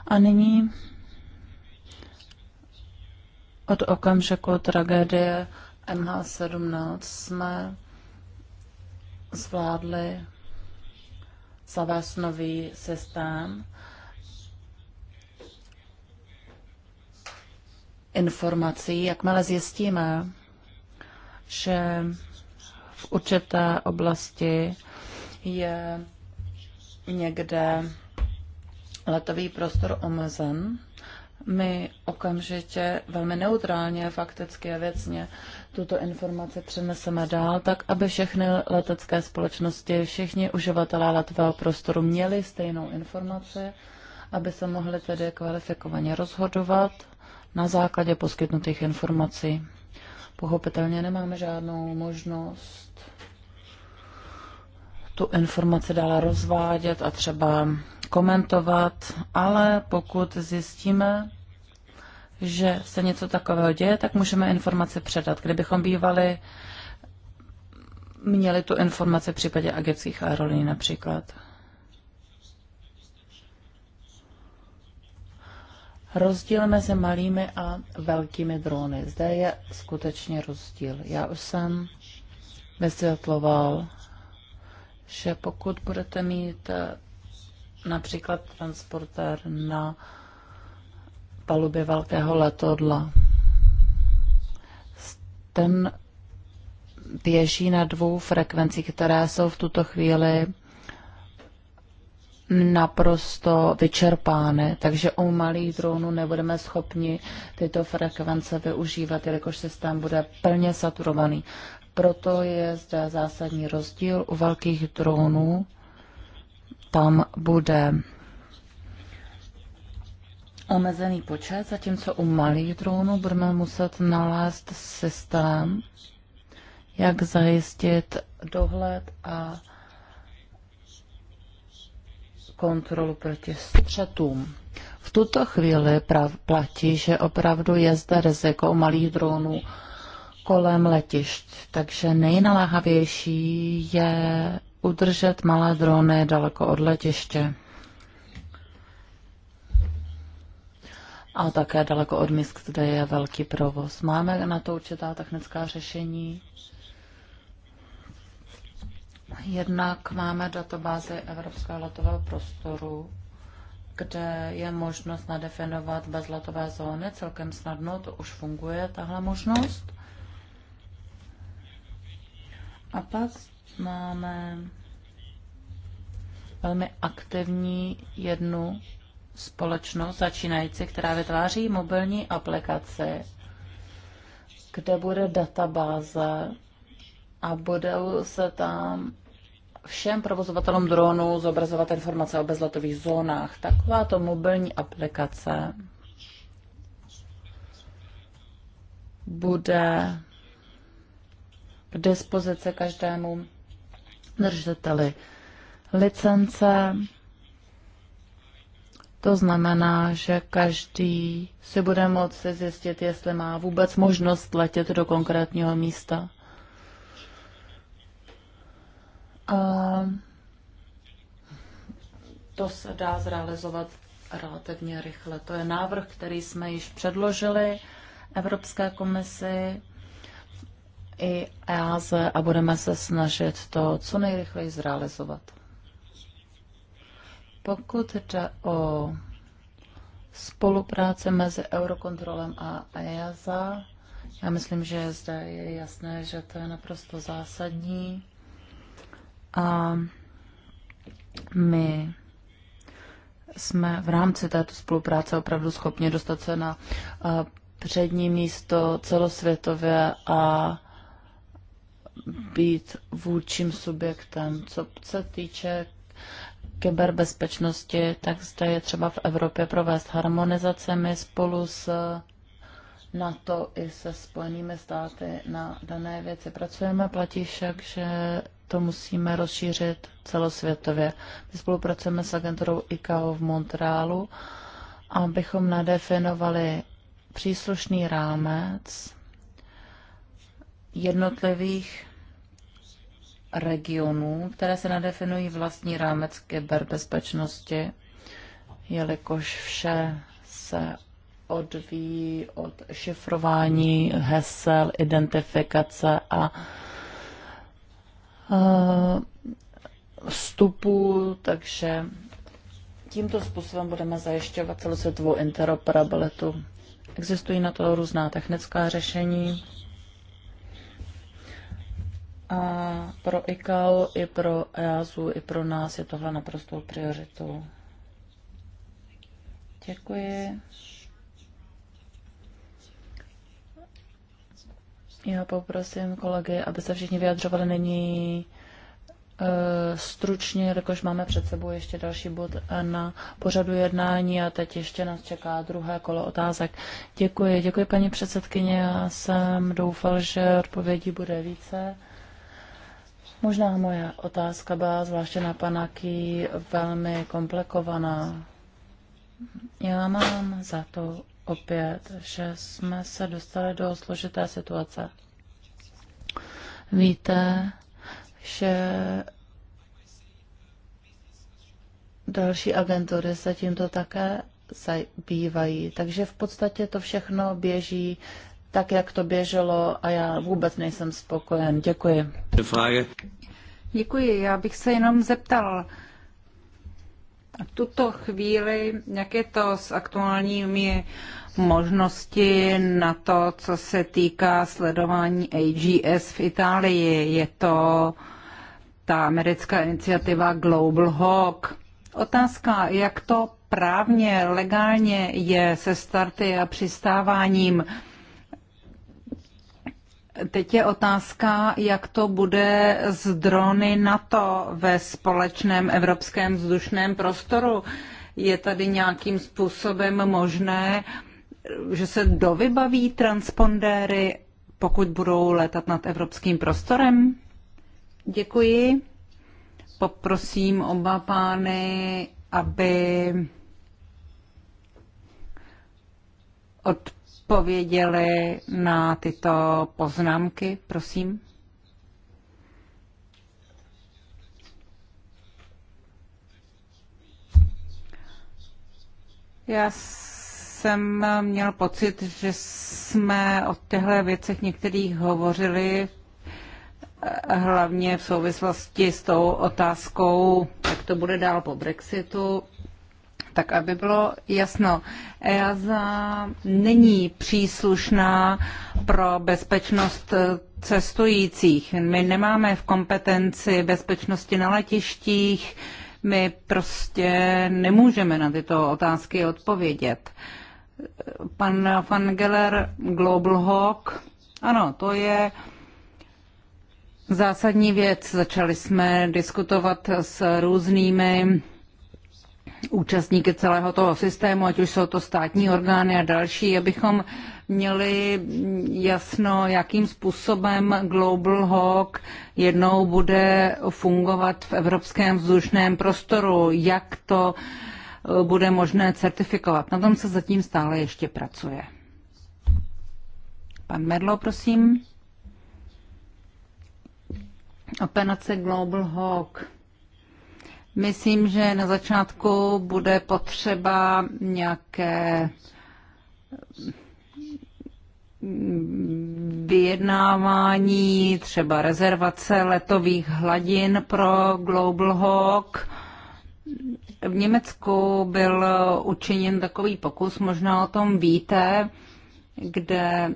A nyní od okamžiku tragédie MH17 jsme zvládli zavést nový systém informací, jakmile zjistíme, že v určité oblasti je někde letový prostor omezen, my okamžitě velmi neutrálně, fakticky a věcně tuto informaci přeneseme dál, tak aby všechny letecké společnosti, všichni uživatelé letového prostoru měli stejnou informaci, aby se mohli tedy kvalifikovaně rozhodovat na základě poskytnutých informací. Pochopitelně nemáme žádnou možnost tu informaci dále rozvádět a třeba komentovat, ale pokud zjistíme, že se něco takového děje, tak můžeme informace předat. Kdybychom bývali měli tu informaci v případě egyptských aerolíní například. Rozdíl mezi malými a velkými drony. Zde je skutečně rozdíl. Já už jsem vysvětloval že pokud budete mít eh, například transportér na palubě velkého letadla, ten běží na dvou frekvencích, které jsou v tuto chvíli naprosto vyčerpány, takže u malých dronů nebudeme schopni tyto frekvence využívat, jelikož systém bude plně saturovaný. Proto je zde zásadní rozdíl u velkých dronů. Tam bude omezený počet, zatímco u malých dronů budeme muset nalézt systém, jak zajistit dohled a kontrolu proti střetům. V tuto chvíli platí, že opravdu je zde riziko malých dronů kolem letišť, takže nejnaléhavější je udržet malé drony daleko od letiště. A také daleko od míst, kde je velký provoz. Máme na to určitá technická řešení. Jednak máme databázy Evropského letového prostoru, kde je možnost nadefinovat bezletové zóny celkem snadno, to už funguje, tahle možnost. A pak máme velmi aktivní jednu společnost začínající, která vytváří mobilní aplikaci, kde bude databáze a bude se tam všem provozovatelům dronů zobrazovat informace o bezletových zónách. Takováto mobilní aplikace bude k dispozici každému držiteli licence. To znamená, že každý si bude moci zjistit, jestli má vůbec možnost letět do konkrétního místa. A to se dá zrealizovat relativně rychle. To je návrh, který jsme již předložili Evropské komisi i EASA a budeme se snažit to co nejrychleji zrealizovat. Pokud jde o spolupráce mezi Eurokontrolem a EASA, já myslím, že zde je jasné, že to je naprosto zásadní. A my jsme v rámci této spolupráce opravdu schopni dostat se na eh, přední místo celosvětově a být vůčím subjektem. Co se týče kyberbezpečnosti, tak zde je třeba v Evropě provést My spolu s NATO i se Spojenými státy na dané věci. Pracujeme, platí však, že to musíme rozšířit celosvětově. My spolupracujeme s agenturou ICAO v Montrealu, abychom nadefinovali příslušný rámec jednotlivých regionů, které se nadefinují vlastní rámec kyberbezpečnosti, jelikož vše se odvíjí od šifrování hesel, identifikace a vstupů, takže tímto způsobem budeme zajišťovat celosvětovou interoperabilitu. Existují na to různá technická řešení, a pro ICAO, i pro EASu, i pro nás je tohle naprostou prioritou. Děkuji. Já poprosím kolegy, aby se všichni vyjadřovali nyní e, stručně, jelikož máme před sebou ještě další bod na pořadu jednání a teď ještě nás čeká druhé kolo otázek. Děkuji, děkuji paní předsedkyně, já jsem doufal, že odpovědí bude více. Možná moje otázka byla, zvláště na pana Ký, velmi komplikovaná. Já mám za to opět, že jsme se dostali do složité situace. Víte, že další agentury se tímto také zabývají. Takže v podstatě to všechno běží tak, jak to běželo a já vůbec nejsem spokojen. Děkuji. Děkuji. Já bych se jenom zeptal, tuto chvíli, jak je to s aktuálními možnosti na to, co se týká sledování AGS v Itálii? Je to ta americká iniciativa Global Hawk. Otázka, jak to právně, legálně je se starty a přistáváním. Teď je otázka, jak to bude s drony NATO ve společném evropském vzdušném prostoru. Je tady nějakým způsobem možné, že se dovybaví transpondéry, pokud budou letat nad evropským prostorem? Děkuji. Poprosím oba pány, aby odpověděli odpověděli na tyto poznámky, prosím. Já jsem měl pocit, že jsme o těchto věcech některých hovořili eh, hlavně v souvislosti s tou otázkou, jak to bude dál po Brexitu tak aby bylo jasno. EASA není příslušná pro bezpečnost e, cestujících. My nemáme v kompetenci bezpečnosti na letištích, my prostě nemůžeme na tyto otázky odpovědět. Pan Van Geller, Global Hawk, ano, to je zásadní věc. Začali jsme diskutovat s různými účastníky celého toho systému, ať už jsou to státní orgány a další, abychom měli jasno, jakým způsobem Global Hawk jednou bude fungovat v evropském vzdušném prostoru, jak to eh, bude možné certifikovat. Na tom se zatím stále ještě pracuje. Pan Merlo, prosím. Operace Global Hawk Myslím, že na začátku bude potřeba nějaké vyjednávání, třeba rezervace letových hladin pro Global Hawk. V Německu byl učiněn takový pokus, možná o tom víte, kde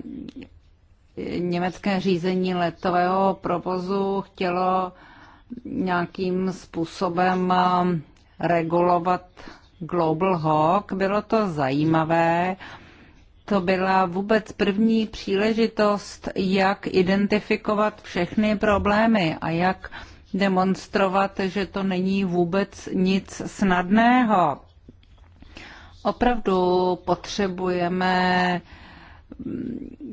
německé řízení letového provozu chtělo nějakým způsobem um, regulovat Global Hawk. Bylo to zajímavé. To byla vůbec první příležitost, jak identifikovat všechny problémy a jak demonstrovat, že to není vůbec nic snadného. Opravdu potřebujeme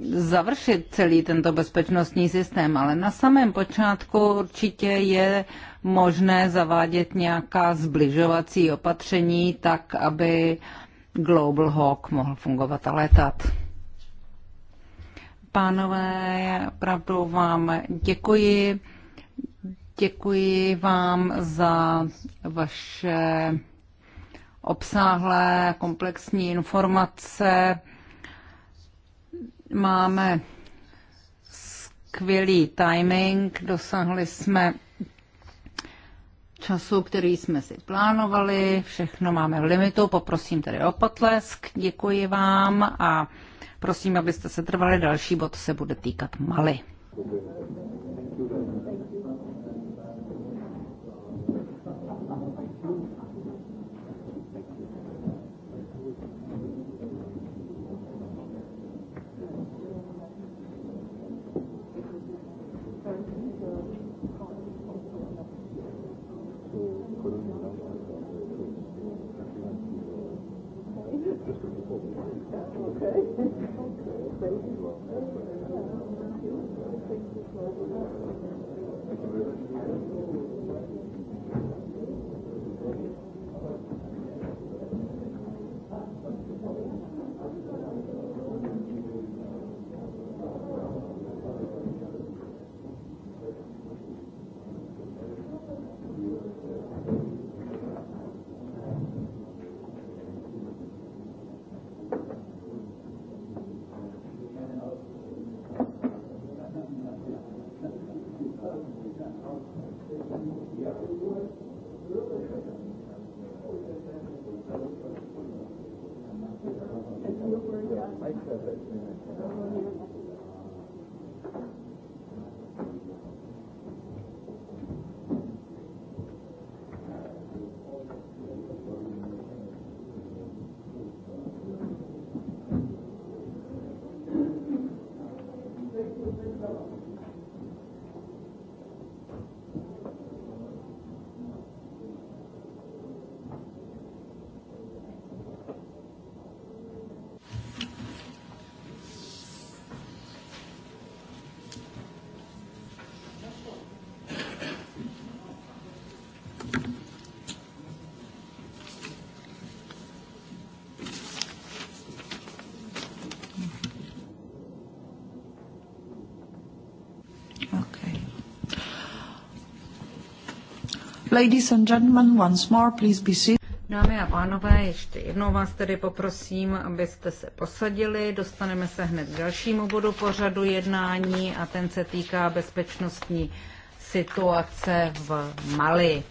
završit celý tento bezpečnostní systém, ale na samém počátku určitě je možné zavádět nějaká zbližovací opatření tak, aby Global Hawk mohl fungovat a letat. Pánové, opravdu vám děkuji. Děkuji vám za vaše obsáhlé komplexní informace. Máme skvělý timing, dosáhli jsme času, který jsme si plánovali, všechno máme v limitu, poprosím tedy o potlesk, děkuji vám a prosím, abyste se trvali, další bod se bude týkat Mali. Okay. okay. Thank you. Ladies and gentlemen, once more, please be seated. Dámy a pánové, ještě jednou vás tedy poprosím, abyste se posadili. Dostaneme se hned k dalšímu bodu pořadu jednání a ten se týká bezpečnostní situace v Mali.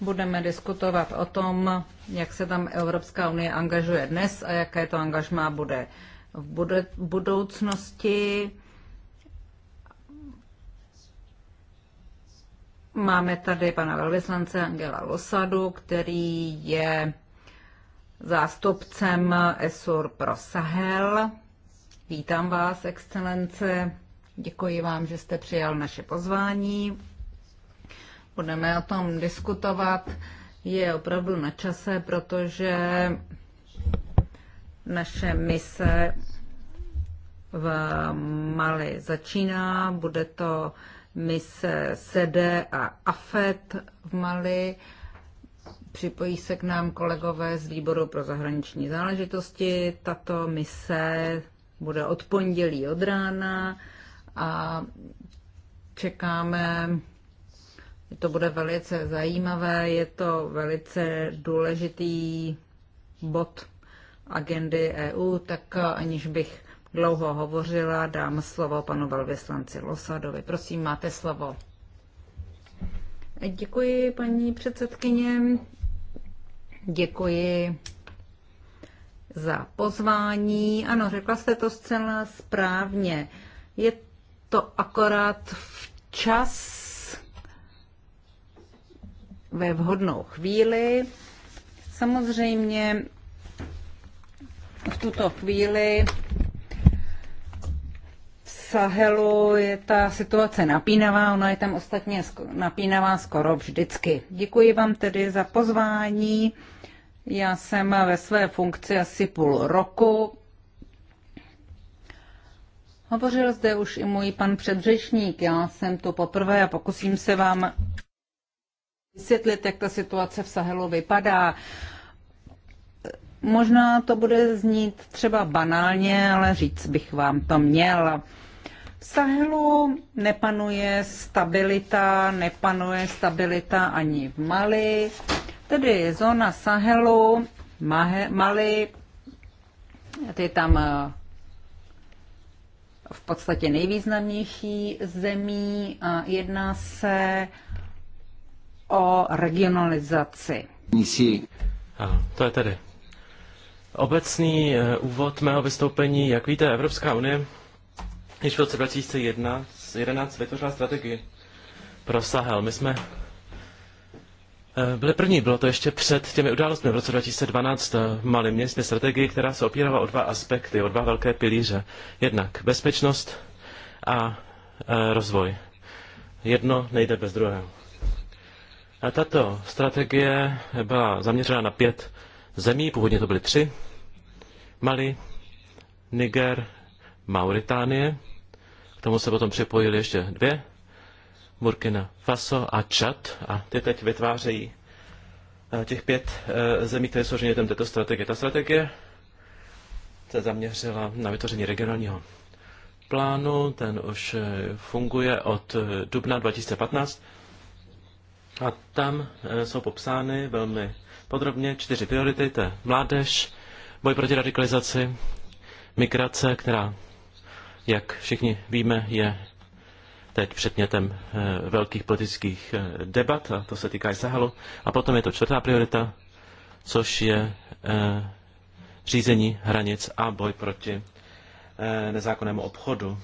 Budeme diskutovat o tom, jak se tam Evropská unie angažuje dnes a jaké to angažmá bude v budoucnosti. Máme tady pana velvyslance Angela Losadu, který je zástupcem ESUR pro Sahel. Vítám vás, excelence. Děkuji vám, že jste přijal naše pozvání. Budeme o tom diskutovat. Je opravdu na čase, protože naše mise v Mali začíná. Bude to mise SEDE a AFET v Mali. Připojí se k nám kolegové z výboru pro zahraniční záležitosti. Tato mise bude od pondělí od rána a čekáme, to bude velice zajímavé, je to velice důležitý bod agendy EU, tak aniž bych dlouho hovořila. Dám slovo panu velvyslanci Losadovi. Prosím, máte slovo. Děkuji, paní předsedkyně. Děkuji za pozvání. Ano, řekla jste to zcela správně. Je to akorát včas ve vhodnou chvíli. Samozřejmě v tuto chvíli Sahelu je ta situace napínavá, ona je tam ostatně napínavá skoro vždycky. Děkuji vám tedy za pozvání. Já jsem ve své funkci asi půl roku. Hovořil zde už i můj pan předřečník. Já jsem tu poprvé a pokusím se vám vysvětlit, jak ta situace v Sahelu vypadá. Možná to bude znít třeba banálně, ale říct bych vám to měl. Sahelu nepanuje stabilita, nepanuje stabilita ani v Mali, tedy zóna Sahelu, Mali, ty tam eh, v podstatě nejvýznamnější zemí a jedná se o regionalizaci. Ano, to je tedy obecný eh, úvod mého vystoupení. Jak víte, Evropská unie již v roce 2011 vytvořila strategii pro Sahel. My jsme eh, byli první, bylo to ještě před těmi událostmi v roce 2012 eh, v Mali. Měli jsme strategii, která se opírala o dva aspekty, o dva velké pilíře. Jednak bezpečnost a eh, rozvoj. Jedno nejde bez druhého. A tato strategie byla zaměřena na pět zemí, původně to byly tři. Mali, Niger, Mauritánie tomu se potom připojily ještě dvě, Burkina Faso a Čad, a ty teď vytvářejí eh, těch pět eh, zemí, které jsou ženětem této strategie. Ta strategie se zaměřila na vytvoření regionálního plánu, ten už eh, funguje od dubna 2015 a tam jsou popsány velmi podrobně čtyři priority, to je mládež, boj proti radikalizaci, migrace, která jak všichni víme, je teď předmětem eh, velkých politických eh, debat, a to se týká i Sahelu. A potom je to čtvrtá priorita, což je eh, řízení hranic a boj proti nezákonnému obchodu.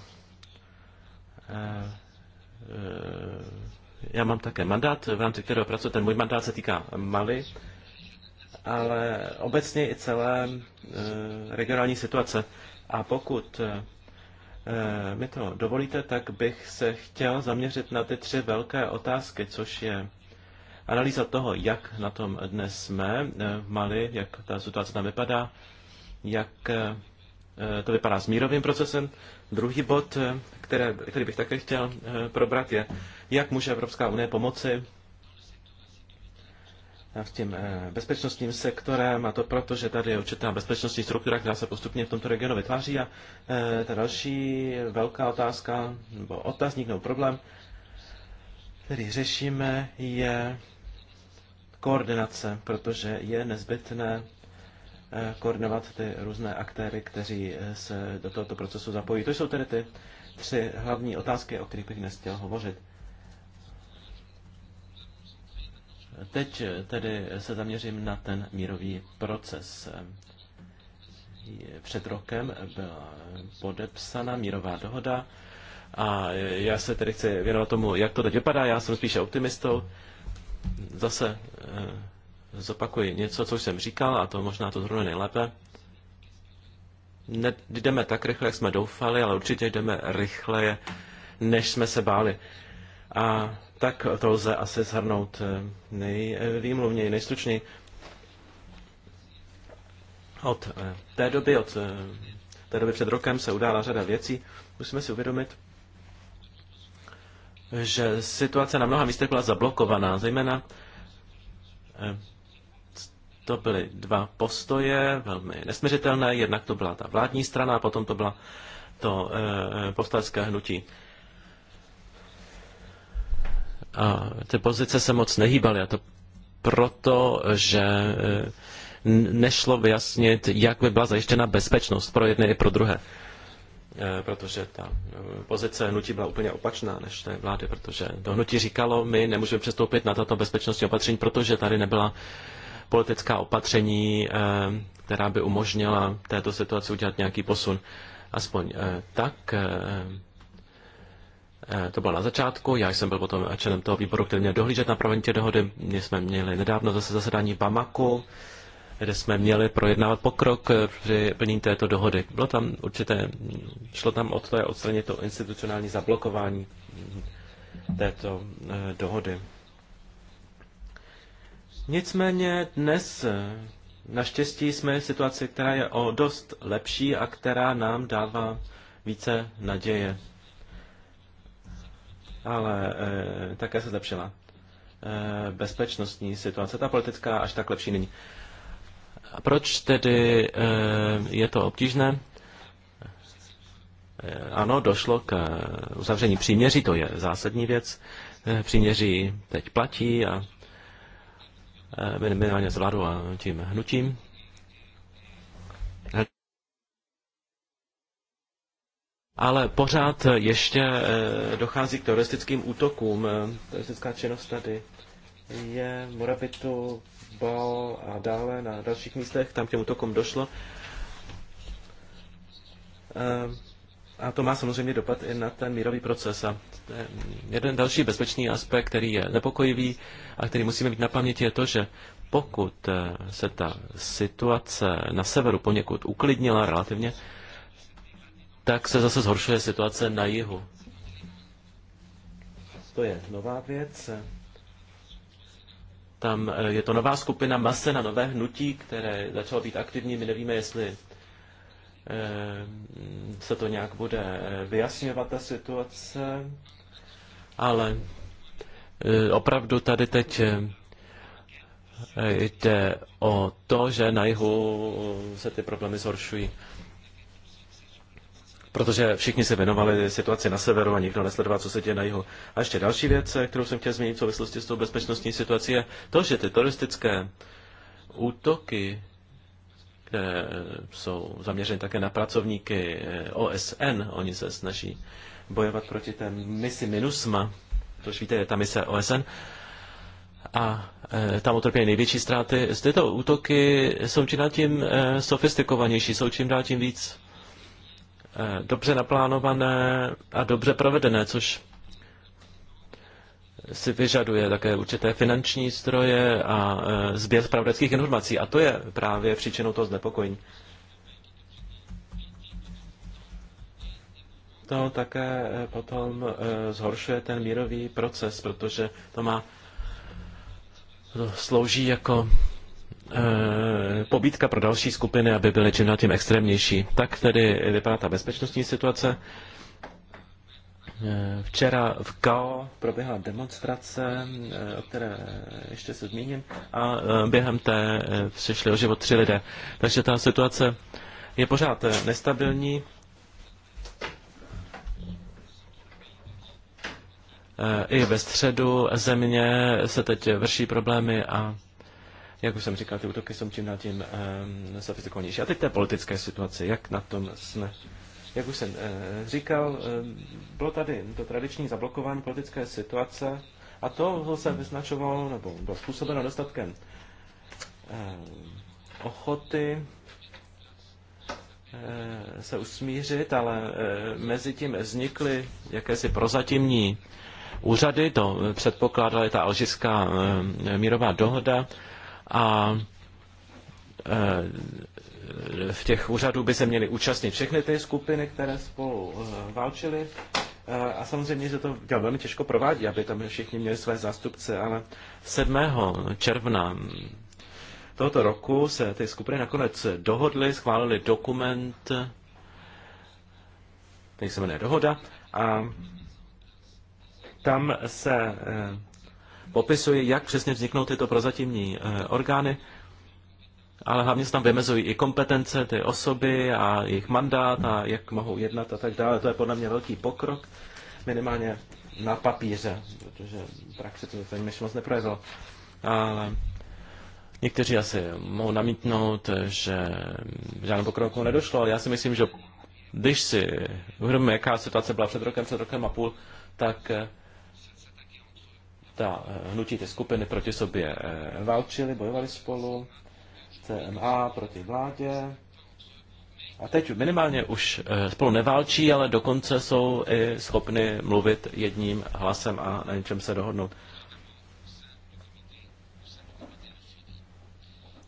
Já mám také mandát, v rámci kterého pracuji. Ten můj mandát se týká Mali, ale obecně i celé regionální situace. A pokud Eh, mi to dovolíte, tak bych se chtěl zaměřit na ty tři velké otázky, což je analýza toho, jak na tom dnes jsme eh, v Mali, jak ta situace tam vypadá, jak eh, to vypadá s mírovým procesem. Druhý bod, které, který bych také chtěl probrat, je, jak může Evropská unie pomoci s tím eh, bezpečnostním sektorem, a to proto, že tady je určitá bezpečnostní struktura, která se postupně v tomto regionu vytváří. A eh, ta další velká otázka, nebo otázník nebo problém, který řešíme, je koordinace, protože je nezbytné eh, koordinovat ty různé aktéry, kteří se do tohoto procesu zapojí. To jsou tedy ty tři hlavní otázky, o kterých bych dnes chtěl hovořit. Teď eh, tedy se zaměřím na ten mírový proces. Před rokem byla podepsána mírová dohoda a já se tedy chci věnovat tomu, jak to teď vypadá. Já jsem spíše optimistou. Zase eh, zopakuji něco, co jsem říkal, a to možná to zrovna nejlépe. Jdeme tak rychle, jak jsme doufali, ale určitě jdeme rychleje, než jsme se báli. A tak to lze asi shrnout eh, nejvýmluvněji, nejstručněji. Od eh, té doby, od eh, té doby před rokem se udála řada věcí. Musíme si uvědomit, že situace na mnoha místech byla zablokovaná, zejména to byly dva postoje, velmi nesměřitelné. Jednak to byla ta vládní strana a potom to byla to povstalecké hnutí. A ty pozice se moc nehýbaly a to proto, že eh, nešlo vyjasnit, jak by byla zajištěna bezpečnost pro jedny i pro druhé. Eh, protože ta eh, pozice hnutí byla úplně opačná než té vlády, protože to hnutí říkalo, my nemůžeme přestoupit na tato bezpečnostní opatření, protože tady nebyla politická opatření, která by umožnila této situaci udělat nějaký posun. Aspoň tak Eh, to bylo na začátku, já jsem byl potom členem toho výboru, který měl dohlížet na proventě dohody. My jsme měli nedávno zase zasedání v Bamaku, kde jsme měli projednávat pokrok eh, při plnění této dohody. Bylo tam určité, šlo tam o to odstranit to institucionální zablokování této eh, dohody. Nicméně dnes naštěstí jsme v situaci, která je o dost lepší a která nám dává více naděje ale e, také se zlepšila e, bezpečnostní situace. Ta politická až tak lepší není. A proč tedy e, je to obtížné? E, ano, došlo k e, uzavření příměří, to je zásadní věc. E, příměří teď platí a e, minimálně s vládou a tím hnutím. Ale pořád ještě eh, dochází k teroristickým útokům. Eh, teroristická činnost tady je Morabitu, Bal a dále na dalších místech, tam těm útokům došlo. Eh, a to má samozřejmě dopad i na ten mírový proces. A jeden další bezpečný aspekt, který je nepokojivý a který musíme mít na paměti, je to, že pokud se ta situace na severu poněkud uklidnila relativně, tak se zase zhoršuje situace na jihu. To je nová věc. Tam eh, je to nová skupina mase na nové hnutí, které začalo být aktivní. My nevíme, jestli eh, se to nějak bude eh, vyjasňovat, ta situace, ale opravdu tady teď jde o to, že na jihu se ty problémy zhoršují protože všichni se věnovali situaci na severu a nikdo nesledoval, co se děje na jihu. A ještě další věc, eh, kterou jsem chtěl zmínit v souvislosti s tou bezpečnostní situací, je to, že ty turistické útoky, které jsou zaměřeny také na pracovníky eh, OSN, oni se snaží bojovat proti té misi MINUSMA, což víte, je ta mise OSN, a e, tam utrpějí největší ztráty. Z tyto útoky jsou čím dál tím e, sofistikovanější, jsou čím dál tím víc Eh, dobře naplánované a dobře provedené, což si vyžaduje také určité finanční stroje a eh, sběr zpravodajských informací. A to je právě příčinou toho znepokojení. To také eh, potom zhoršuje ten mírový proces, protože to má to slouží jako Eh, pobídka pro další skupiny, aby byly čím dál tím extrémnější. Tak tedy vypadá ta bezpečnostní situace. Eh, včera v KAO proběhla demonstrace, eh, o které ještě se zmíním, a během té přišli o život tři lidé. Takže ta situace je pořád nestabilní. I ve středu země se teď vrší problémy a jak už jsem říkal, ty útoky jsou čím dál tím um, sofistikovanější. A teď té politické situace, jak na tom jsme? Jak už jsem e, říkal, e, bylo tady to tradiční zablokování politické situace a to se vyznačovalo, nebo bylo způsobeno dostatkem eh, ochoty se usmířit, ale mezi tím vznikly jakési prozatímní úřady, to předpokládala ta alžírská mírová dohoda, a e, v těch úřadů by se měly účastnit všechny ty skupiny, které spolu e, válčily. E, a samozřejmě se to velmi těžko provádí, aby tam všichni měli své zástupce, ale 7. června tohoto roku se ty skupiny nakonec dohodly, schválili dokument, který se jmenuje Dohoda, a tam se popisuje, jak přesně vzniknou tyto prozatímní eh, orgány, ale hlavně se tam vymezují i kompetence ty osoby a jejich mandát a jak mohou jednat a tak dále. To je podle mě velký pokrok, minimálně na papíře, protože praxe to myš moc neprojevilo. Ale Někteří asi mohou namítnout, že žádnou pokroku nedošlo, ale já si myslím, že když si uvědomíme, jaká situace byla před rokem, před rokem a půl, tak eh, ta eh, hnutí, ty skupiny proti sobě eh, válčily, bojovali spolu, CMA proti vládě. A teď minimálně už eh, spolu neválčí, ale dokonce jsou i schopny mluvit jedním hlasem a na něčem se dohodnout.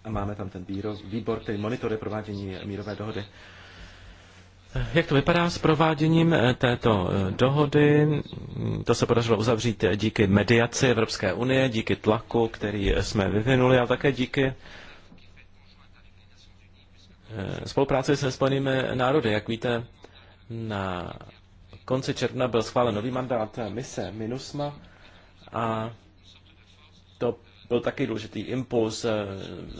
A máme tam ten výbor, který monitoruje provádění mírové dohody. Jak to vypadá s prováděním eh, této eh, dohody? To se podařilo uzavřít díky mediaci Evropské unie, díky tlaku, který jsme vyvinuli, ale také díky eh, spolupráci se Spojenými národy. Jak víte, na konci června byl schválen nový mandát mise MINUSMA a to byl taky důležitý impuls.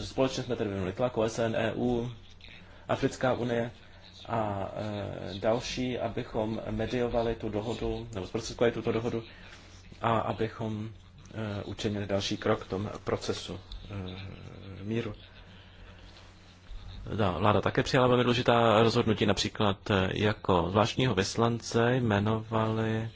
Společně jsme tedy vyvinuli tlak OSN, EU, Africká unie a e, další, abychom mediovali tu dohodu, nebo zprostředkovali tuto dohodu a abychom e, učinili další krok v tom procesu e, míru. Da, vláda také přijala velmi důležitá rozhodnutí, například jako zvláštního vyslance jmenovali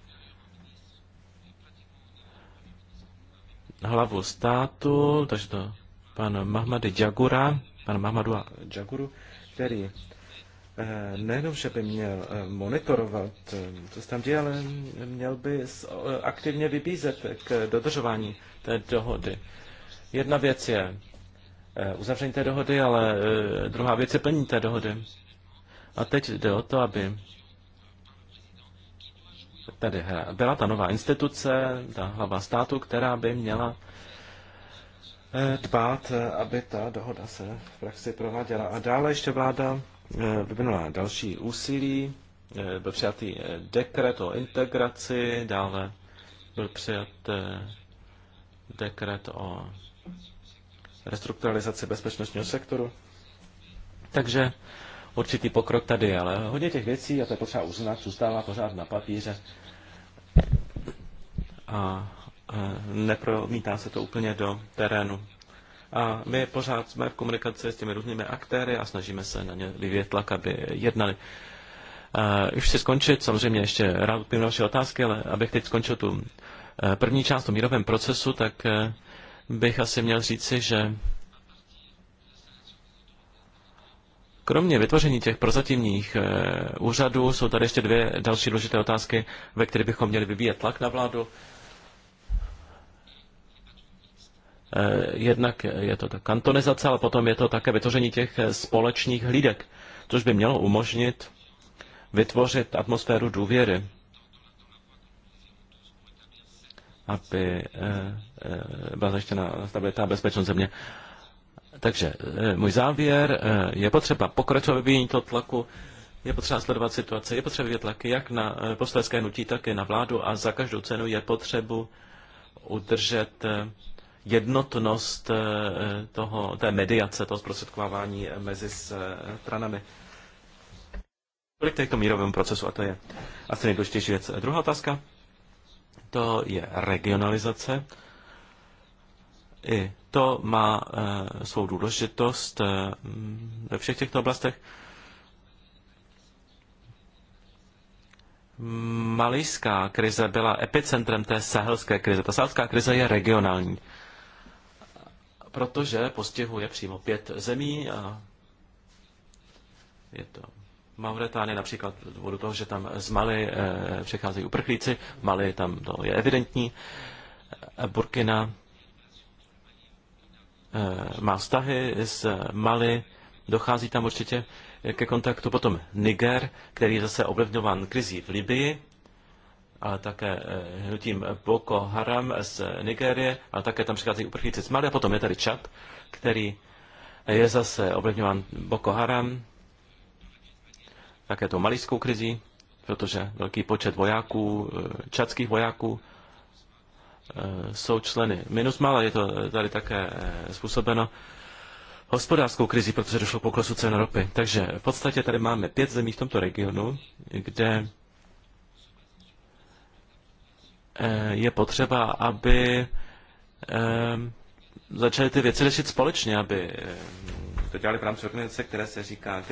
hlavu státu, takže to pan Mahmady Jagura, pan Mahmadu Jaguru, který Eh, nejenom, že by měl eh, monitorovat, eh, co se tam děje, ale měl by aktivně vybízet k dodržování té dohody. Jedna věc je uzavření té dohody, ale druhá věc je plnění té dohody. A teď jde o to, aby tady byla ta nová instituce, ta hlava státu, která by měla dbát, aby ta dohoda se v praxi prováděla. A dále ještě vláda Eh, vyvinula další úsilí, eh, byl přijatý eh, dekret o integraci, dále byl přijat dekret o restrukturalizaci bezpečnostního sektoru. Takže určitý pokrok tady, ale hodně těch věcí, a to je potřeba uznat, zůstává pořád na papíře a nepromítá se to úplně do terénu. A my pořád jsme v komunikaci s těmi různými aktéry a snažíme se na ně vyvět tlak, aby jednali. Uh, už si skončit, samozřejmě ještě rád odpovím na vaše otázky, ale abych teď skončil tu eh, první část o mírovém procesu, tak eh, bych asi měl říci, že Kromě vytvoření těch prozatímních eh, úřadů jsou tady ještě dvě další důležité otázky, ve kterých bychom měli vyvíjet tlak na vládu. Eh, jednak je to ta kantonizace, ale potom je to také vytvoření těch eh, společných hlídek, což by mělo umožnit vytvořit atmosféru důvěry, aby eh, byla zajištěna stabilita a bezpečnost země. Takže můj závěr je potřeba pokračovat vyvíjení toho tlaku, je potřeba sledovat situaci, je potřeba vyvíjet tlaky jak na poslanecké hnutí, tak i na vládu a za každou cenu je potřebu udržet jednotnost eh, toho, té mediace, toho zprostředkovávání eh, mezi eh, stranami. Kolik je k tomu mírovému procesu a to je asi nejdůležitější věc. Druhá otázka, to je regionalizace. I to má e, svou důležitost e, ve všech těchto oblastech. Malijská krize byla epicentrem té sahelské krize. Ta sahelská krize je regionální protože postihuje přímo pět zemí a je to Mauretánie například z důvodu toho, že tam z Mali eh, přecházejí uprchlíci, Mali tam to je evidentní, eh, Burkina eh, má vztahy s Mali, dochází tam určitě ke kontaktu, potom Niger, který je zase ovlivňován krizí v Libii, a také eh, hnutím Boko Haram z Nigérie, a také tam přicházejí uprchlíci z Mali a potom je tady Čad, který je zase ovlivňován Boko Haram, také tou malijskou krizí, protože velký počet vojáků, eh, čadských vojáků, eh, jsou členy Minus ale je to tady také způsobeno hospodářskou krizi, protože došlo k poklesu cen ropy. Takže v podstatě tady máme pět zemí v tomto regionu, kde Eh, je potřeba, aby eh, začaly ty věci řešit společně, aby eh, to dělali v rámci organizace, které se říká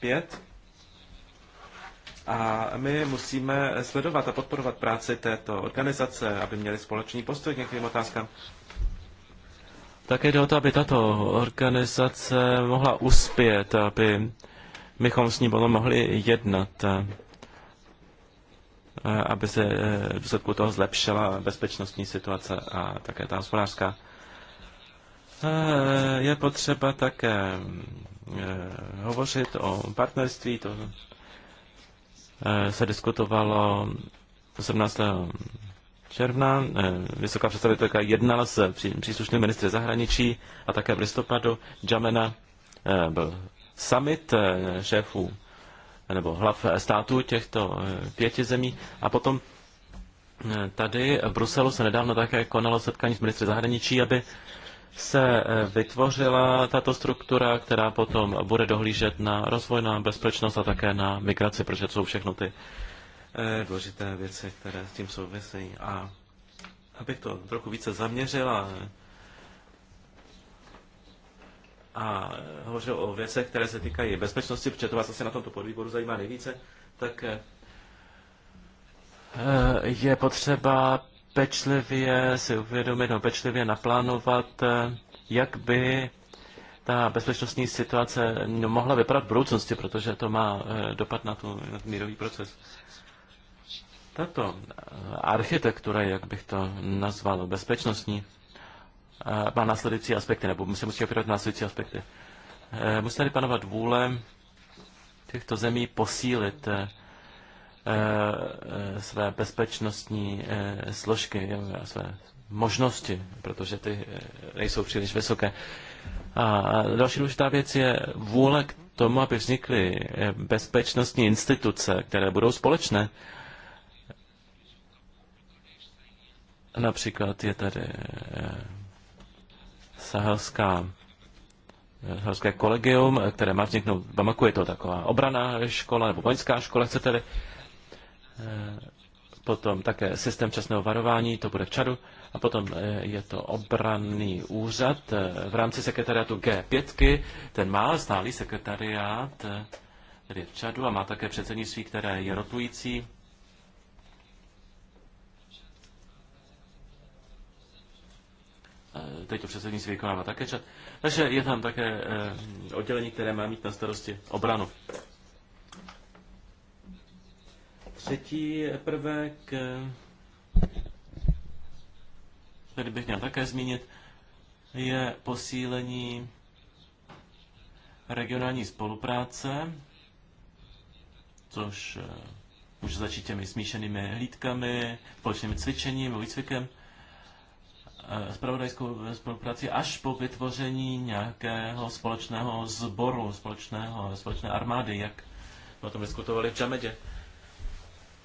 G5. A my musíme sledovat a podporovat práci této organizace, aby měli společný postoj k některým otázkám. Také jde o to, aby tato organizace mohla uspět, aby bychom s ní potom mohli jednat aby se e, v důsledku toho zlepšila bezpečnostní situace a také ta hospodářská. E, je potřeba také e, hovořit o partnerství, to se diskutovalo 18. června. Vysoká představitelka jednala s příslušným ministry zahraničí a také v listopadu Jamena byl summit šéfů nebo hlav států těchto eh, pěti zemí. A potom eh, tady v Bruselu se nedávno také konalo setkání s ministry zahraničí, aby se eh, vytvořila tato struktura, která potom bude dohlížet na rozvoj, na bezpečnost a také na migraci, protože to jsou všechno ty důležité věci, které s tím souvisejí. A abych to trochu více zaměřila a hovořil o věcech, které se týkají bezpečnosti, protože to vás asi na tomto podvýboru zajímá nejvíce, tak eh, eh, je potřeba pečlivě si uvědomit, no pečlivě naplánovat, eh, jak by ta bezpečnostní situace no, mohla vypadat v budoucnosti, protože to má dopad na, tu, na ten mírový proces. Tato architektura, jak bych to nazval, bezpečnostní, má následující aspekty, nebo se musí opírat následující aspekty. Eh, musí tady panovat vůle těchto zemí posílit eh, eh, své bezpečnostní složky, své možnosti, protože ty nejsou příliš vysoké. A další důležitá věc je vůle k tomu, aby vznikly bezpečnostní instituce, které budou společné. Například je tady sahelská sahelské kolegium, které má vzniknout v Bamaku, je to taková obraná škola nebo vojenská škola, chcete-li. Eh, potom také systém časného varování, to bude v Čadu. A potom eh, je to obranný úřad eh, v rámci sekretariátu G5. Ten má stálý sekretariát, tedy v Čadu a má také předsednictví, které je rotující. teď to předsednictví vykonává také čat. Takže je tam také eh, oddělení, které má mít na starosti obranu. Třetí prvek, eh, který bych měl také zmínit, je posílení regionální spolupráce, což může eh, začít těmi smíšenými hlídkami, společnými cvičením, výcvikem. Eh, spravodajskou spolupráci až po vytvoření nějakého společného sboru, společného, společné armády, jak o tom diskutovali v Čamedě.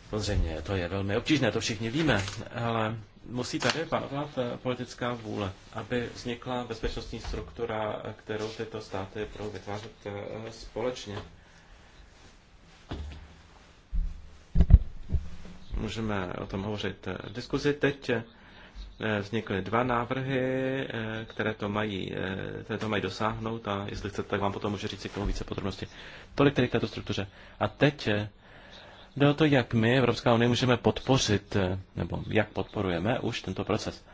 Samozřejmě, to je velmi obtížné, to všichni víme, ale musí tady panovat eh, politická vůle, aby vznikla bezpečnostní struktura, eh, kterou tyto státy budou vytvářet společně. Můžeme o tom hovořit v diskuzi teď. Eh, vznikly dva návrhy, eh, které to mají, eh, které to mají dosáhnout a jestli chcete, tak vám potom můžu říct k tomu více podrobnosti. Tolik tedy k této struktuře. A teď jde o to, jak my, Evropská unie, můžeme podpořit, nebo jak podporujeme už tento proces.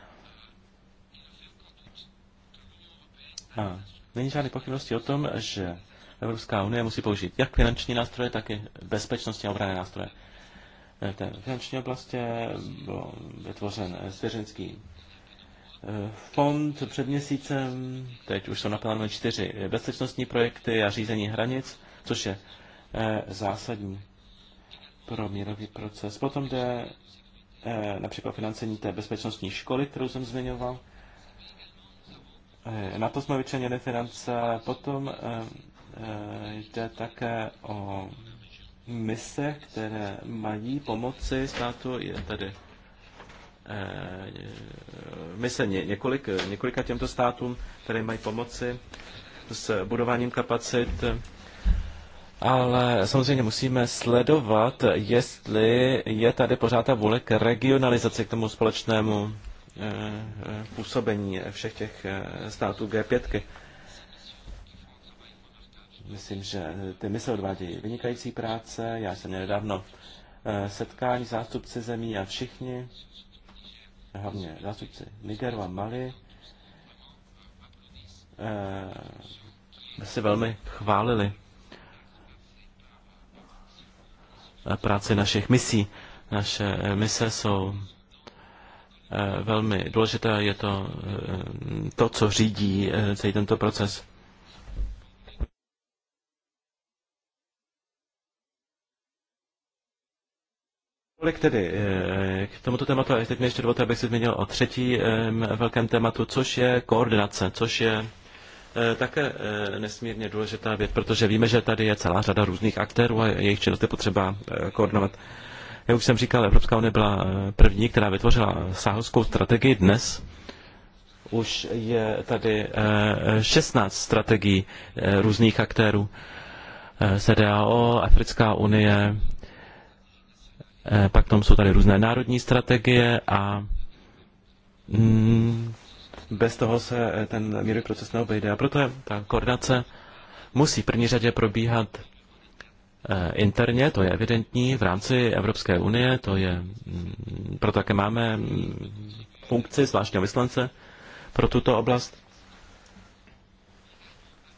A není žádný pochybnosti o tom, že Evropská unie musí použít jak finanční nástroje, tak i bezpečnostní a obrané nástroje. Eh, té finanční oblasti, eh, byl vytvořen eh, svěřenský fond před měsícem, teď už jsou naplánovány čtyři bezpečnostní projekty a řízení hranic, což je zásadní pro mírový proces. Potom jde například financení té bezpečnostní školy, kterou jsem zmiňoval. Na to jsme vyčlenili finance. Potom jde také o mise, které mají pomoci státu, je tady eh, mise ně, několik, několika těmto státům, které mají pomoci s budováním kapacit. Ale samozřejmě musíme sledovat, jestli je tady pořád ta vůle k regionalizaci, k tomu společnému eh, eh, působení všech těch eh, států G5. -ky. Myslím, že eh, ty mise odvádějí vynikající práce. Já jsem měl nedávno eh, setkání zástupci zemí a všichni, hlavně zástupci Nigeru a Mali, eh, si velmi chválili práci našich misí. Naše mise jsou velmi důležité, je to to, co řídí celý tento proces. Tolik tedy eh, k tomuto tématu. A teď mi ještě dovolte, abych se zmínil o třetí eh, velkém tématu, což je koordinace, což je eh, také nesmírně důležitá věc, protože víme, že tady je celá řada různých aktérů a jejich činnost je potřeba koordinovat. Já už jsem říkal, Evropská unie byla první, která vytvořila sahelskou strategii dnes. Už je tady 16 strategií různých aktérů. CDAO, Africká unie, Eh, pak tam jsou tady různé národní strategie a mm, bez toho se eh, ten mírový proces neobejde. A proto ta koordinace musí v první řadě probíhat eh, interně, to je evidentní, v rámci Evropské unie, to je, mm, proto také máme mm, funkci zvláštního vyslance pro tuto oblast.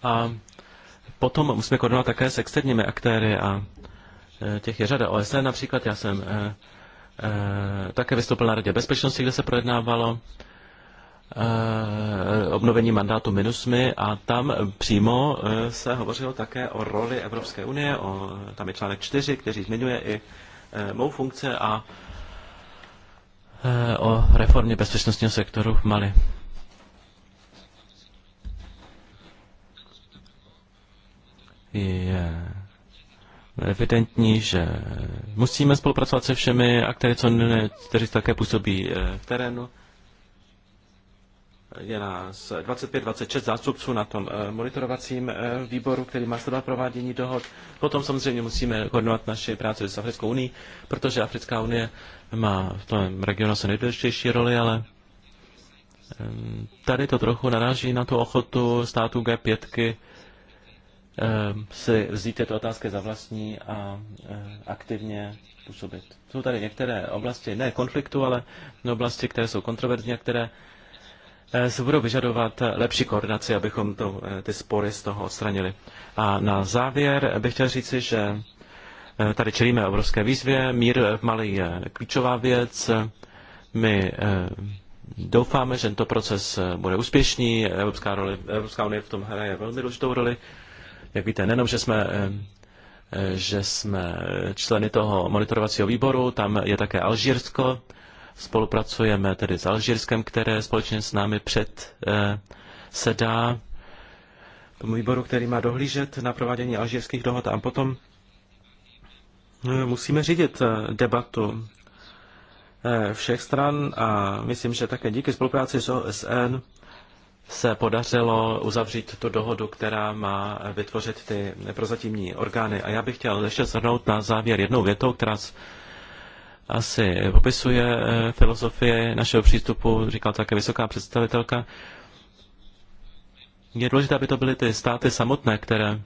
A potom musíme koordinovat také s externími aktéry a Eh, těch je řada OSN například. Já jsem eh, eh, také vystoupil na Radě bezpečnosti, kde se projednávalo obnovení mandátu MINUSMY a tam přímo se hovořilo také o roli Evropské unie, o, tam je článek 4, který zmiňuje i mou funkce a o reformě bezpečnostního sektoru v Mali. Yeah evidentní, že musíme spolupracovat se všemi aktéry, co ne, kteří také působí eh, v terénu. Je nás 25-26 zástupců na tom eh, monitorovacím eh, výboru, který má sledovat provádění dohod. Potom samozřejmě musíme koordinovat naši práci s Africkou unii, protože Africká unie má v tom regionu se nejdůležitější roli, ale tady to trochu naráží na tu ochotu států G5 Ehm, si vzít tyto otázky za vlastní a eh, aktivně působit. Jsou tady některé oblasti, ne konfliktu, ale oblasti, které jsou kontroverzní a které eh, se budou vyžadovat lepší koordinaci, abychom to, eh, ty spory z toho odstranili. A na závěr bych chtěl říci, že tady čelíme obrovské výzvě. Mír v Mali je klíčová věc. My doufáme, že tento proces bude úspěšný. Evropská, roli, Evropská unie v tom hraje velmi důležitou roli. Jak víte, nejenom, že jsme eh, eh, že jsme členy toho monitorovacího výboru, tam je také Alžírsko, spolupracujeme tedy s Alžírskem, které společně s námi před eh, sedá tomu výboru, který má dohlížet na provádění alžírských dohod a potom musíme řídit debatu všech stran a myslím, že také díky spolupráci s OSN se podařilo uzavřít tu dohodu, která má vytvořit ty prozatímní orgány. A já bych chtěl ještě zhrnout na závěr jednou větou, která asi popisuje eh, filozofie našeho přístupu, říkala také vysoká představitelka. Je důležité, aby to byly ty státy samotné, které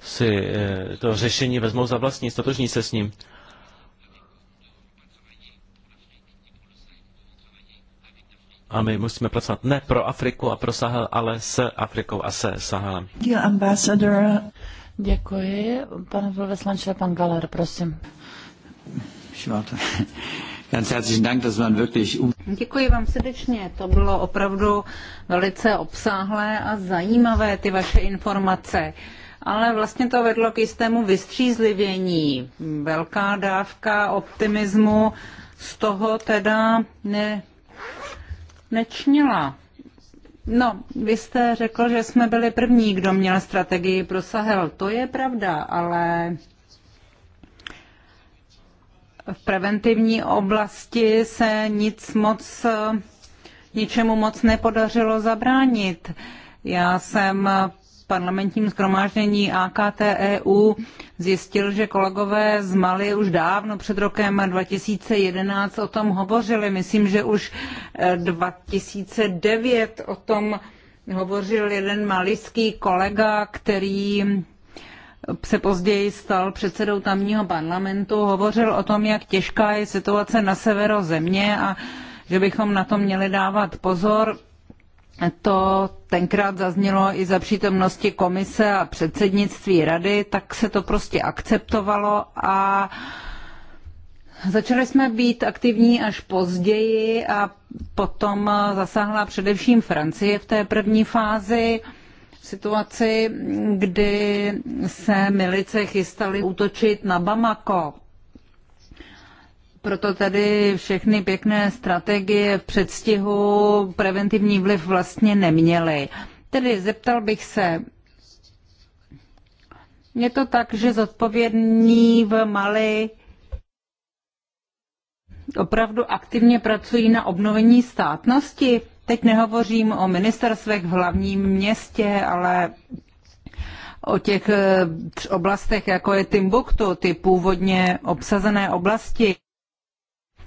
si eh, to řešení vezmou za vlastní, statožní se s ním. A my musíme pracovat ne pro Afriku a pro Sahel, ale s Afrikou a se Sahelem. Děkuji. Pane velvyslanče, pan Galer, prosím. Děkuji vám srdečně, to bylo opravdu velice obsáhlé a zajímavé ty vaše informace. Ale vlastně to vedlo k jistému vystřízlivění. Velká dávka optimismu, z toho teda ne, Nečnila. No, vy jste řekl, že jsme byli první, kdo měl strategii pro Sahel. To je pravda, ale v preventivní oblasti se nic moc, ničemu moc nepodařilo zabránit. Já jsem parlamentním zkromáždění AKT-EU zjistil, že kolegové z Mali už dávno před rokem 2011 o tom hovořili. Myslím, že už 2009 eh, o tom hovořil jeden malijský kolega, který se později stal předsedou tamního parlamentu, hovořil o tom, jak těžká je situace na severo země a že bychom na to měli dávat pozor to tenkrát zaznělo i za přítomnosti komise a předsednictví rady, tak se to prostě akceptovalo a začali jsme být aktivní až později a potom zasáhla především Francie v té první fázi situaci, kdy se milice chystaly útočit na Bamako. Proto tady všechny pěkné strategie v předstihu preventivní vliv vlastně neměly. Tedy zeptal bych se, je to tak, že zodpovědní v Mali opravdu aktivně pracují na obnovení státnosti? Teď nehovořím o ministerstvech v hlavním městě, ale o těch eh, oblastech, jako je Timbuktu, ty původně obsazené oblasti.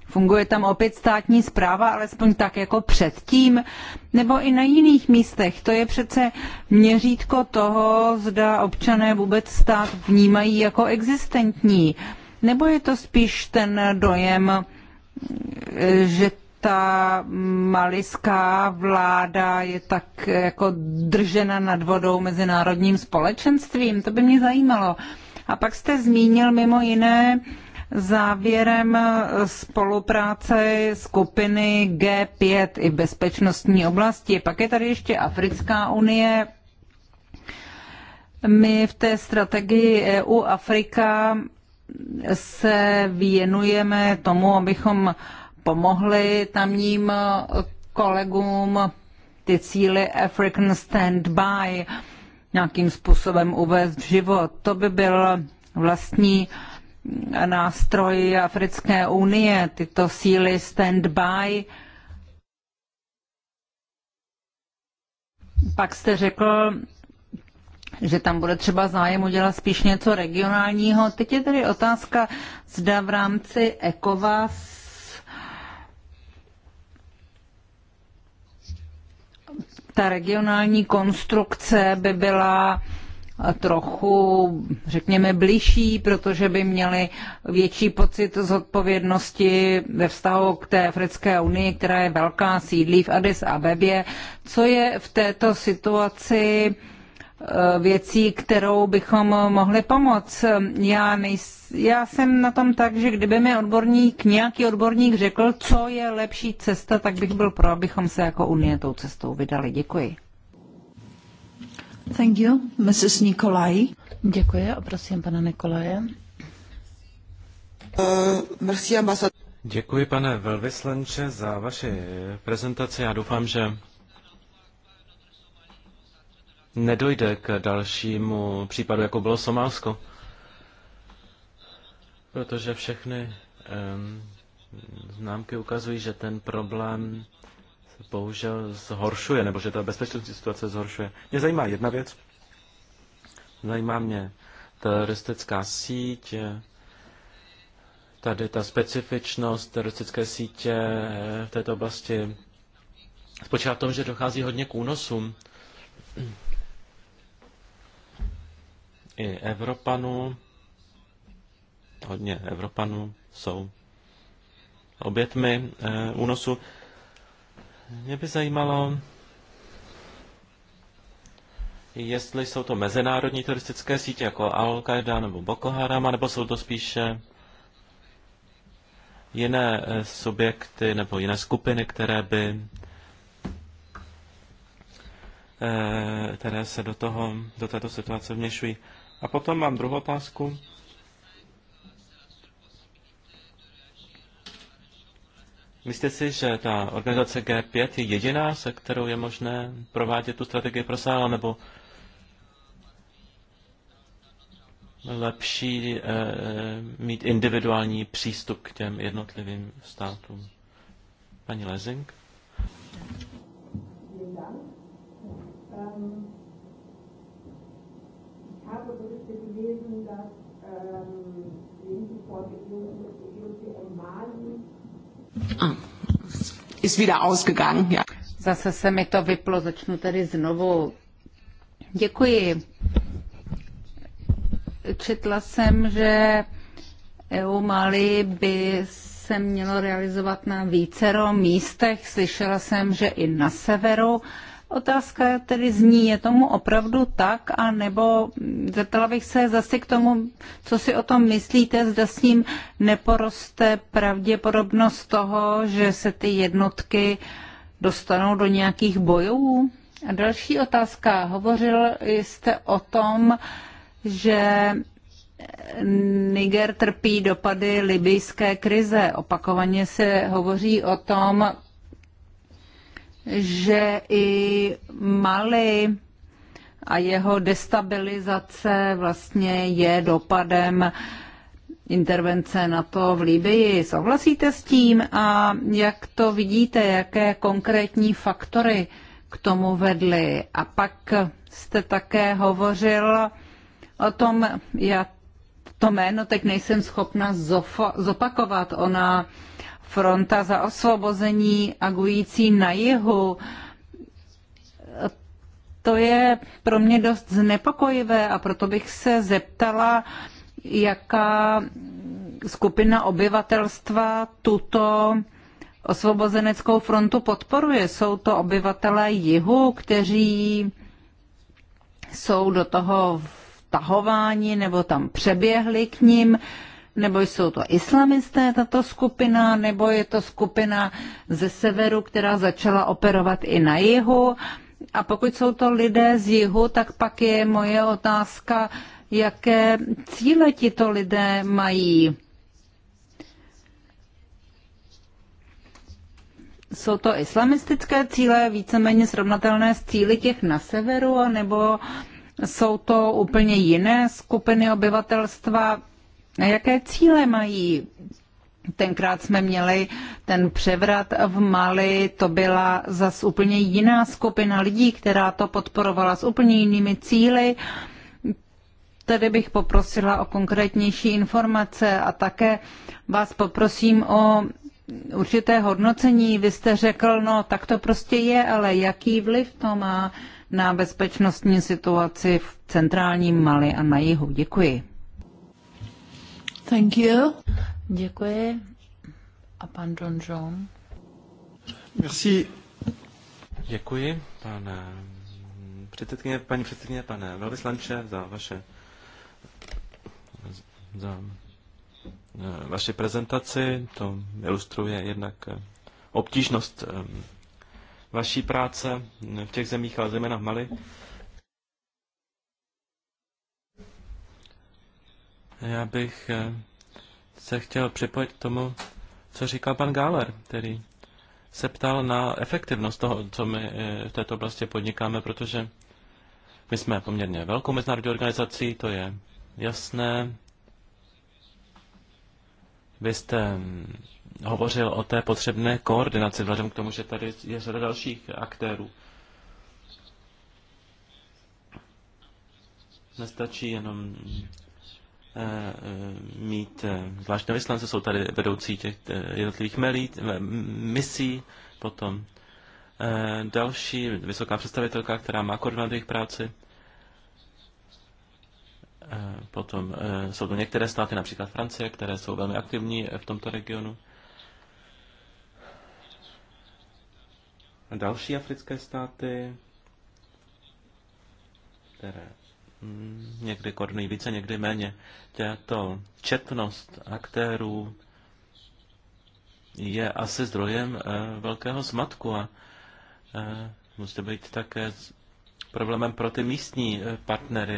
Funguje tam opět státní zpráva, alespoň tak jako předtím, nebo i na jiných místech. To je přece měřítko toho, zda občané vůbec stát vnímají jako existentní. Nebo je to spíš ten dojem, že ta maliská vláda je tak jako držena nad vodou mezinárodním společenstvím? To by mě zajímalo. A pak jste zmínil mimo jiné, Závěrem spolupráce skupiny G5 i bezpečnostní oblasti. Pak je tady ještě Africká unie. My v té strategii EU Afrika se věnujeme tomu, abychom pomohli tamním kolegům ty cíly African Standby nějakým způsobem uvést v život. To by byl vlastní nástroj Africké unie, tyto síly stand-by. Pak jste řekl, že tam bude třeba zájem udělat spíš něco regionálního. Teď je tedy otázka, zda v rámci ECOVAS ta regionální konstrukce by byla trochu, řekněme, blížší, protože by měli větší pocit zodpovědnosti ve vztahu k té Africké unii, která je velká, sídlí v Addis Abebě. Co je v této situaci eh, věcí, kterou bychom mohli pomoct. Já, nejs, já jsem na tom tak, že kdyby mi odborník, nějaký odborník řekl, co je lepší cesta, tak bych byl pro, abychom se jako Unie tou cestou vydali. Děkuji. Thank you, Mrs. Děkuji a prosím pana Nikolaje. Eh, Děkuji, pane velvyslanče, za vaši prezentaci. Já doufám, že nedojde k dalšímu případu, jako bylo Somálsko. Protože všechny um, známky ukazují, že ten problém bohužel zhoršuje, nebo že ta bezpečnostní situace zhoršuje. Mě zajímá jedna věc. Zajímá mě teroristická síť, tady ta specifičnost teroristické sítě v této oblasti spočívá v tom, že dochází hodně k únosům. I Evropanů, hodně Evropanů jsou obětmi e, únosu. Mě by zajímalo, jestli jsou to mezinárodní turistické sítě jako al qaeda nebo Boko Haram, nebo jsou to spíše jiné eh, subjekty nebo jiné skupiny, které by eh, které se do, toho, do této situace vměšují. A potom mám druhou otázku. Myslíte si, že ta organizace G5 je jediná, se kterou je možné provádět tu strategii pro sál, nebo lepší e, mít individuální přístup k těm jednotlivým státům? Paní Lezing? Ich habe gelesen, dass ähm, Ist Zase se mi to vyplo, začnu tady znovu. Děkuji. Četla jsem, že EU Mali by se mělo realizovat na vícero místech. Slyšela jsem, že i na severu. Uh, Otázka tedy zní, je tomu opravdu tak, a nebo zeptala bych se zase k tomu, co si o tom myslíte, zda s ním neporoste pravděpodobnost toho, že se ty jednotky dostanou do nějakých bojů? A další otázka. Hovořil jste o tom, že Niger trpí dopady libijské krize. Opakovaně se hovoří o tom, že i Mali a jeho destabilizace vlastně je dopadem intervence NATO v Libii. Souhlasíte s tím a jak to vidíte, jaké konkrétní faktory k tomu vedly? A pak jste také hovořil o tom, já to jméno teď nejsem schopna zopakovat, ona fronta za osvobození agující na jihu. To je pro mě dost znepokojivé a proto bych se zeptala, jaká skupina obyvatelstva tuto osvobozeneckou frontu podporuje. Jsou to obyvatelé jihu, kteří jsou do toho vtahováni nebo tam přeběhli k ním nebo jsou to islamisté, tato skupina, nebo je to skupina ze severu, která začala operovat i na jihu. A pokud jsou to lidé z jihu, tak pak je moje otázka, jaké cíle tito lidé mají. Jsou to islamistické cíle, víceméně srovnatelné s cíly těch na severu, nebo jsou to úplně jiné skupiny obyvatelstva? Jaké cíle mají? Tenkrát jsme měli ten převrat v Mali, to byla zas úplně jiná skupina lidí, která to podporovala s úplně jinými cíly. Tady bych poprosila o konkrétnější informace a také vás poprosím o určité hodnocení. Vy jste řekl, no tak to prostě je, ale jaký vliv to má na bezpečnostní situaci v centrálním Mali a na jihu? Děkuji. Thank you. Děkuji. A pan Don John. Merci. Děkuji, pane předsedkyně, paní předsedkyně, pane velvyslanče, za vaše za eh, vaši prezentaci. To ilustruje jednak eh, obtížnost eh, vaší práce v těch zemích, ale zejména v Mali. Já bych eh, se chtěl připojit k tomu, co říkal pan Gáler, který se ptal na efektivnost toho, co my eh, v této oblasti podnikáme, protože my jsme poměrně velkou mezinárodní organizací, to je jasné. Vy jste hm, hovořil o té potřebné koordinaci, vzhledem k tomu, že tady je řada dalších aktérů. Nestačí jenom Eh, mít eh, zvláštní vyslance, jsou tady vedoucí těch eh, jednotlivých melí, misí, potom další vysoká představitelka, která má koordinovat jejich práci. Potom jsou to některé státy, například Francie, které jsou velmi aktivní v tomto regionu. Další africké státy, které někdy koordinují více, někdy méně. Tato četnost aktérů je asi zdrojem eh, velkého zmatku a eh, musí být také problémem pro ty místní eh, partnery.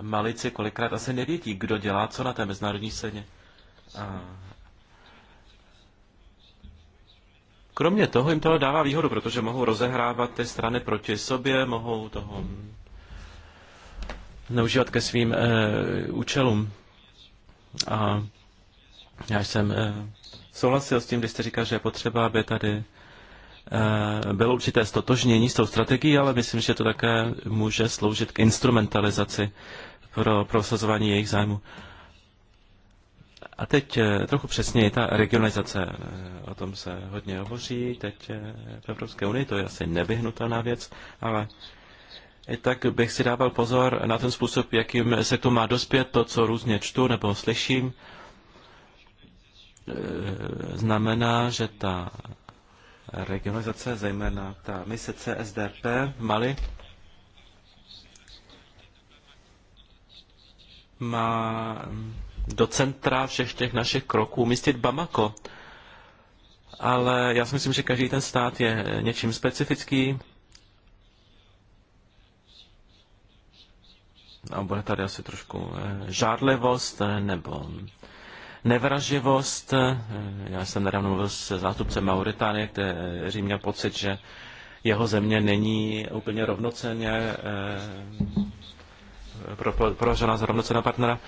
Malici kolikrát asi nevědí, kdo dělá co na té mezinárodní scéně. A Kromě toho jim to dává výhodu, protože mohou rozehrávat ty strany proti sobě, mohou toho neužívat ke svým e, účelům. A já jsem e, souhlasil s tím, když jste říkal, že je potřeba, aby tady e, bylo určité stotožnění s tou strategií, ale myslím, že to také může sloužit k instrumentalizaci pro prosazování jejich zájmu. E, a teď eh, trochu přesněji, ta regionalizace, eh, o tom se hodně hovoří, teď eh, v Evropské unii to je asi nevyhnutelná věc, ale i tak bych si dával pozor na ten způsob, jakým se to má dospět, to, co různě čtu nebo slyším, znamená, že ta regionalizace, zejména ta mise CSDP v Mali, má do centra všech těch našich kroků umístit Bamako. Ale já si myslím, že každý ten stát je něčím specifický. A bude tady asi trošku žádlivost nebo nevraživost. Já jsem nedávno mluvil se zástupcem Mauritánie, který měl pocit, že jeho země není úplně rovnoceně pro, pro, pro žena z rovnoceného partnera.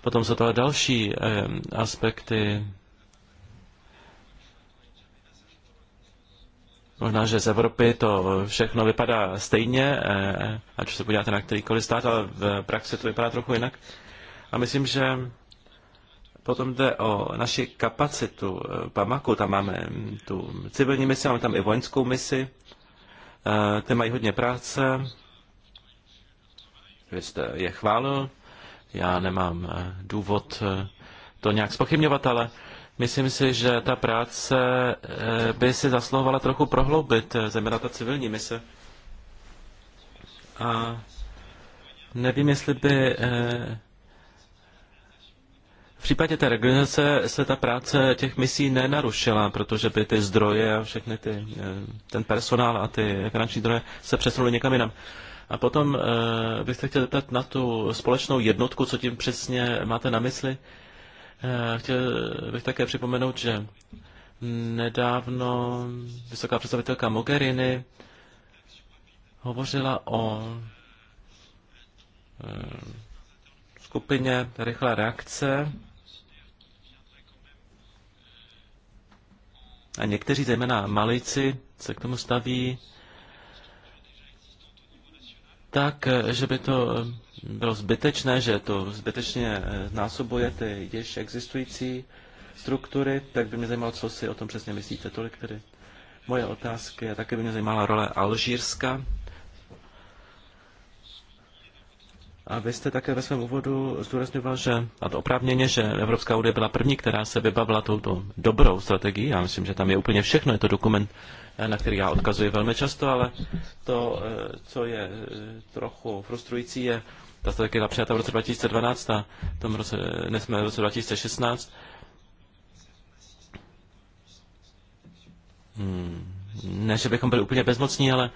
Potom jsou to další ehm, aspekty. Možná, že z Evropy to všechno vypadá stejně, eh, ať se podíváte na kterýkoliv stát, ale v praxi to vypadá trochu jinak. A myslím, že potom jde o naši kapacitu eh, Pamaku. Tam máme tu civilní misi, máme tam i vojenskou misi. Eh, ty mají hodně práce. Vy jste je chválil. Já nemám eh, důvod eh, to nějak spochybňovat, ale myslím si, že ta práce eh, by si zaslouhovala trochu prohloubit, zejména ta civilní mise. A nevím, jestli by v případě té regionace se ta práce těch misí nenarušila, protože by ty zdroje a všechny ty, ten personál a ty finanční zdroje se přesunuly někam jinam. A potom eh, bych se chtěl zeptat na tu společnou jednotku, co tím přesně máte na mysli. Eh, chtěl bych také připomenout, že nedávno vysoká představitelka Mogherini hovořila o eh, skupině rychlé reakce. A někteří, zejména Malici, se k tomu staví tak, eh, že by to eh, bylo zbytečné, že to zbytečně eh, násobuje ty již existující struktury, tak by mě zajímalo, co si o tom přesně myslíte. Tolik tedy moje otázky a také by mě zajímala role Alžírska A vy jste také ve svém úvodu zdůrazňoval, že, a to oprávněně, že Evropská unie byla první, která se vybavila touto dobrou strategií. Já myslím, že tam je úplně všechno. Je to dokument, eh, na který já odkazuji velmi často, ale to, eh, co je eh, trochu frustrující, je ta strategie byla přijata v roce 2012 a tom roce, dnes jsme v roce 2016. Hmm. Ne, že bychom byli úplně bezmocní, ale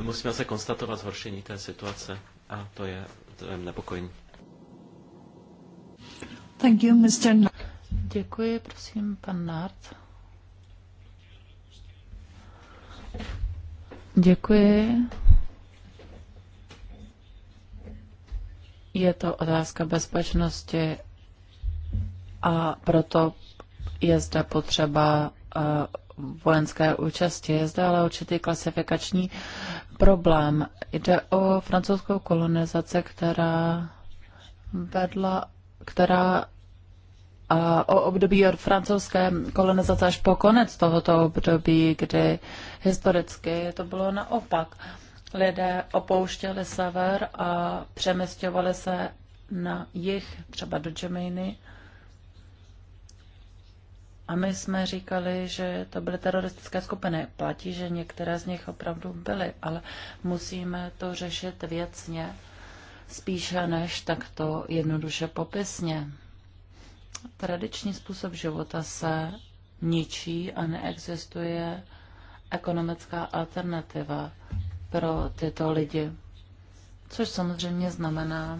musíme se konstatovat zhoršení té situace. A to je, to je nepokojní. Thank you, Mr. Děkuji, prosím, pan Nard. Děkuji. Je to otázka bezpečnosti a proto je zde potřeba eh, vojenské účasti. Je zde ale určitý klasifikační problém. Jde o francouzskou kolonizaci, která vedla, která a o období od francouzské kolonizace až po konec tohoto období, kdy historicky to bylo naopak. Lidé opouštěli sever a přemysťovali se na jih, třeba do Jemeny, a my jsme říkali, že to byly teroristické skupiny. Platí, že některé z nich opravdu byly, ale musíme to řešit věcně, spíše než takto jednoduše popisně. Tradiční způsob života se ničí a neexistuje ekonomická alternativa pro tyto lidi. Což samozřejmě znamená,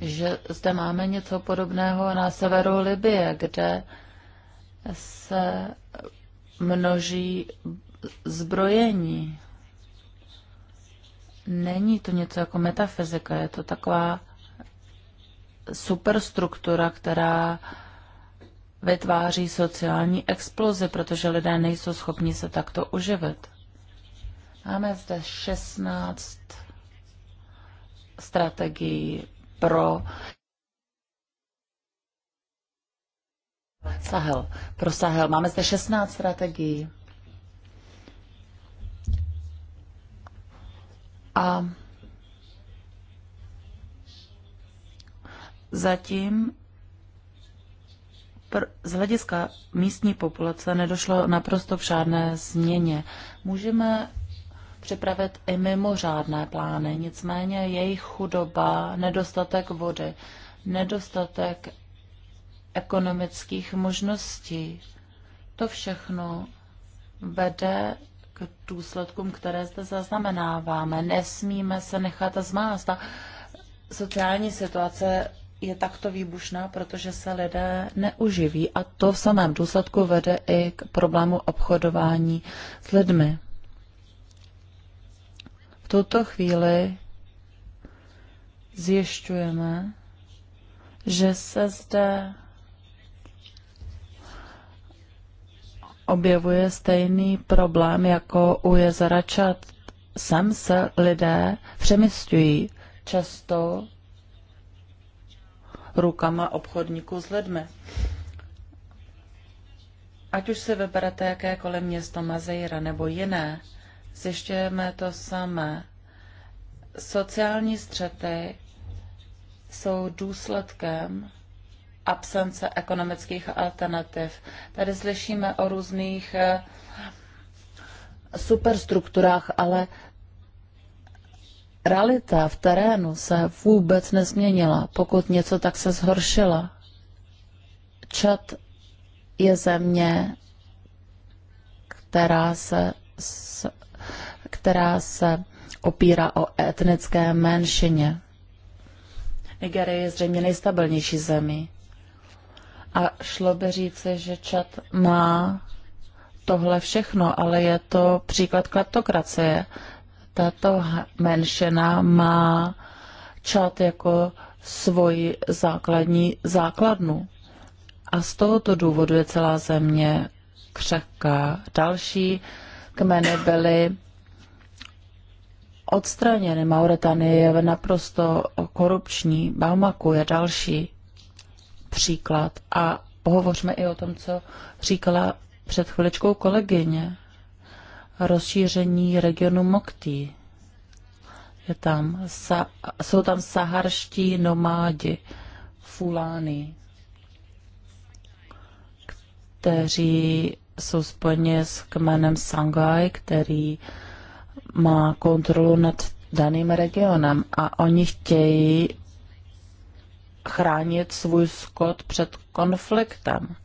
že zde máme něco podobného na severu Libie, kde se množí zbrojení. Není to něco jako metafyzika, je to taková superstruktura, která vytváří sociální explozi, protože lidé nejsou schopni se takto uživit. Máme zde 16 strategií pro Sahel. Pro Sahel. Máme zde 16 strategií. A zatím z hlediska místní populace nedošlo naprosto k žádné změně. Můžeme připravit i mimořádné plány, nicméně jejich chudoba, nedostatek vody, nedostatek ekonomických možností, to všechno vede k důsledkům, které zde zaznamenáváme. Nesmíme se nechat zmást. Ta sociální situace je takto výbušná, protože se lidé neuživí a to v samém důsledku vede i k problému obchodování s lidmi. V tuto chvíli zjišťujeme, že se zde objevuje stejný problém jako u jezera Čad. Sem se lidé přemysťují často rukama obchodníků s lidmi. Ať už si vyberete jakékoliv město Mazejra nebo jiné, zjišťujeme to samé. Sociální střety jsou důsledkem absence ekonomických alternativ. Tady slyšíme o různých eh, superstrukturách, ale realita v terénu se vůbec nezměnila. Pokud něco, tak se zhoršila. Čad je země, která se která se opírá o etnické menšině. Nigerie je zřejmě nejstabilnější zemí. A šlo by říci, že Čad má tohle všechno, ale je to příklad kleptokracie. Tato menšina má Čad jako svoji základní základnu. A z tohoto důvodu je celá země křehká. Další kmeny byly odstraněny. Mauretany je naprosto korupční. Baumaku je další příklad. A pohovořme i o tom, co říkala před chviličkou kolegyně. Rozšíření regionu Mokty. Je tam, sa, jsou tam saharští nomádi, fulány, kteří jsou spojeni s kmenem Sangai, který uh, má kontrolu nad daným regionem a oni chtějí chránit svůj skot před konfliktem,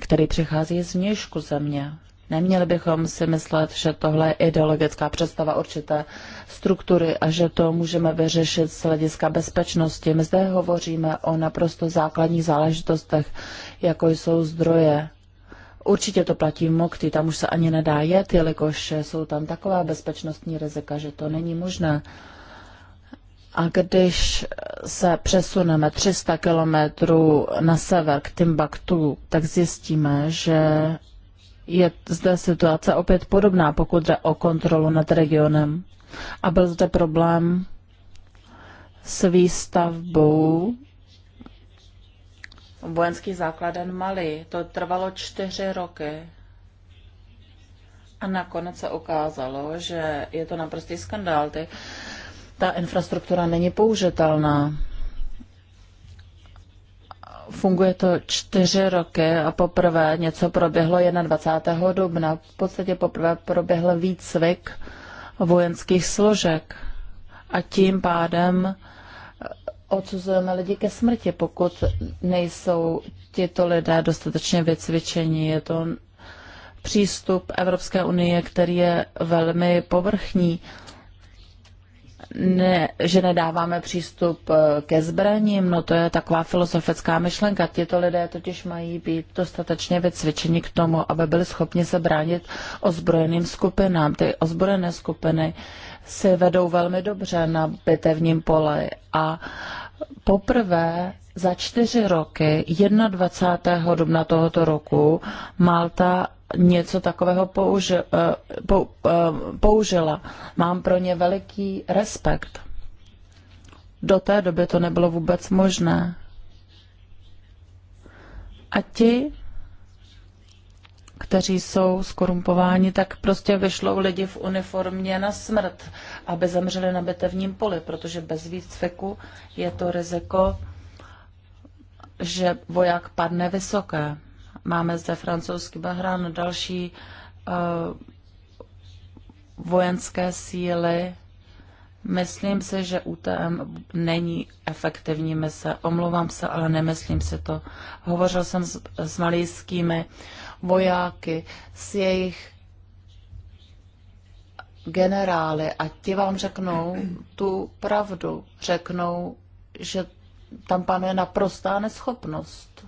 který přichází z vnějšku země. Neměli bychom si myslet, že tohle je ideologická představa určité struktury a že to můžeme vyřešit z hlediska bezpečnosti. My zde hovoříme o naprosto základních záležitostech, jako jsou zdroje, Určitě to platí v Mokty, tam už se ani nedá jet, jelikož jsou tam taková bezpečnostní rizika, že to není možné. A když se přesuneme 300 kilometrů na sever k Timbaktu, tak zjistíme, že je zde situace opět podobná, pokud jde o kontrolu nad regionem. A byl zde problém s výstavbou vojenský základen Mali. To trvalo čtyři roky. A nakonec se ukázalo, že je to naprostý skandál. Ty, ta infrastruktura není použitelná. Funguje to čtyři roky a poprvé něco proběhlo 21. dubna. V podstatě poprvé proběhl výcvik vojenských složek. A tím pádem odsuzujeme lidi ke smrti, pokud nejsou tyto lidé dostatečně vycvičeni. Je to přístup Evropské unie, který je velmi povrchní. Ne, že nedáváme přístup eh, ke zbraním, no to je taková filozofická myšlenka. Tito lidé totiž mají být dostatečně vycvičeni k tomu, aby byli schopni se bránit ozbrojeným skupinám. Ty ozbrojené skupiny uh, se vedou velmi dobře na bitevním poli a poprvé za čtyři roky, 21. dubna tohoto roku, Malta něco takového použi, eh, pou, eh, použila. Mám pro ně veliký respekt. Do té doby to nebylo vůbec možné. A ti, kteří jsou skorumpováni, tak prostě vyšlou lidi v uniformě na smrt, aby zemřeli na bitevním poli, protože bez výcviku je to riziko, že voják padne vysoké. Máme zde francouzský Bahrán, další uh, vojenské síly. Myslím si, že UTM není efektivní mise. Omlouvám se, ale nemyslím si to. Hovořil jsem s, s malýskými uh, vojáky, s jejich generály a ti vám řeknou tu pravdu. Řeknou, že tam panuje naprostá neschopnost.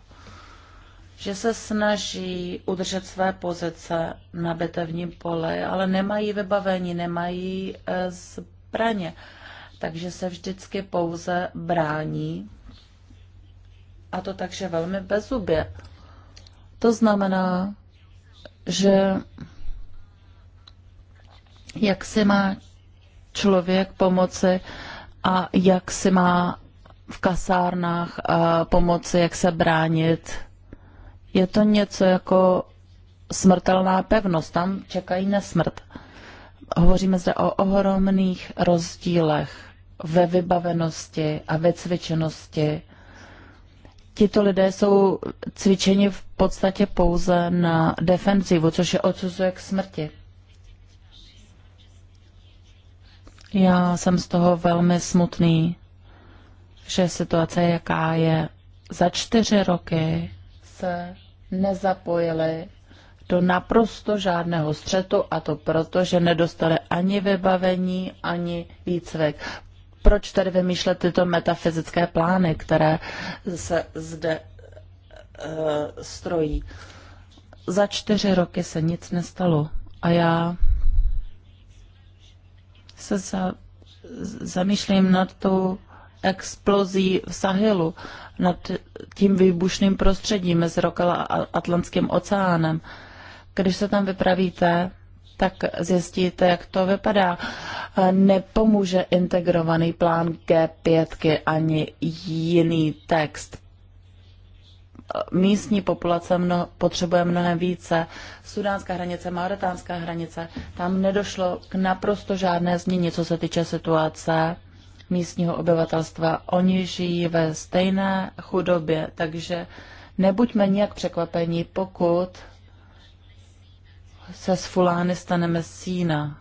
Že se snaží udržet své pozice na bitevním pole, ale nemají vybavení, nemají eh, zbraně. Takže se vždycky pouze brání. A to takže velmi bezubě. To znamená, že jak si má člověk pomoci a jak si má v kasárnách eh, pomoci, jak se bránit. Je to něco jako smrtelná pevnost, tam čekají nesmrt. Hovoříme zde o ohromných rozdílech ve vybavenosti a ve cvičenosti tito lidé jsou cvičeni v podstatě pouze na defenzivu, což je odsuzuje k smrti. Já jsem z toho velmi smutný, že situace, jaká je, za čtyři roky se nezapojili do naprosto žádného střetu a to proto, že nedostali ani vybavení, ani výcvik proč tedy vymýšlet tyto metafyzické plány, které se zde uh, strojí? Za čtyři roky se nic nestalo a já se za, zamýšlím nad tou explozí v Sahelu, nad tím výbušným prostředím mezi Rokala a Atlantským oceánem. Když se tam vypravíte, tak zjistíte, jak to vypadá. Eh, Nepomůže integrovaný plán G5 ani jiný text. Eh, Místní populace mno, potřebuje mnohem více. Sudánská hranice, Mauritánská hranice, tam nedošlo k naprosto žádné změně, co se týče situace místního obyvatelstva. Oni žijí ve stejné chudobě, takže nebuďme nijak překvapení, pokud se z Fulány staneme Sína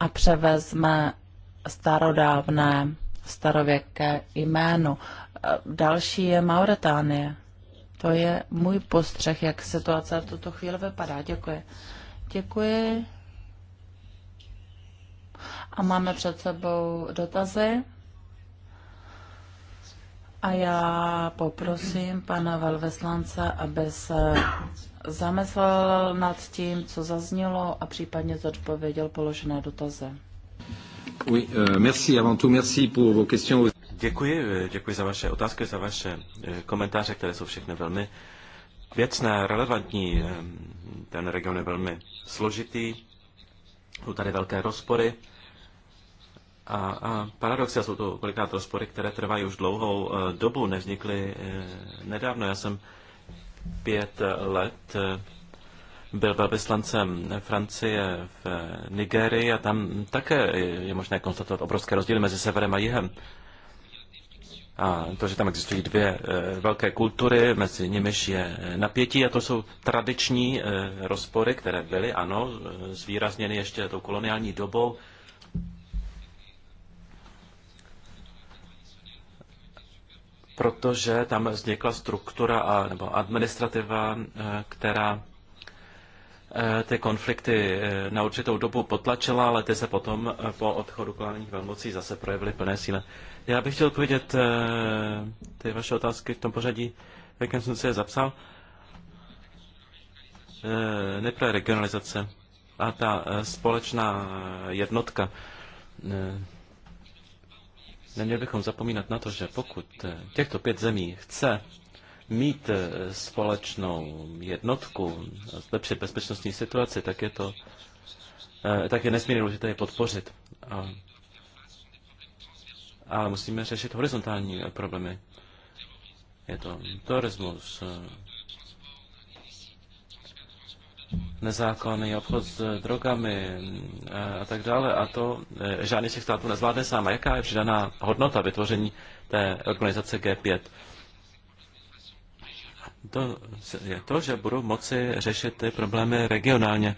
a převezme starodávné starověké jméno. E, další je Mauretánie. To je můj postřeh, jak situace v tuto chvíli vypadá. Děkuji. Děkuji. A máme před sebou dotazy. A já poprosím pana velvyslance, aby se zamyslel nad tím, co zaznělo a případně zodpověděl položené dotazy. Oui, euh, merci avant tout, merci pour vos questions. Děkuji, eh, děkuji za vaše otázky, za vaše eh, komentáře, které jsou všechny velmi věcné, relevantní. Ehm, ten region je velmi složitý, jsou tady velké rozpory a, a paradoxy, jsou to kolikrát rozpory, které trvají už dlouhou eh, dobu, nevznikly nedávno. Já jsem pět let eh, byl velvyslancem Francie v Nigerii a tam také je možné konstatovat obrovské rozdíly mezi severem a jihem. A to, že tam existují dvě eh, velké kultury, mezi nimiž je napětí a to jsou tradiční eh, rozpory, které byly, ano, zvýrazněny ještě tou koloniální dobou, protože tam vznikla struktura a, nebo administrativa, eh, která eh, ty konflikty eh, na určitou dobu potlačila, ale ty se potom po odchodu kolánních velmocí zase projevily plné síle. Já bych chtěl odpovědět ty vaše otázky v tom pořadí, v jakém jsem si je zapsal. Nejprve regionalizace a ta společná jednotka. Neměli bychom zapomínat na to, že pokud těchto pět zemí chce mít eh, společnou jednotku, zlepšit bezpečnostní situaci, tak je to eh, tak je nesmírně důležité je podpořit. A, ale musíme řešit horizontální problémy. Je to terorismus, eh, nezákonný obchod s drogami eh, a tak dále. A to eh, žádný z těch států nezvládne sám. A jaká je přidaná hodnota vytvoření té organizace G5? To je to, že budou moci řešit ty problémy regionálně.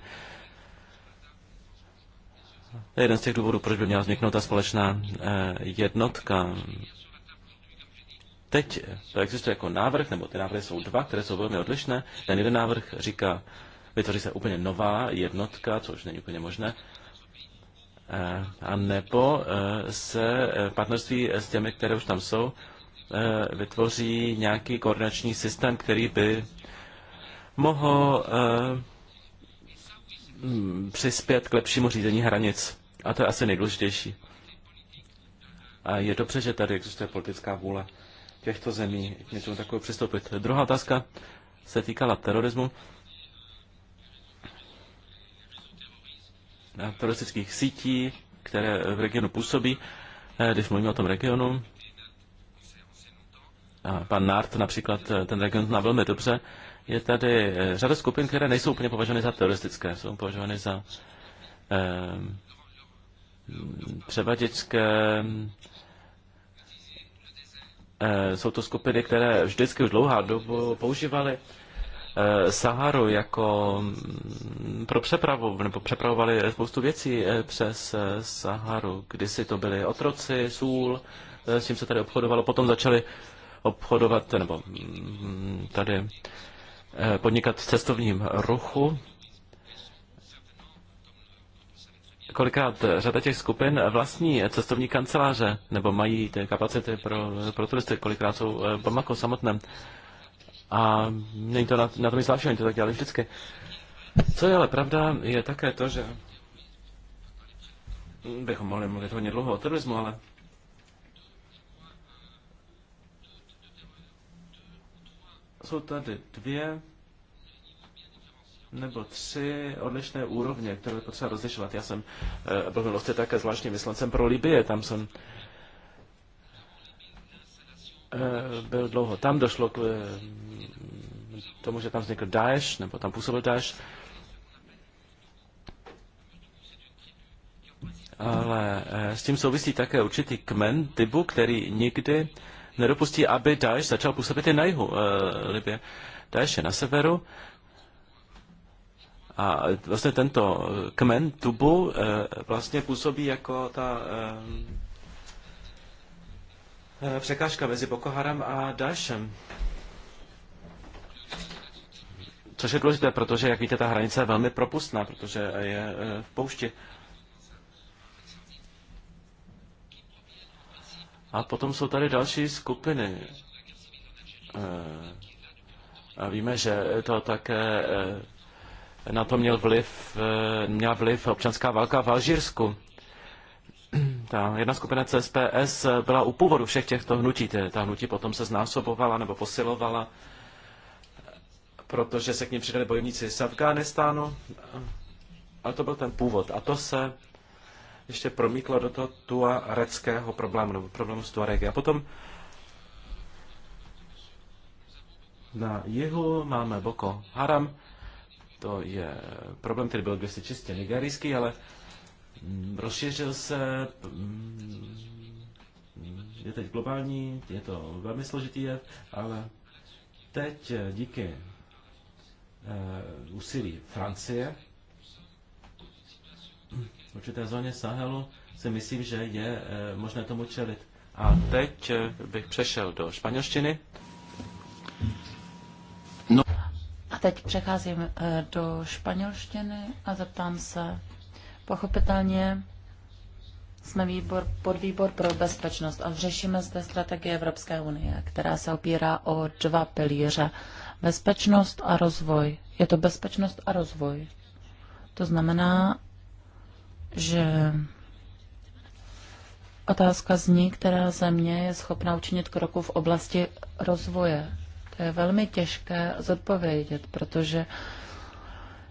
To je jeden z těch důvodů, proč by měla vzniknout ta společná eh, jednotka. Teď to existuje jako návrh, nebo ty návrhy jsou dva, které jsou velmi odlišné. Ten jeden návrh říká, vytvoří se úplně nová jednotka, což není úplně možné, eh, a nebo eh, se eh, partnerství s těmi, které už tam jsou, vytvoří nějaký koordinační systém, který by mohl přispět k lepšímu řízení hranic. A to je asi nejdůležitější. A je dobře, že tady existuje politická vůle těchto zemí k něčemu takového přistoupit. Druhá otázka se týkala terorismu. teroristických sítí, které v regionu působí, eh, když mluvíme o tom regionu. A pan Nart například eh, ten region zná velmi dobře. Je tady eh, řada skupin, které nejsou úplně považovány za teroristické, jsou považovány za eh, převaděčské. Eh, jsou to skupiny, které vždycky už dlouhá dobu používaly eh, Eh, Saharu jako mm, pro přepravu, nebo přepravovali spoustu věcí eh, přes eh, Saharu. Kdysi to byli otroci, sůl, s tím se tady obchodovalo. Potom začali obchodovat, nebo mm, tady podnikat v cestovním ruchu. Kolikrát řada těch skupin vlastní cestovní kanceláře, nebo mají ty kapacity pro, pro turisty, kolikrát jsou Bamako samotném a není to na, na tom nic oni to tak dělali vždycky. Co je ale pravda, je také to, že bychom mohli mluvit hodně dlouho o terorismu, ale jsou tady dvě nebo tři odlišné úrovně, které je potřeba rozlišovat. Já jsem e, byl vlastně také zvláštním vyslancem pro Libie, tam jsem e, byl dlouho. Tam došlo k eh, tomu, že tam vznikl Daesh, nebo tam působil Daesh. Ale eh, s tím souvisí také určitý kmen Tibu, který nikdy nedopustí, aby Daesh začal působit i na jihu e, eh, Libě. Daesh je na severu a vlastně tento eh, kmen Tubu e, vlastně působí jako ta e, překážka mezi Boko Haram a Daeshem. Což je důležité, protože, jak víte, ta hranice je velmi propustná, protože je e, v poušti. A potom jsou tady další skupiny. E, a víme, že to také e, na to měl vliv, měla vliv občanská válka v Alžírsku. Ta jedna skupina CSPS byla u původu všech těchto hnutí. Ta hnutí potom se znásobovala nebo posilovala protože se k ním přidali bojovníci z Afghánistánu. A to byl ten původ. A to se ještě promítlo do toho tuareckého problému, nebo problému s Tuaregy. A potom na jihu máme Boko Haram. To je problém, který byl kdysi čistě nigerijský, ale rozšířil se, mm, je teď globální, je to velmi složitý jev, ale teď díky Eh, úsilí Francie v určité zóně Sahelu, si myslím, že je eh, možné tomu čelit. A teď eh, bych přešel do španělštiny. No. A teď přecházím do španělštiny a zeptám se. Pochopitelně jsme výbor, podvýbor pro bezpečnost a řešíme zde strategie Evropské unie, která se opírá o dva pilíře bezpečnost a rozvoj. Je to bezpečnost a rozvoj. To znamená, že otázka zní, která země je schopna učinit kroku v oblasti rozvoje. To je velmi těžké zodpovědět, protože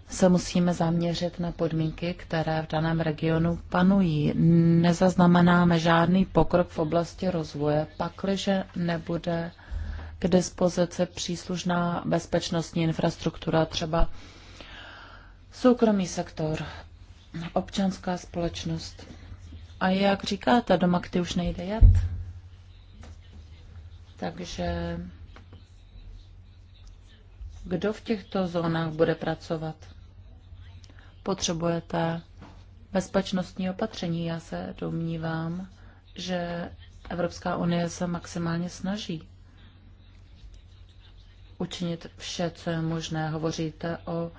se musíme zaměřit na podmínky, které v daném regionu panují. Nezaznamenáme žádný pokrok v oblasti rozvoje, pakliže nebude k dispozici příslušná bezpečnostní infrastruktura, třeba soukromý sektor, občanská společnost. A jak říkáte, do Makty už nejde jet. Takže kdo v těchto zónách bude pracovat? Potřebujete bezpečnostní opatření. Já se domnívám, že Evropská unie se maximálně snaží učinit vše, co je možné. Hovoříte o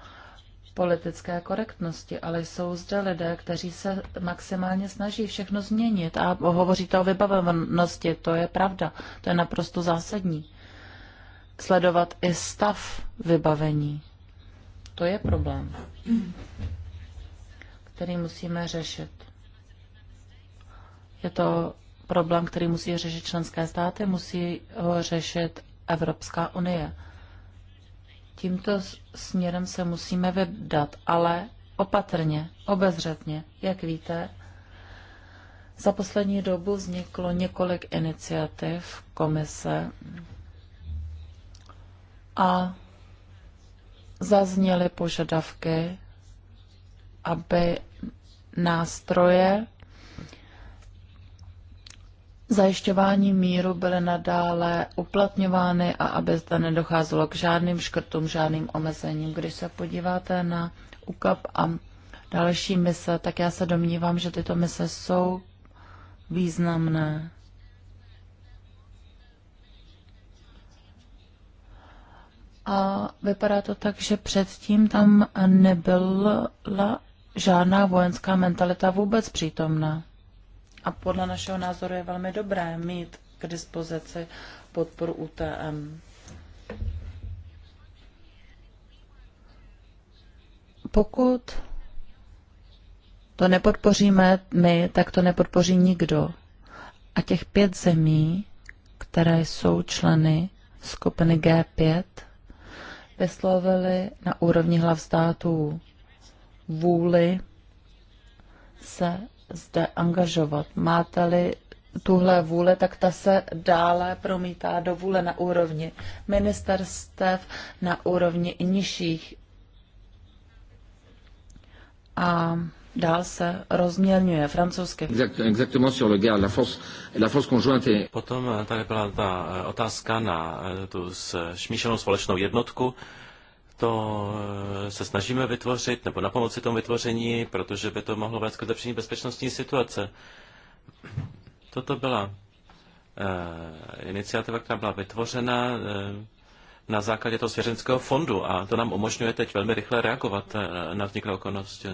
politické korektnosti, ale jsou zde lidé, kteří se maximálně snaží všechno změnit a hovoříte o vybavenosti, to je pravda, to je naprosto zásadní. Sledovat i stav vybavení, to je problém, který musíme řešit. Je to problém, který musí řešit členské státy, musí ho řešit Evropská unie. Tímto směrem se musíme vydat, ale opatrně, obezřetně, jak víte. Za poslední dobu vzniklo několik iniciativ komise a zazněly požadavky, aby nástroje zajišťování míru byly nadále uplatňovány a aby zde nedocházelo k žádným škrtům, žádným omezením. Když se podíváte na UKAP a další mise, tak já se domnívám, že tyto mise jsou významné. A vypadá to tak, že předtím tam nebyla žádná vojenská mentalita vůbec přítomná. A podle našeho názoru je velmi dobré mít k dispozici podporu UTM. Pokud to nepodpoříme my, tak to nepodpoří nikdo. A těch pět zemí, které jsou členy skupiny G5, vyslovili na úrovni hlav států vůli se zde angažovat. Máte-li tuhle vůle, tak ta se dále promítá do vůle na úrovni ministerstev, na úrovni nižších a dál se rozmělňuje francouzsky. la la conjointe. Potom eh, tady byla ta eh, otázka na eh, tu smíšenou společnou jednotku to eh, se snažíme vytvořit, nebo na pomoci tomu vytvoření, protože by to mohlo vést k zlepšení bezpečnostní situace. Toto byla eh, iniciativa, která byla vytvořena eh, na základě toho svěřenského fondu a to nám umožňuje teď velmi rychle reagovat na vzniklé okolnosti.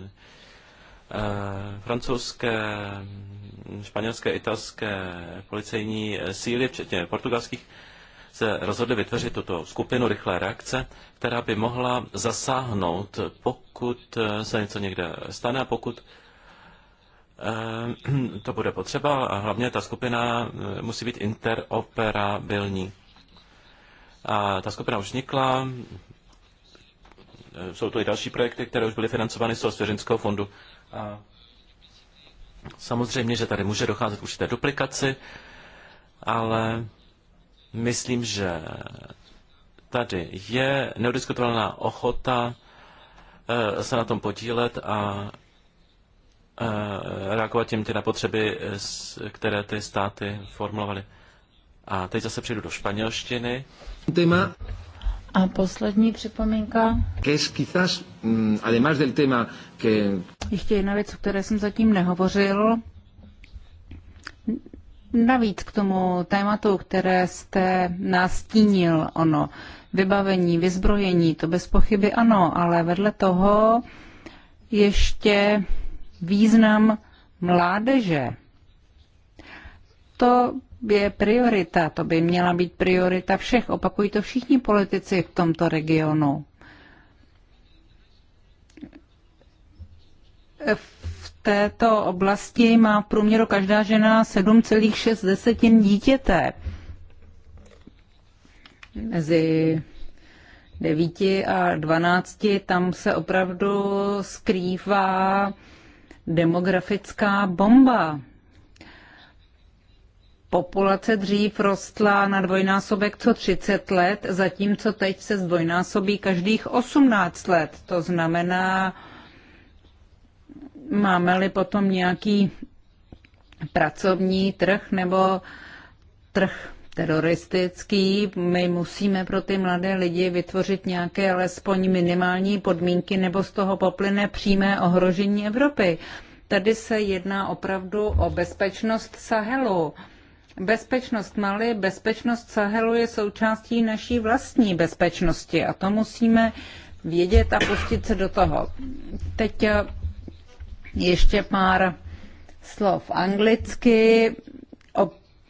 Francouzské, španělské, italské policejní síly, včetně portugalských, se rozhodli vytvořit tuto skupinu rychlé reakce, která by mohla zasáhnout, pokud eh, se něco někde stane a pokud eh, to bude potřeba a hlavně ta skupina eh, musí být interoperabilní. A ta skupina už vznikla, jsou to i další projekty, které už byly financovány z toho fondu. A samozřejmě, že tady může docházet k určité duplikaci, ale Myslím, že tady je neudiskutovatelná ochota eh, se na tom podílet a eh, reagovat tím ty na potřeby, které ty státy formulovaly. A teď zase přijdu do španělštiny. Téma. A poslední připomínka. Mm, Ještě jedna věc, o které jsem zatím nehovořil, Navíc k tomu tématu, které jste nastínil, ono vybavení, vyzbrojení, to bez pochyby ano, ale vedle toho ještě význam mládeže. To je priorita, to by měla být priorita všech, opakují to všichni politici v tomto regionu. V této oblasti má v průměru každá žena 7,6 desetin dítěte. Mezi 9 a 12 tam se opravdu skrývá demografická bomba. Populace dřív rostla na dvojnásobek co 30 let, zatímco teď se zdvojnásobí každých 18 let. To znamená, Máme-li potom nějaký pracovní trh nebo trh teroristický. My musíme pro ty mladé lidi vytvořit nějaké alespoň minimální podmínky, nebo z toho poplyne přímé ohrožení Evropy. Tady se jedná opravdu o bezpečnost Sahelu. Bezpečnost Mali, bezpečnost Sahelu je součástí naší vlastní bezpečnosti a to musíme vědět a pustit se do toho. Teď eh, ještě pár slov anglicky.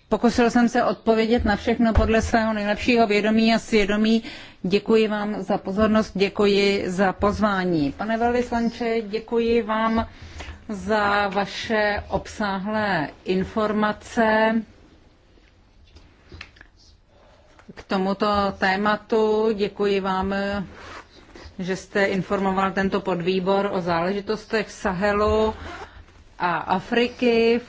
Pokusil jsem se odpovědět na všechno podle svého nejlepšího vědomí a svědomí. Děkuji vám za pozornost, děkuji za pozvání. Pane velvyslanče, děkuji vám za vaše obsáhlé informace k tomuto tématu. Děkuji vám že jste informoval tento podvýbor o záležitostech Sahelu a Afriky.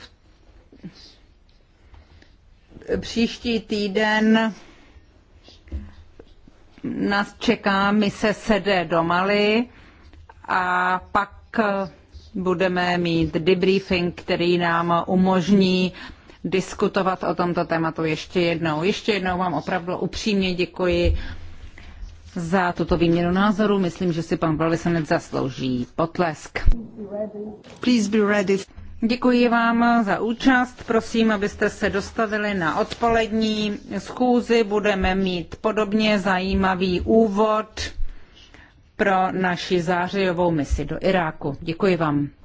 Příští týden nás čeká mise sede do Mali a pak budeme mít debriefing, který nám umožní diskutovat o tomto tématu ještě jednou. Ještě jednou vám opravdu upřímně děkuji za tuto výměnu názoru. Myslím, že si pan velvyslanec zaslouží potlesk. Please be ready. Děkuji vám za účast. Prosím, abyste se dostavili na odpolední schůzi. Budeme mít podobně zajímavý úvod pro naši zářijovou misi do Iráku. Děkuji vám.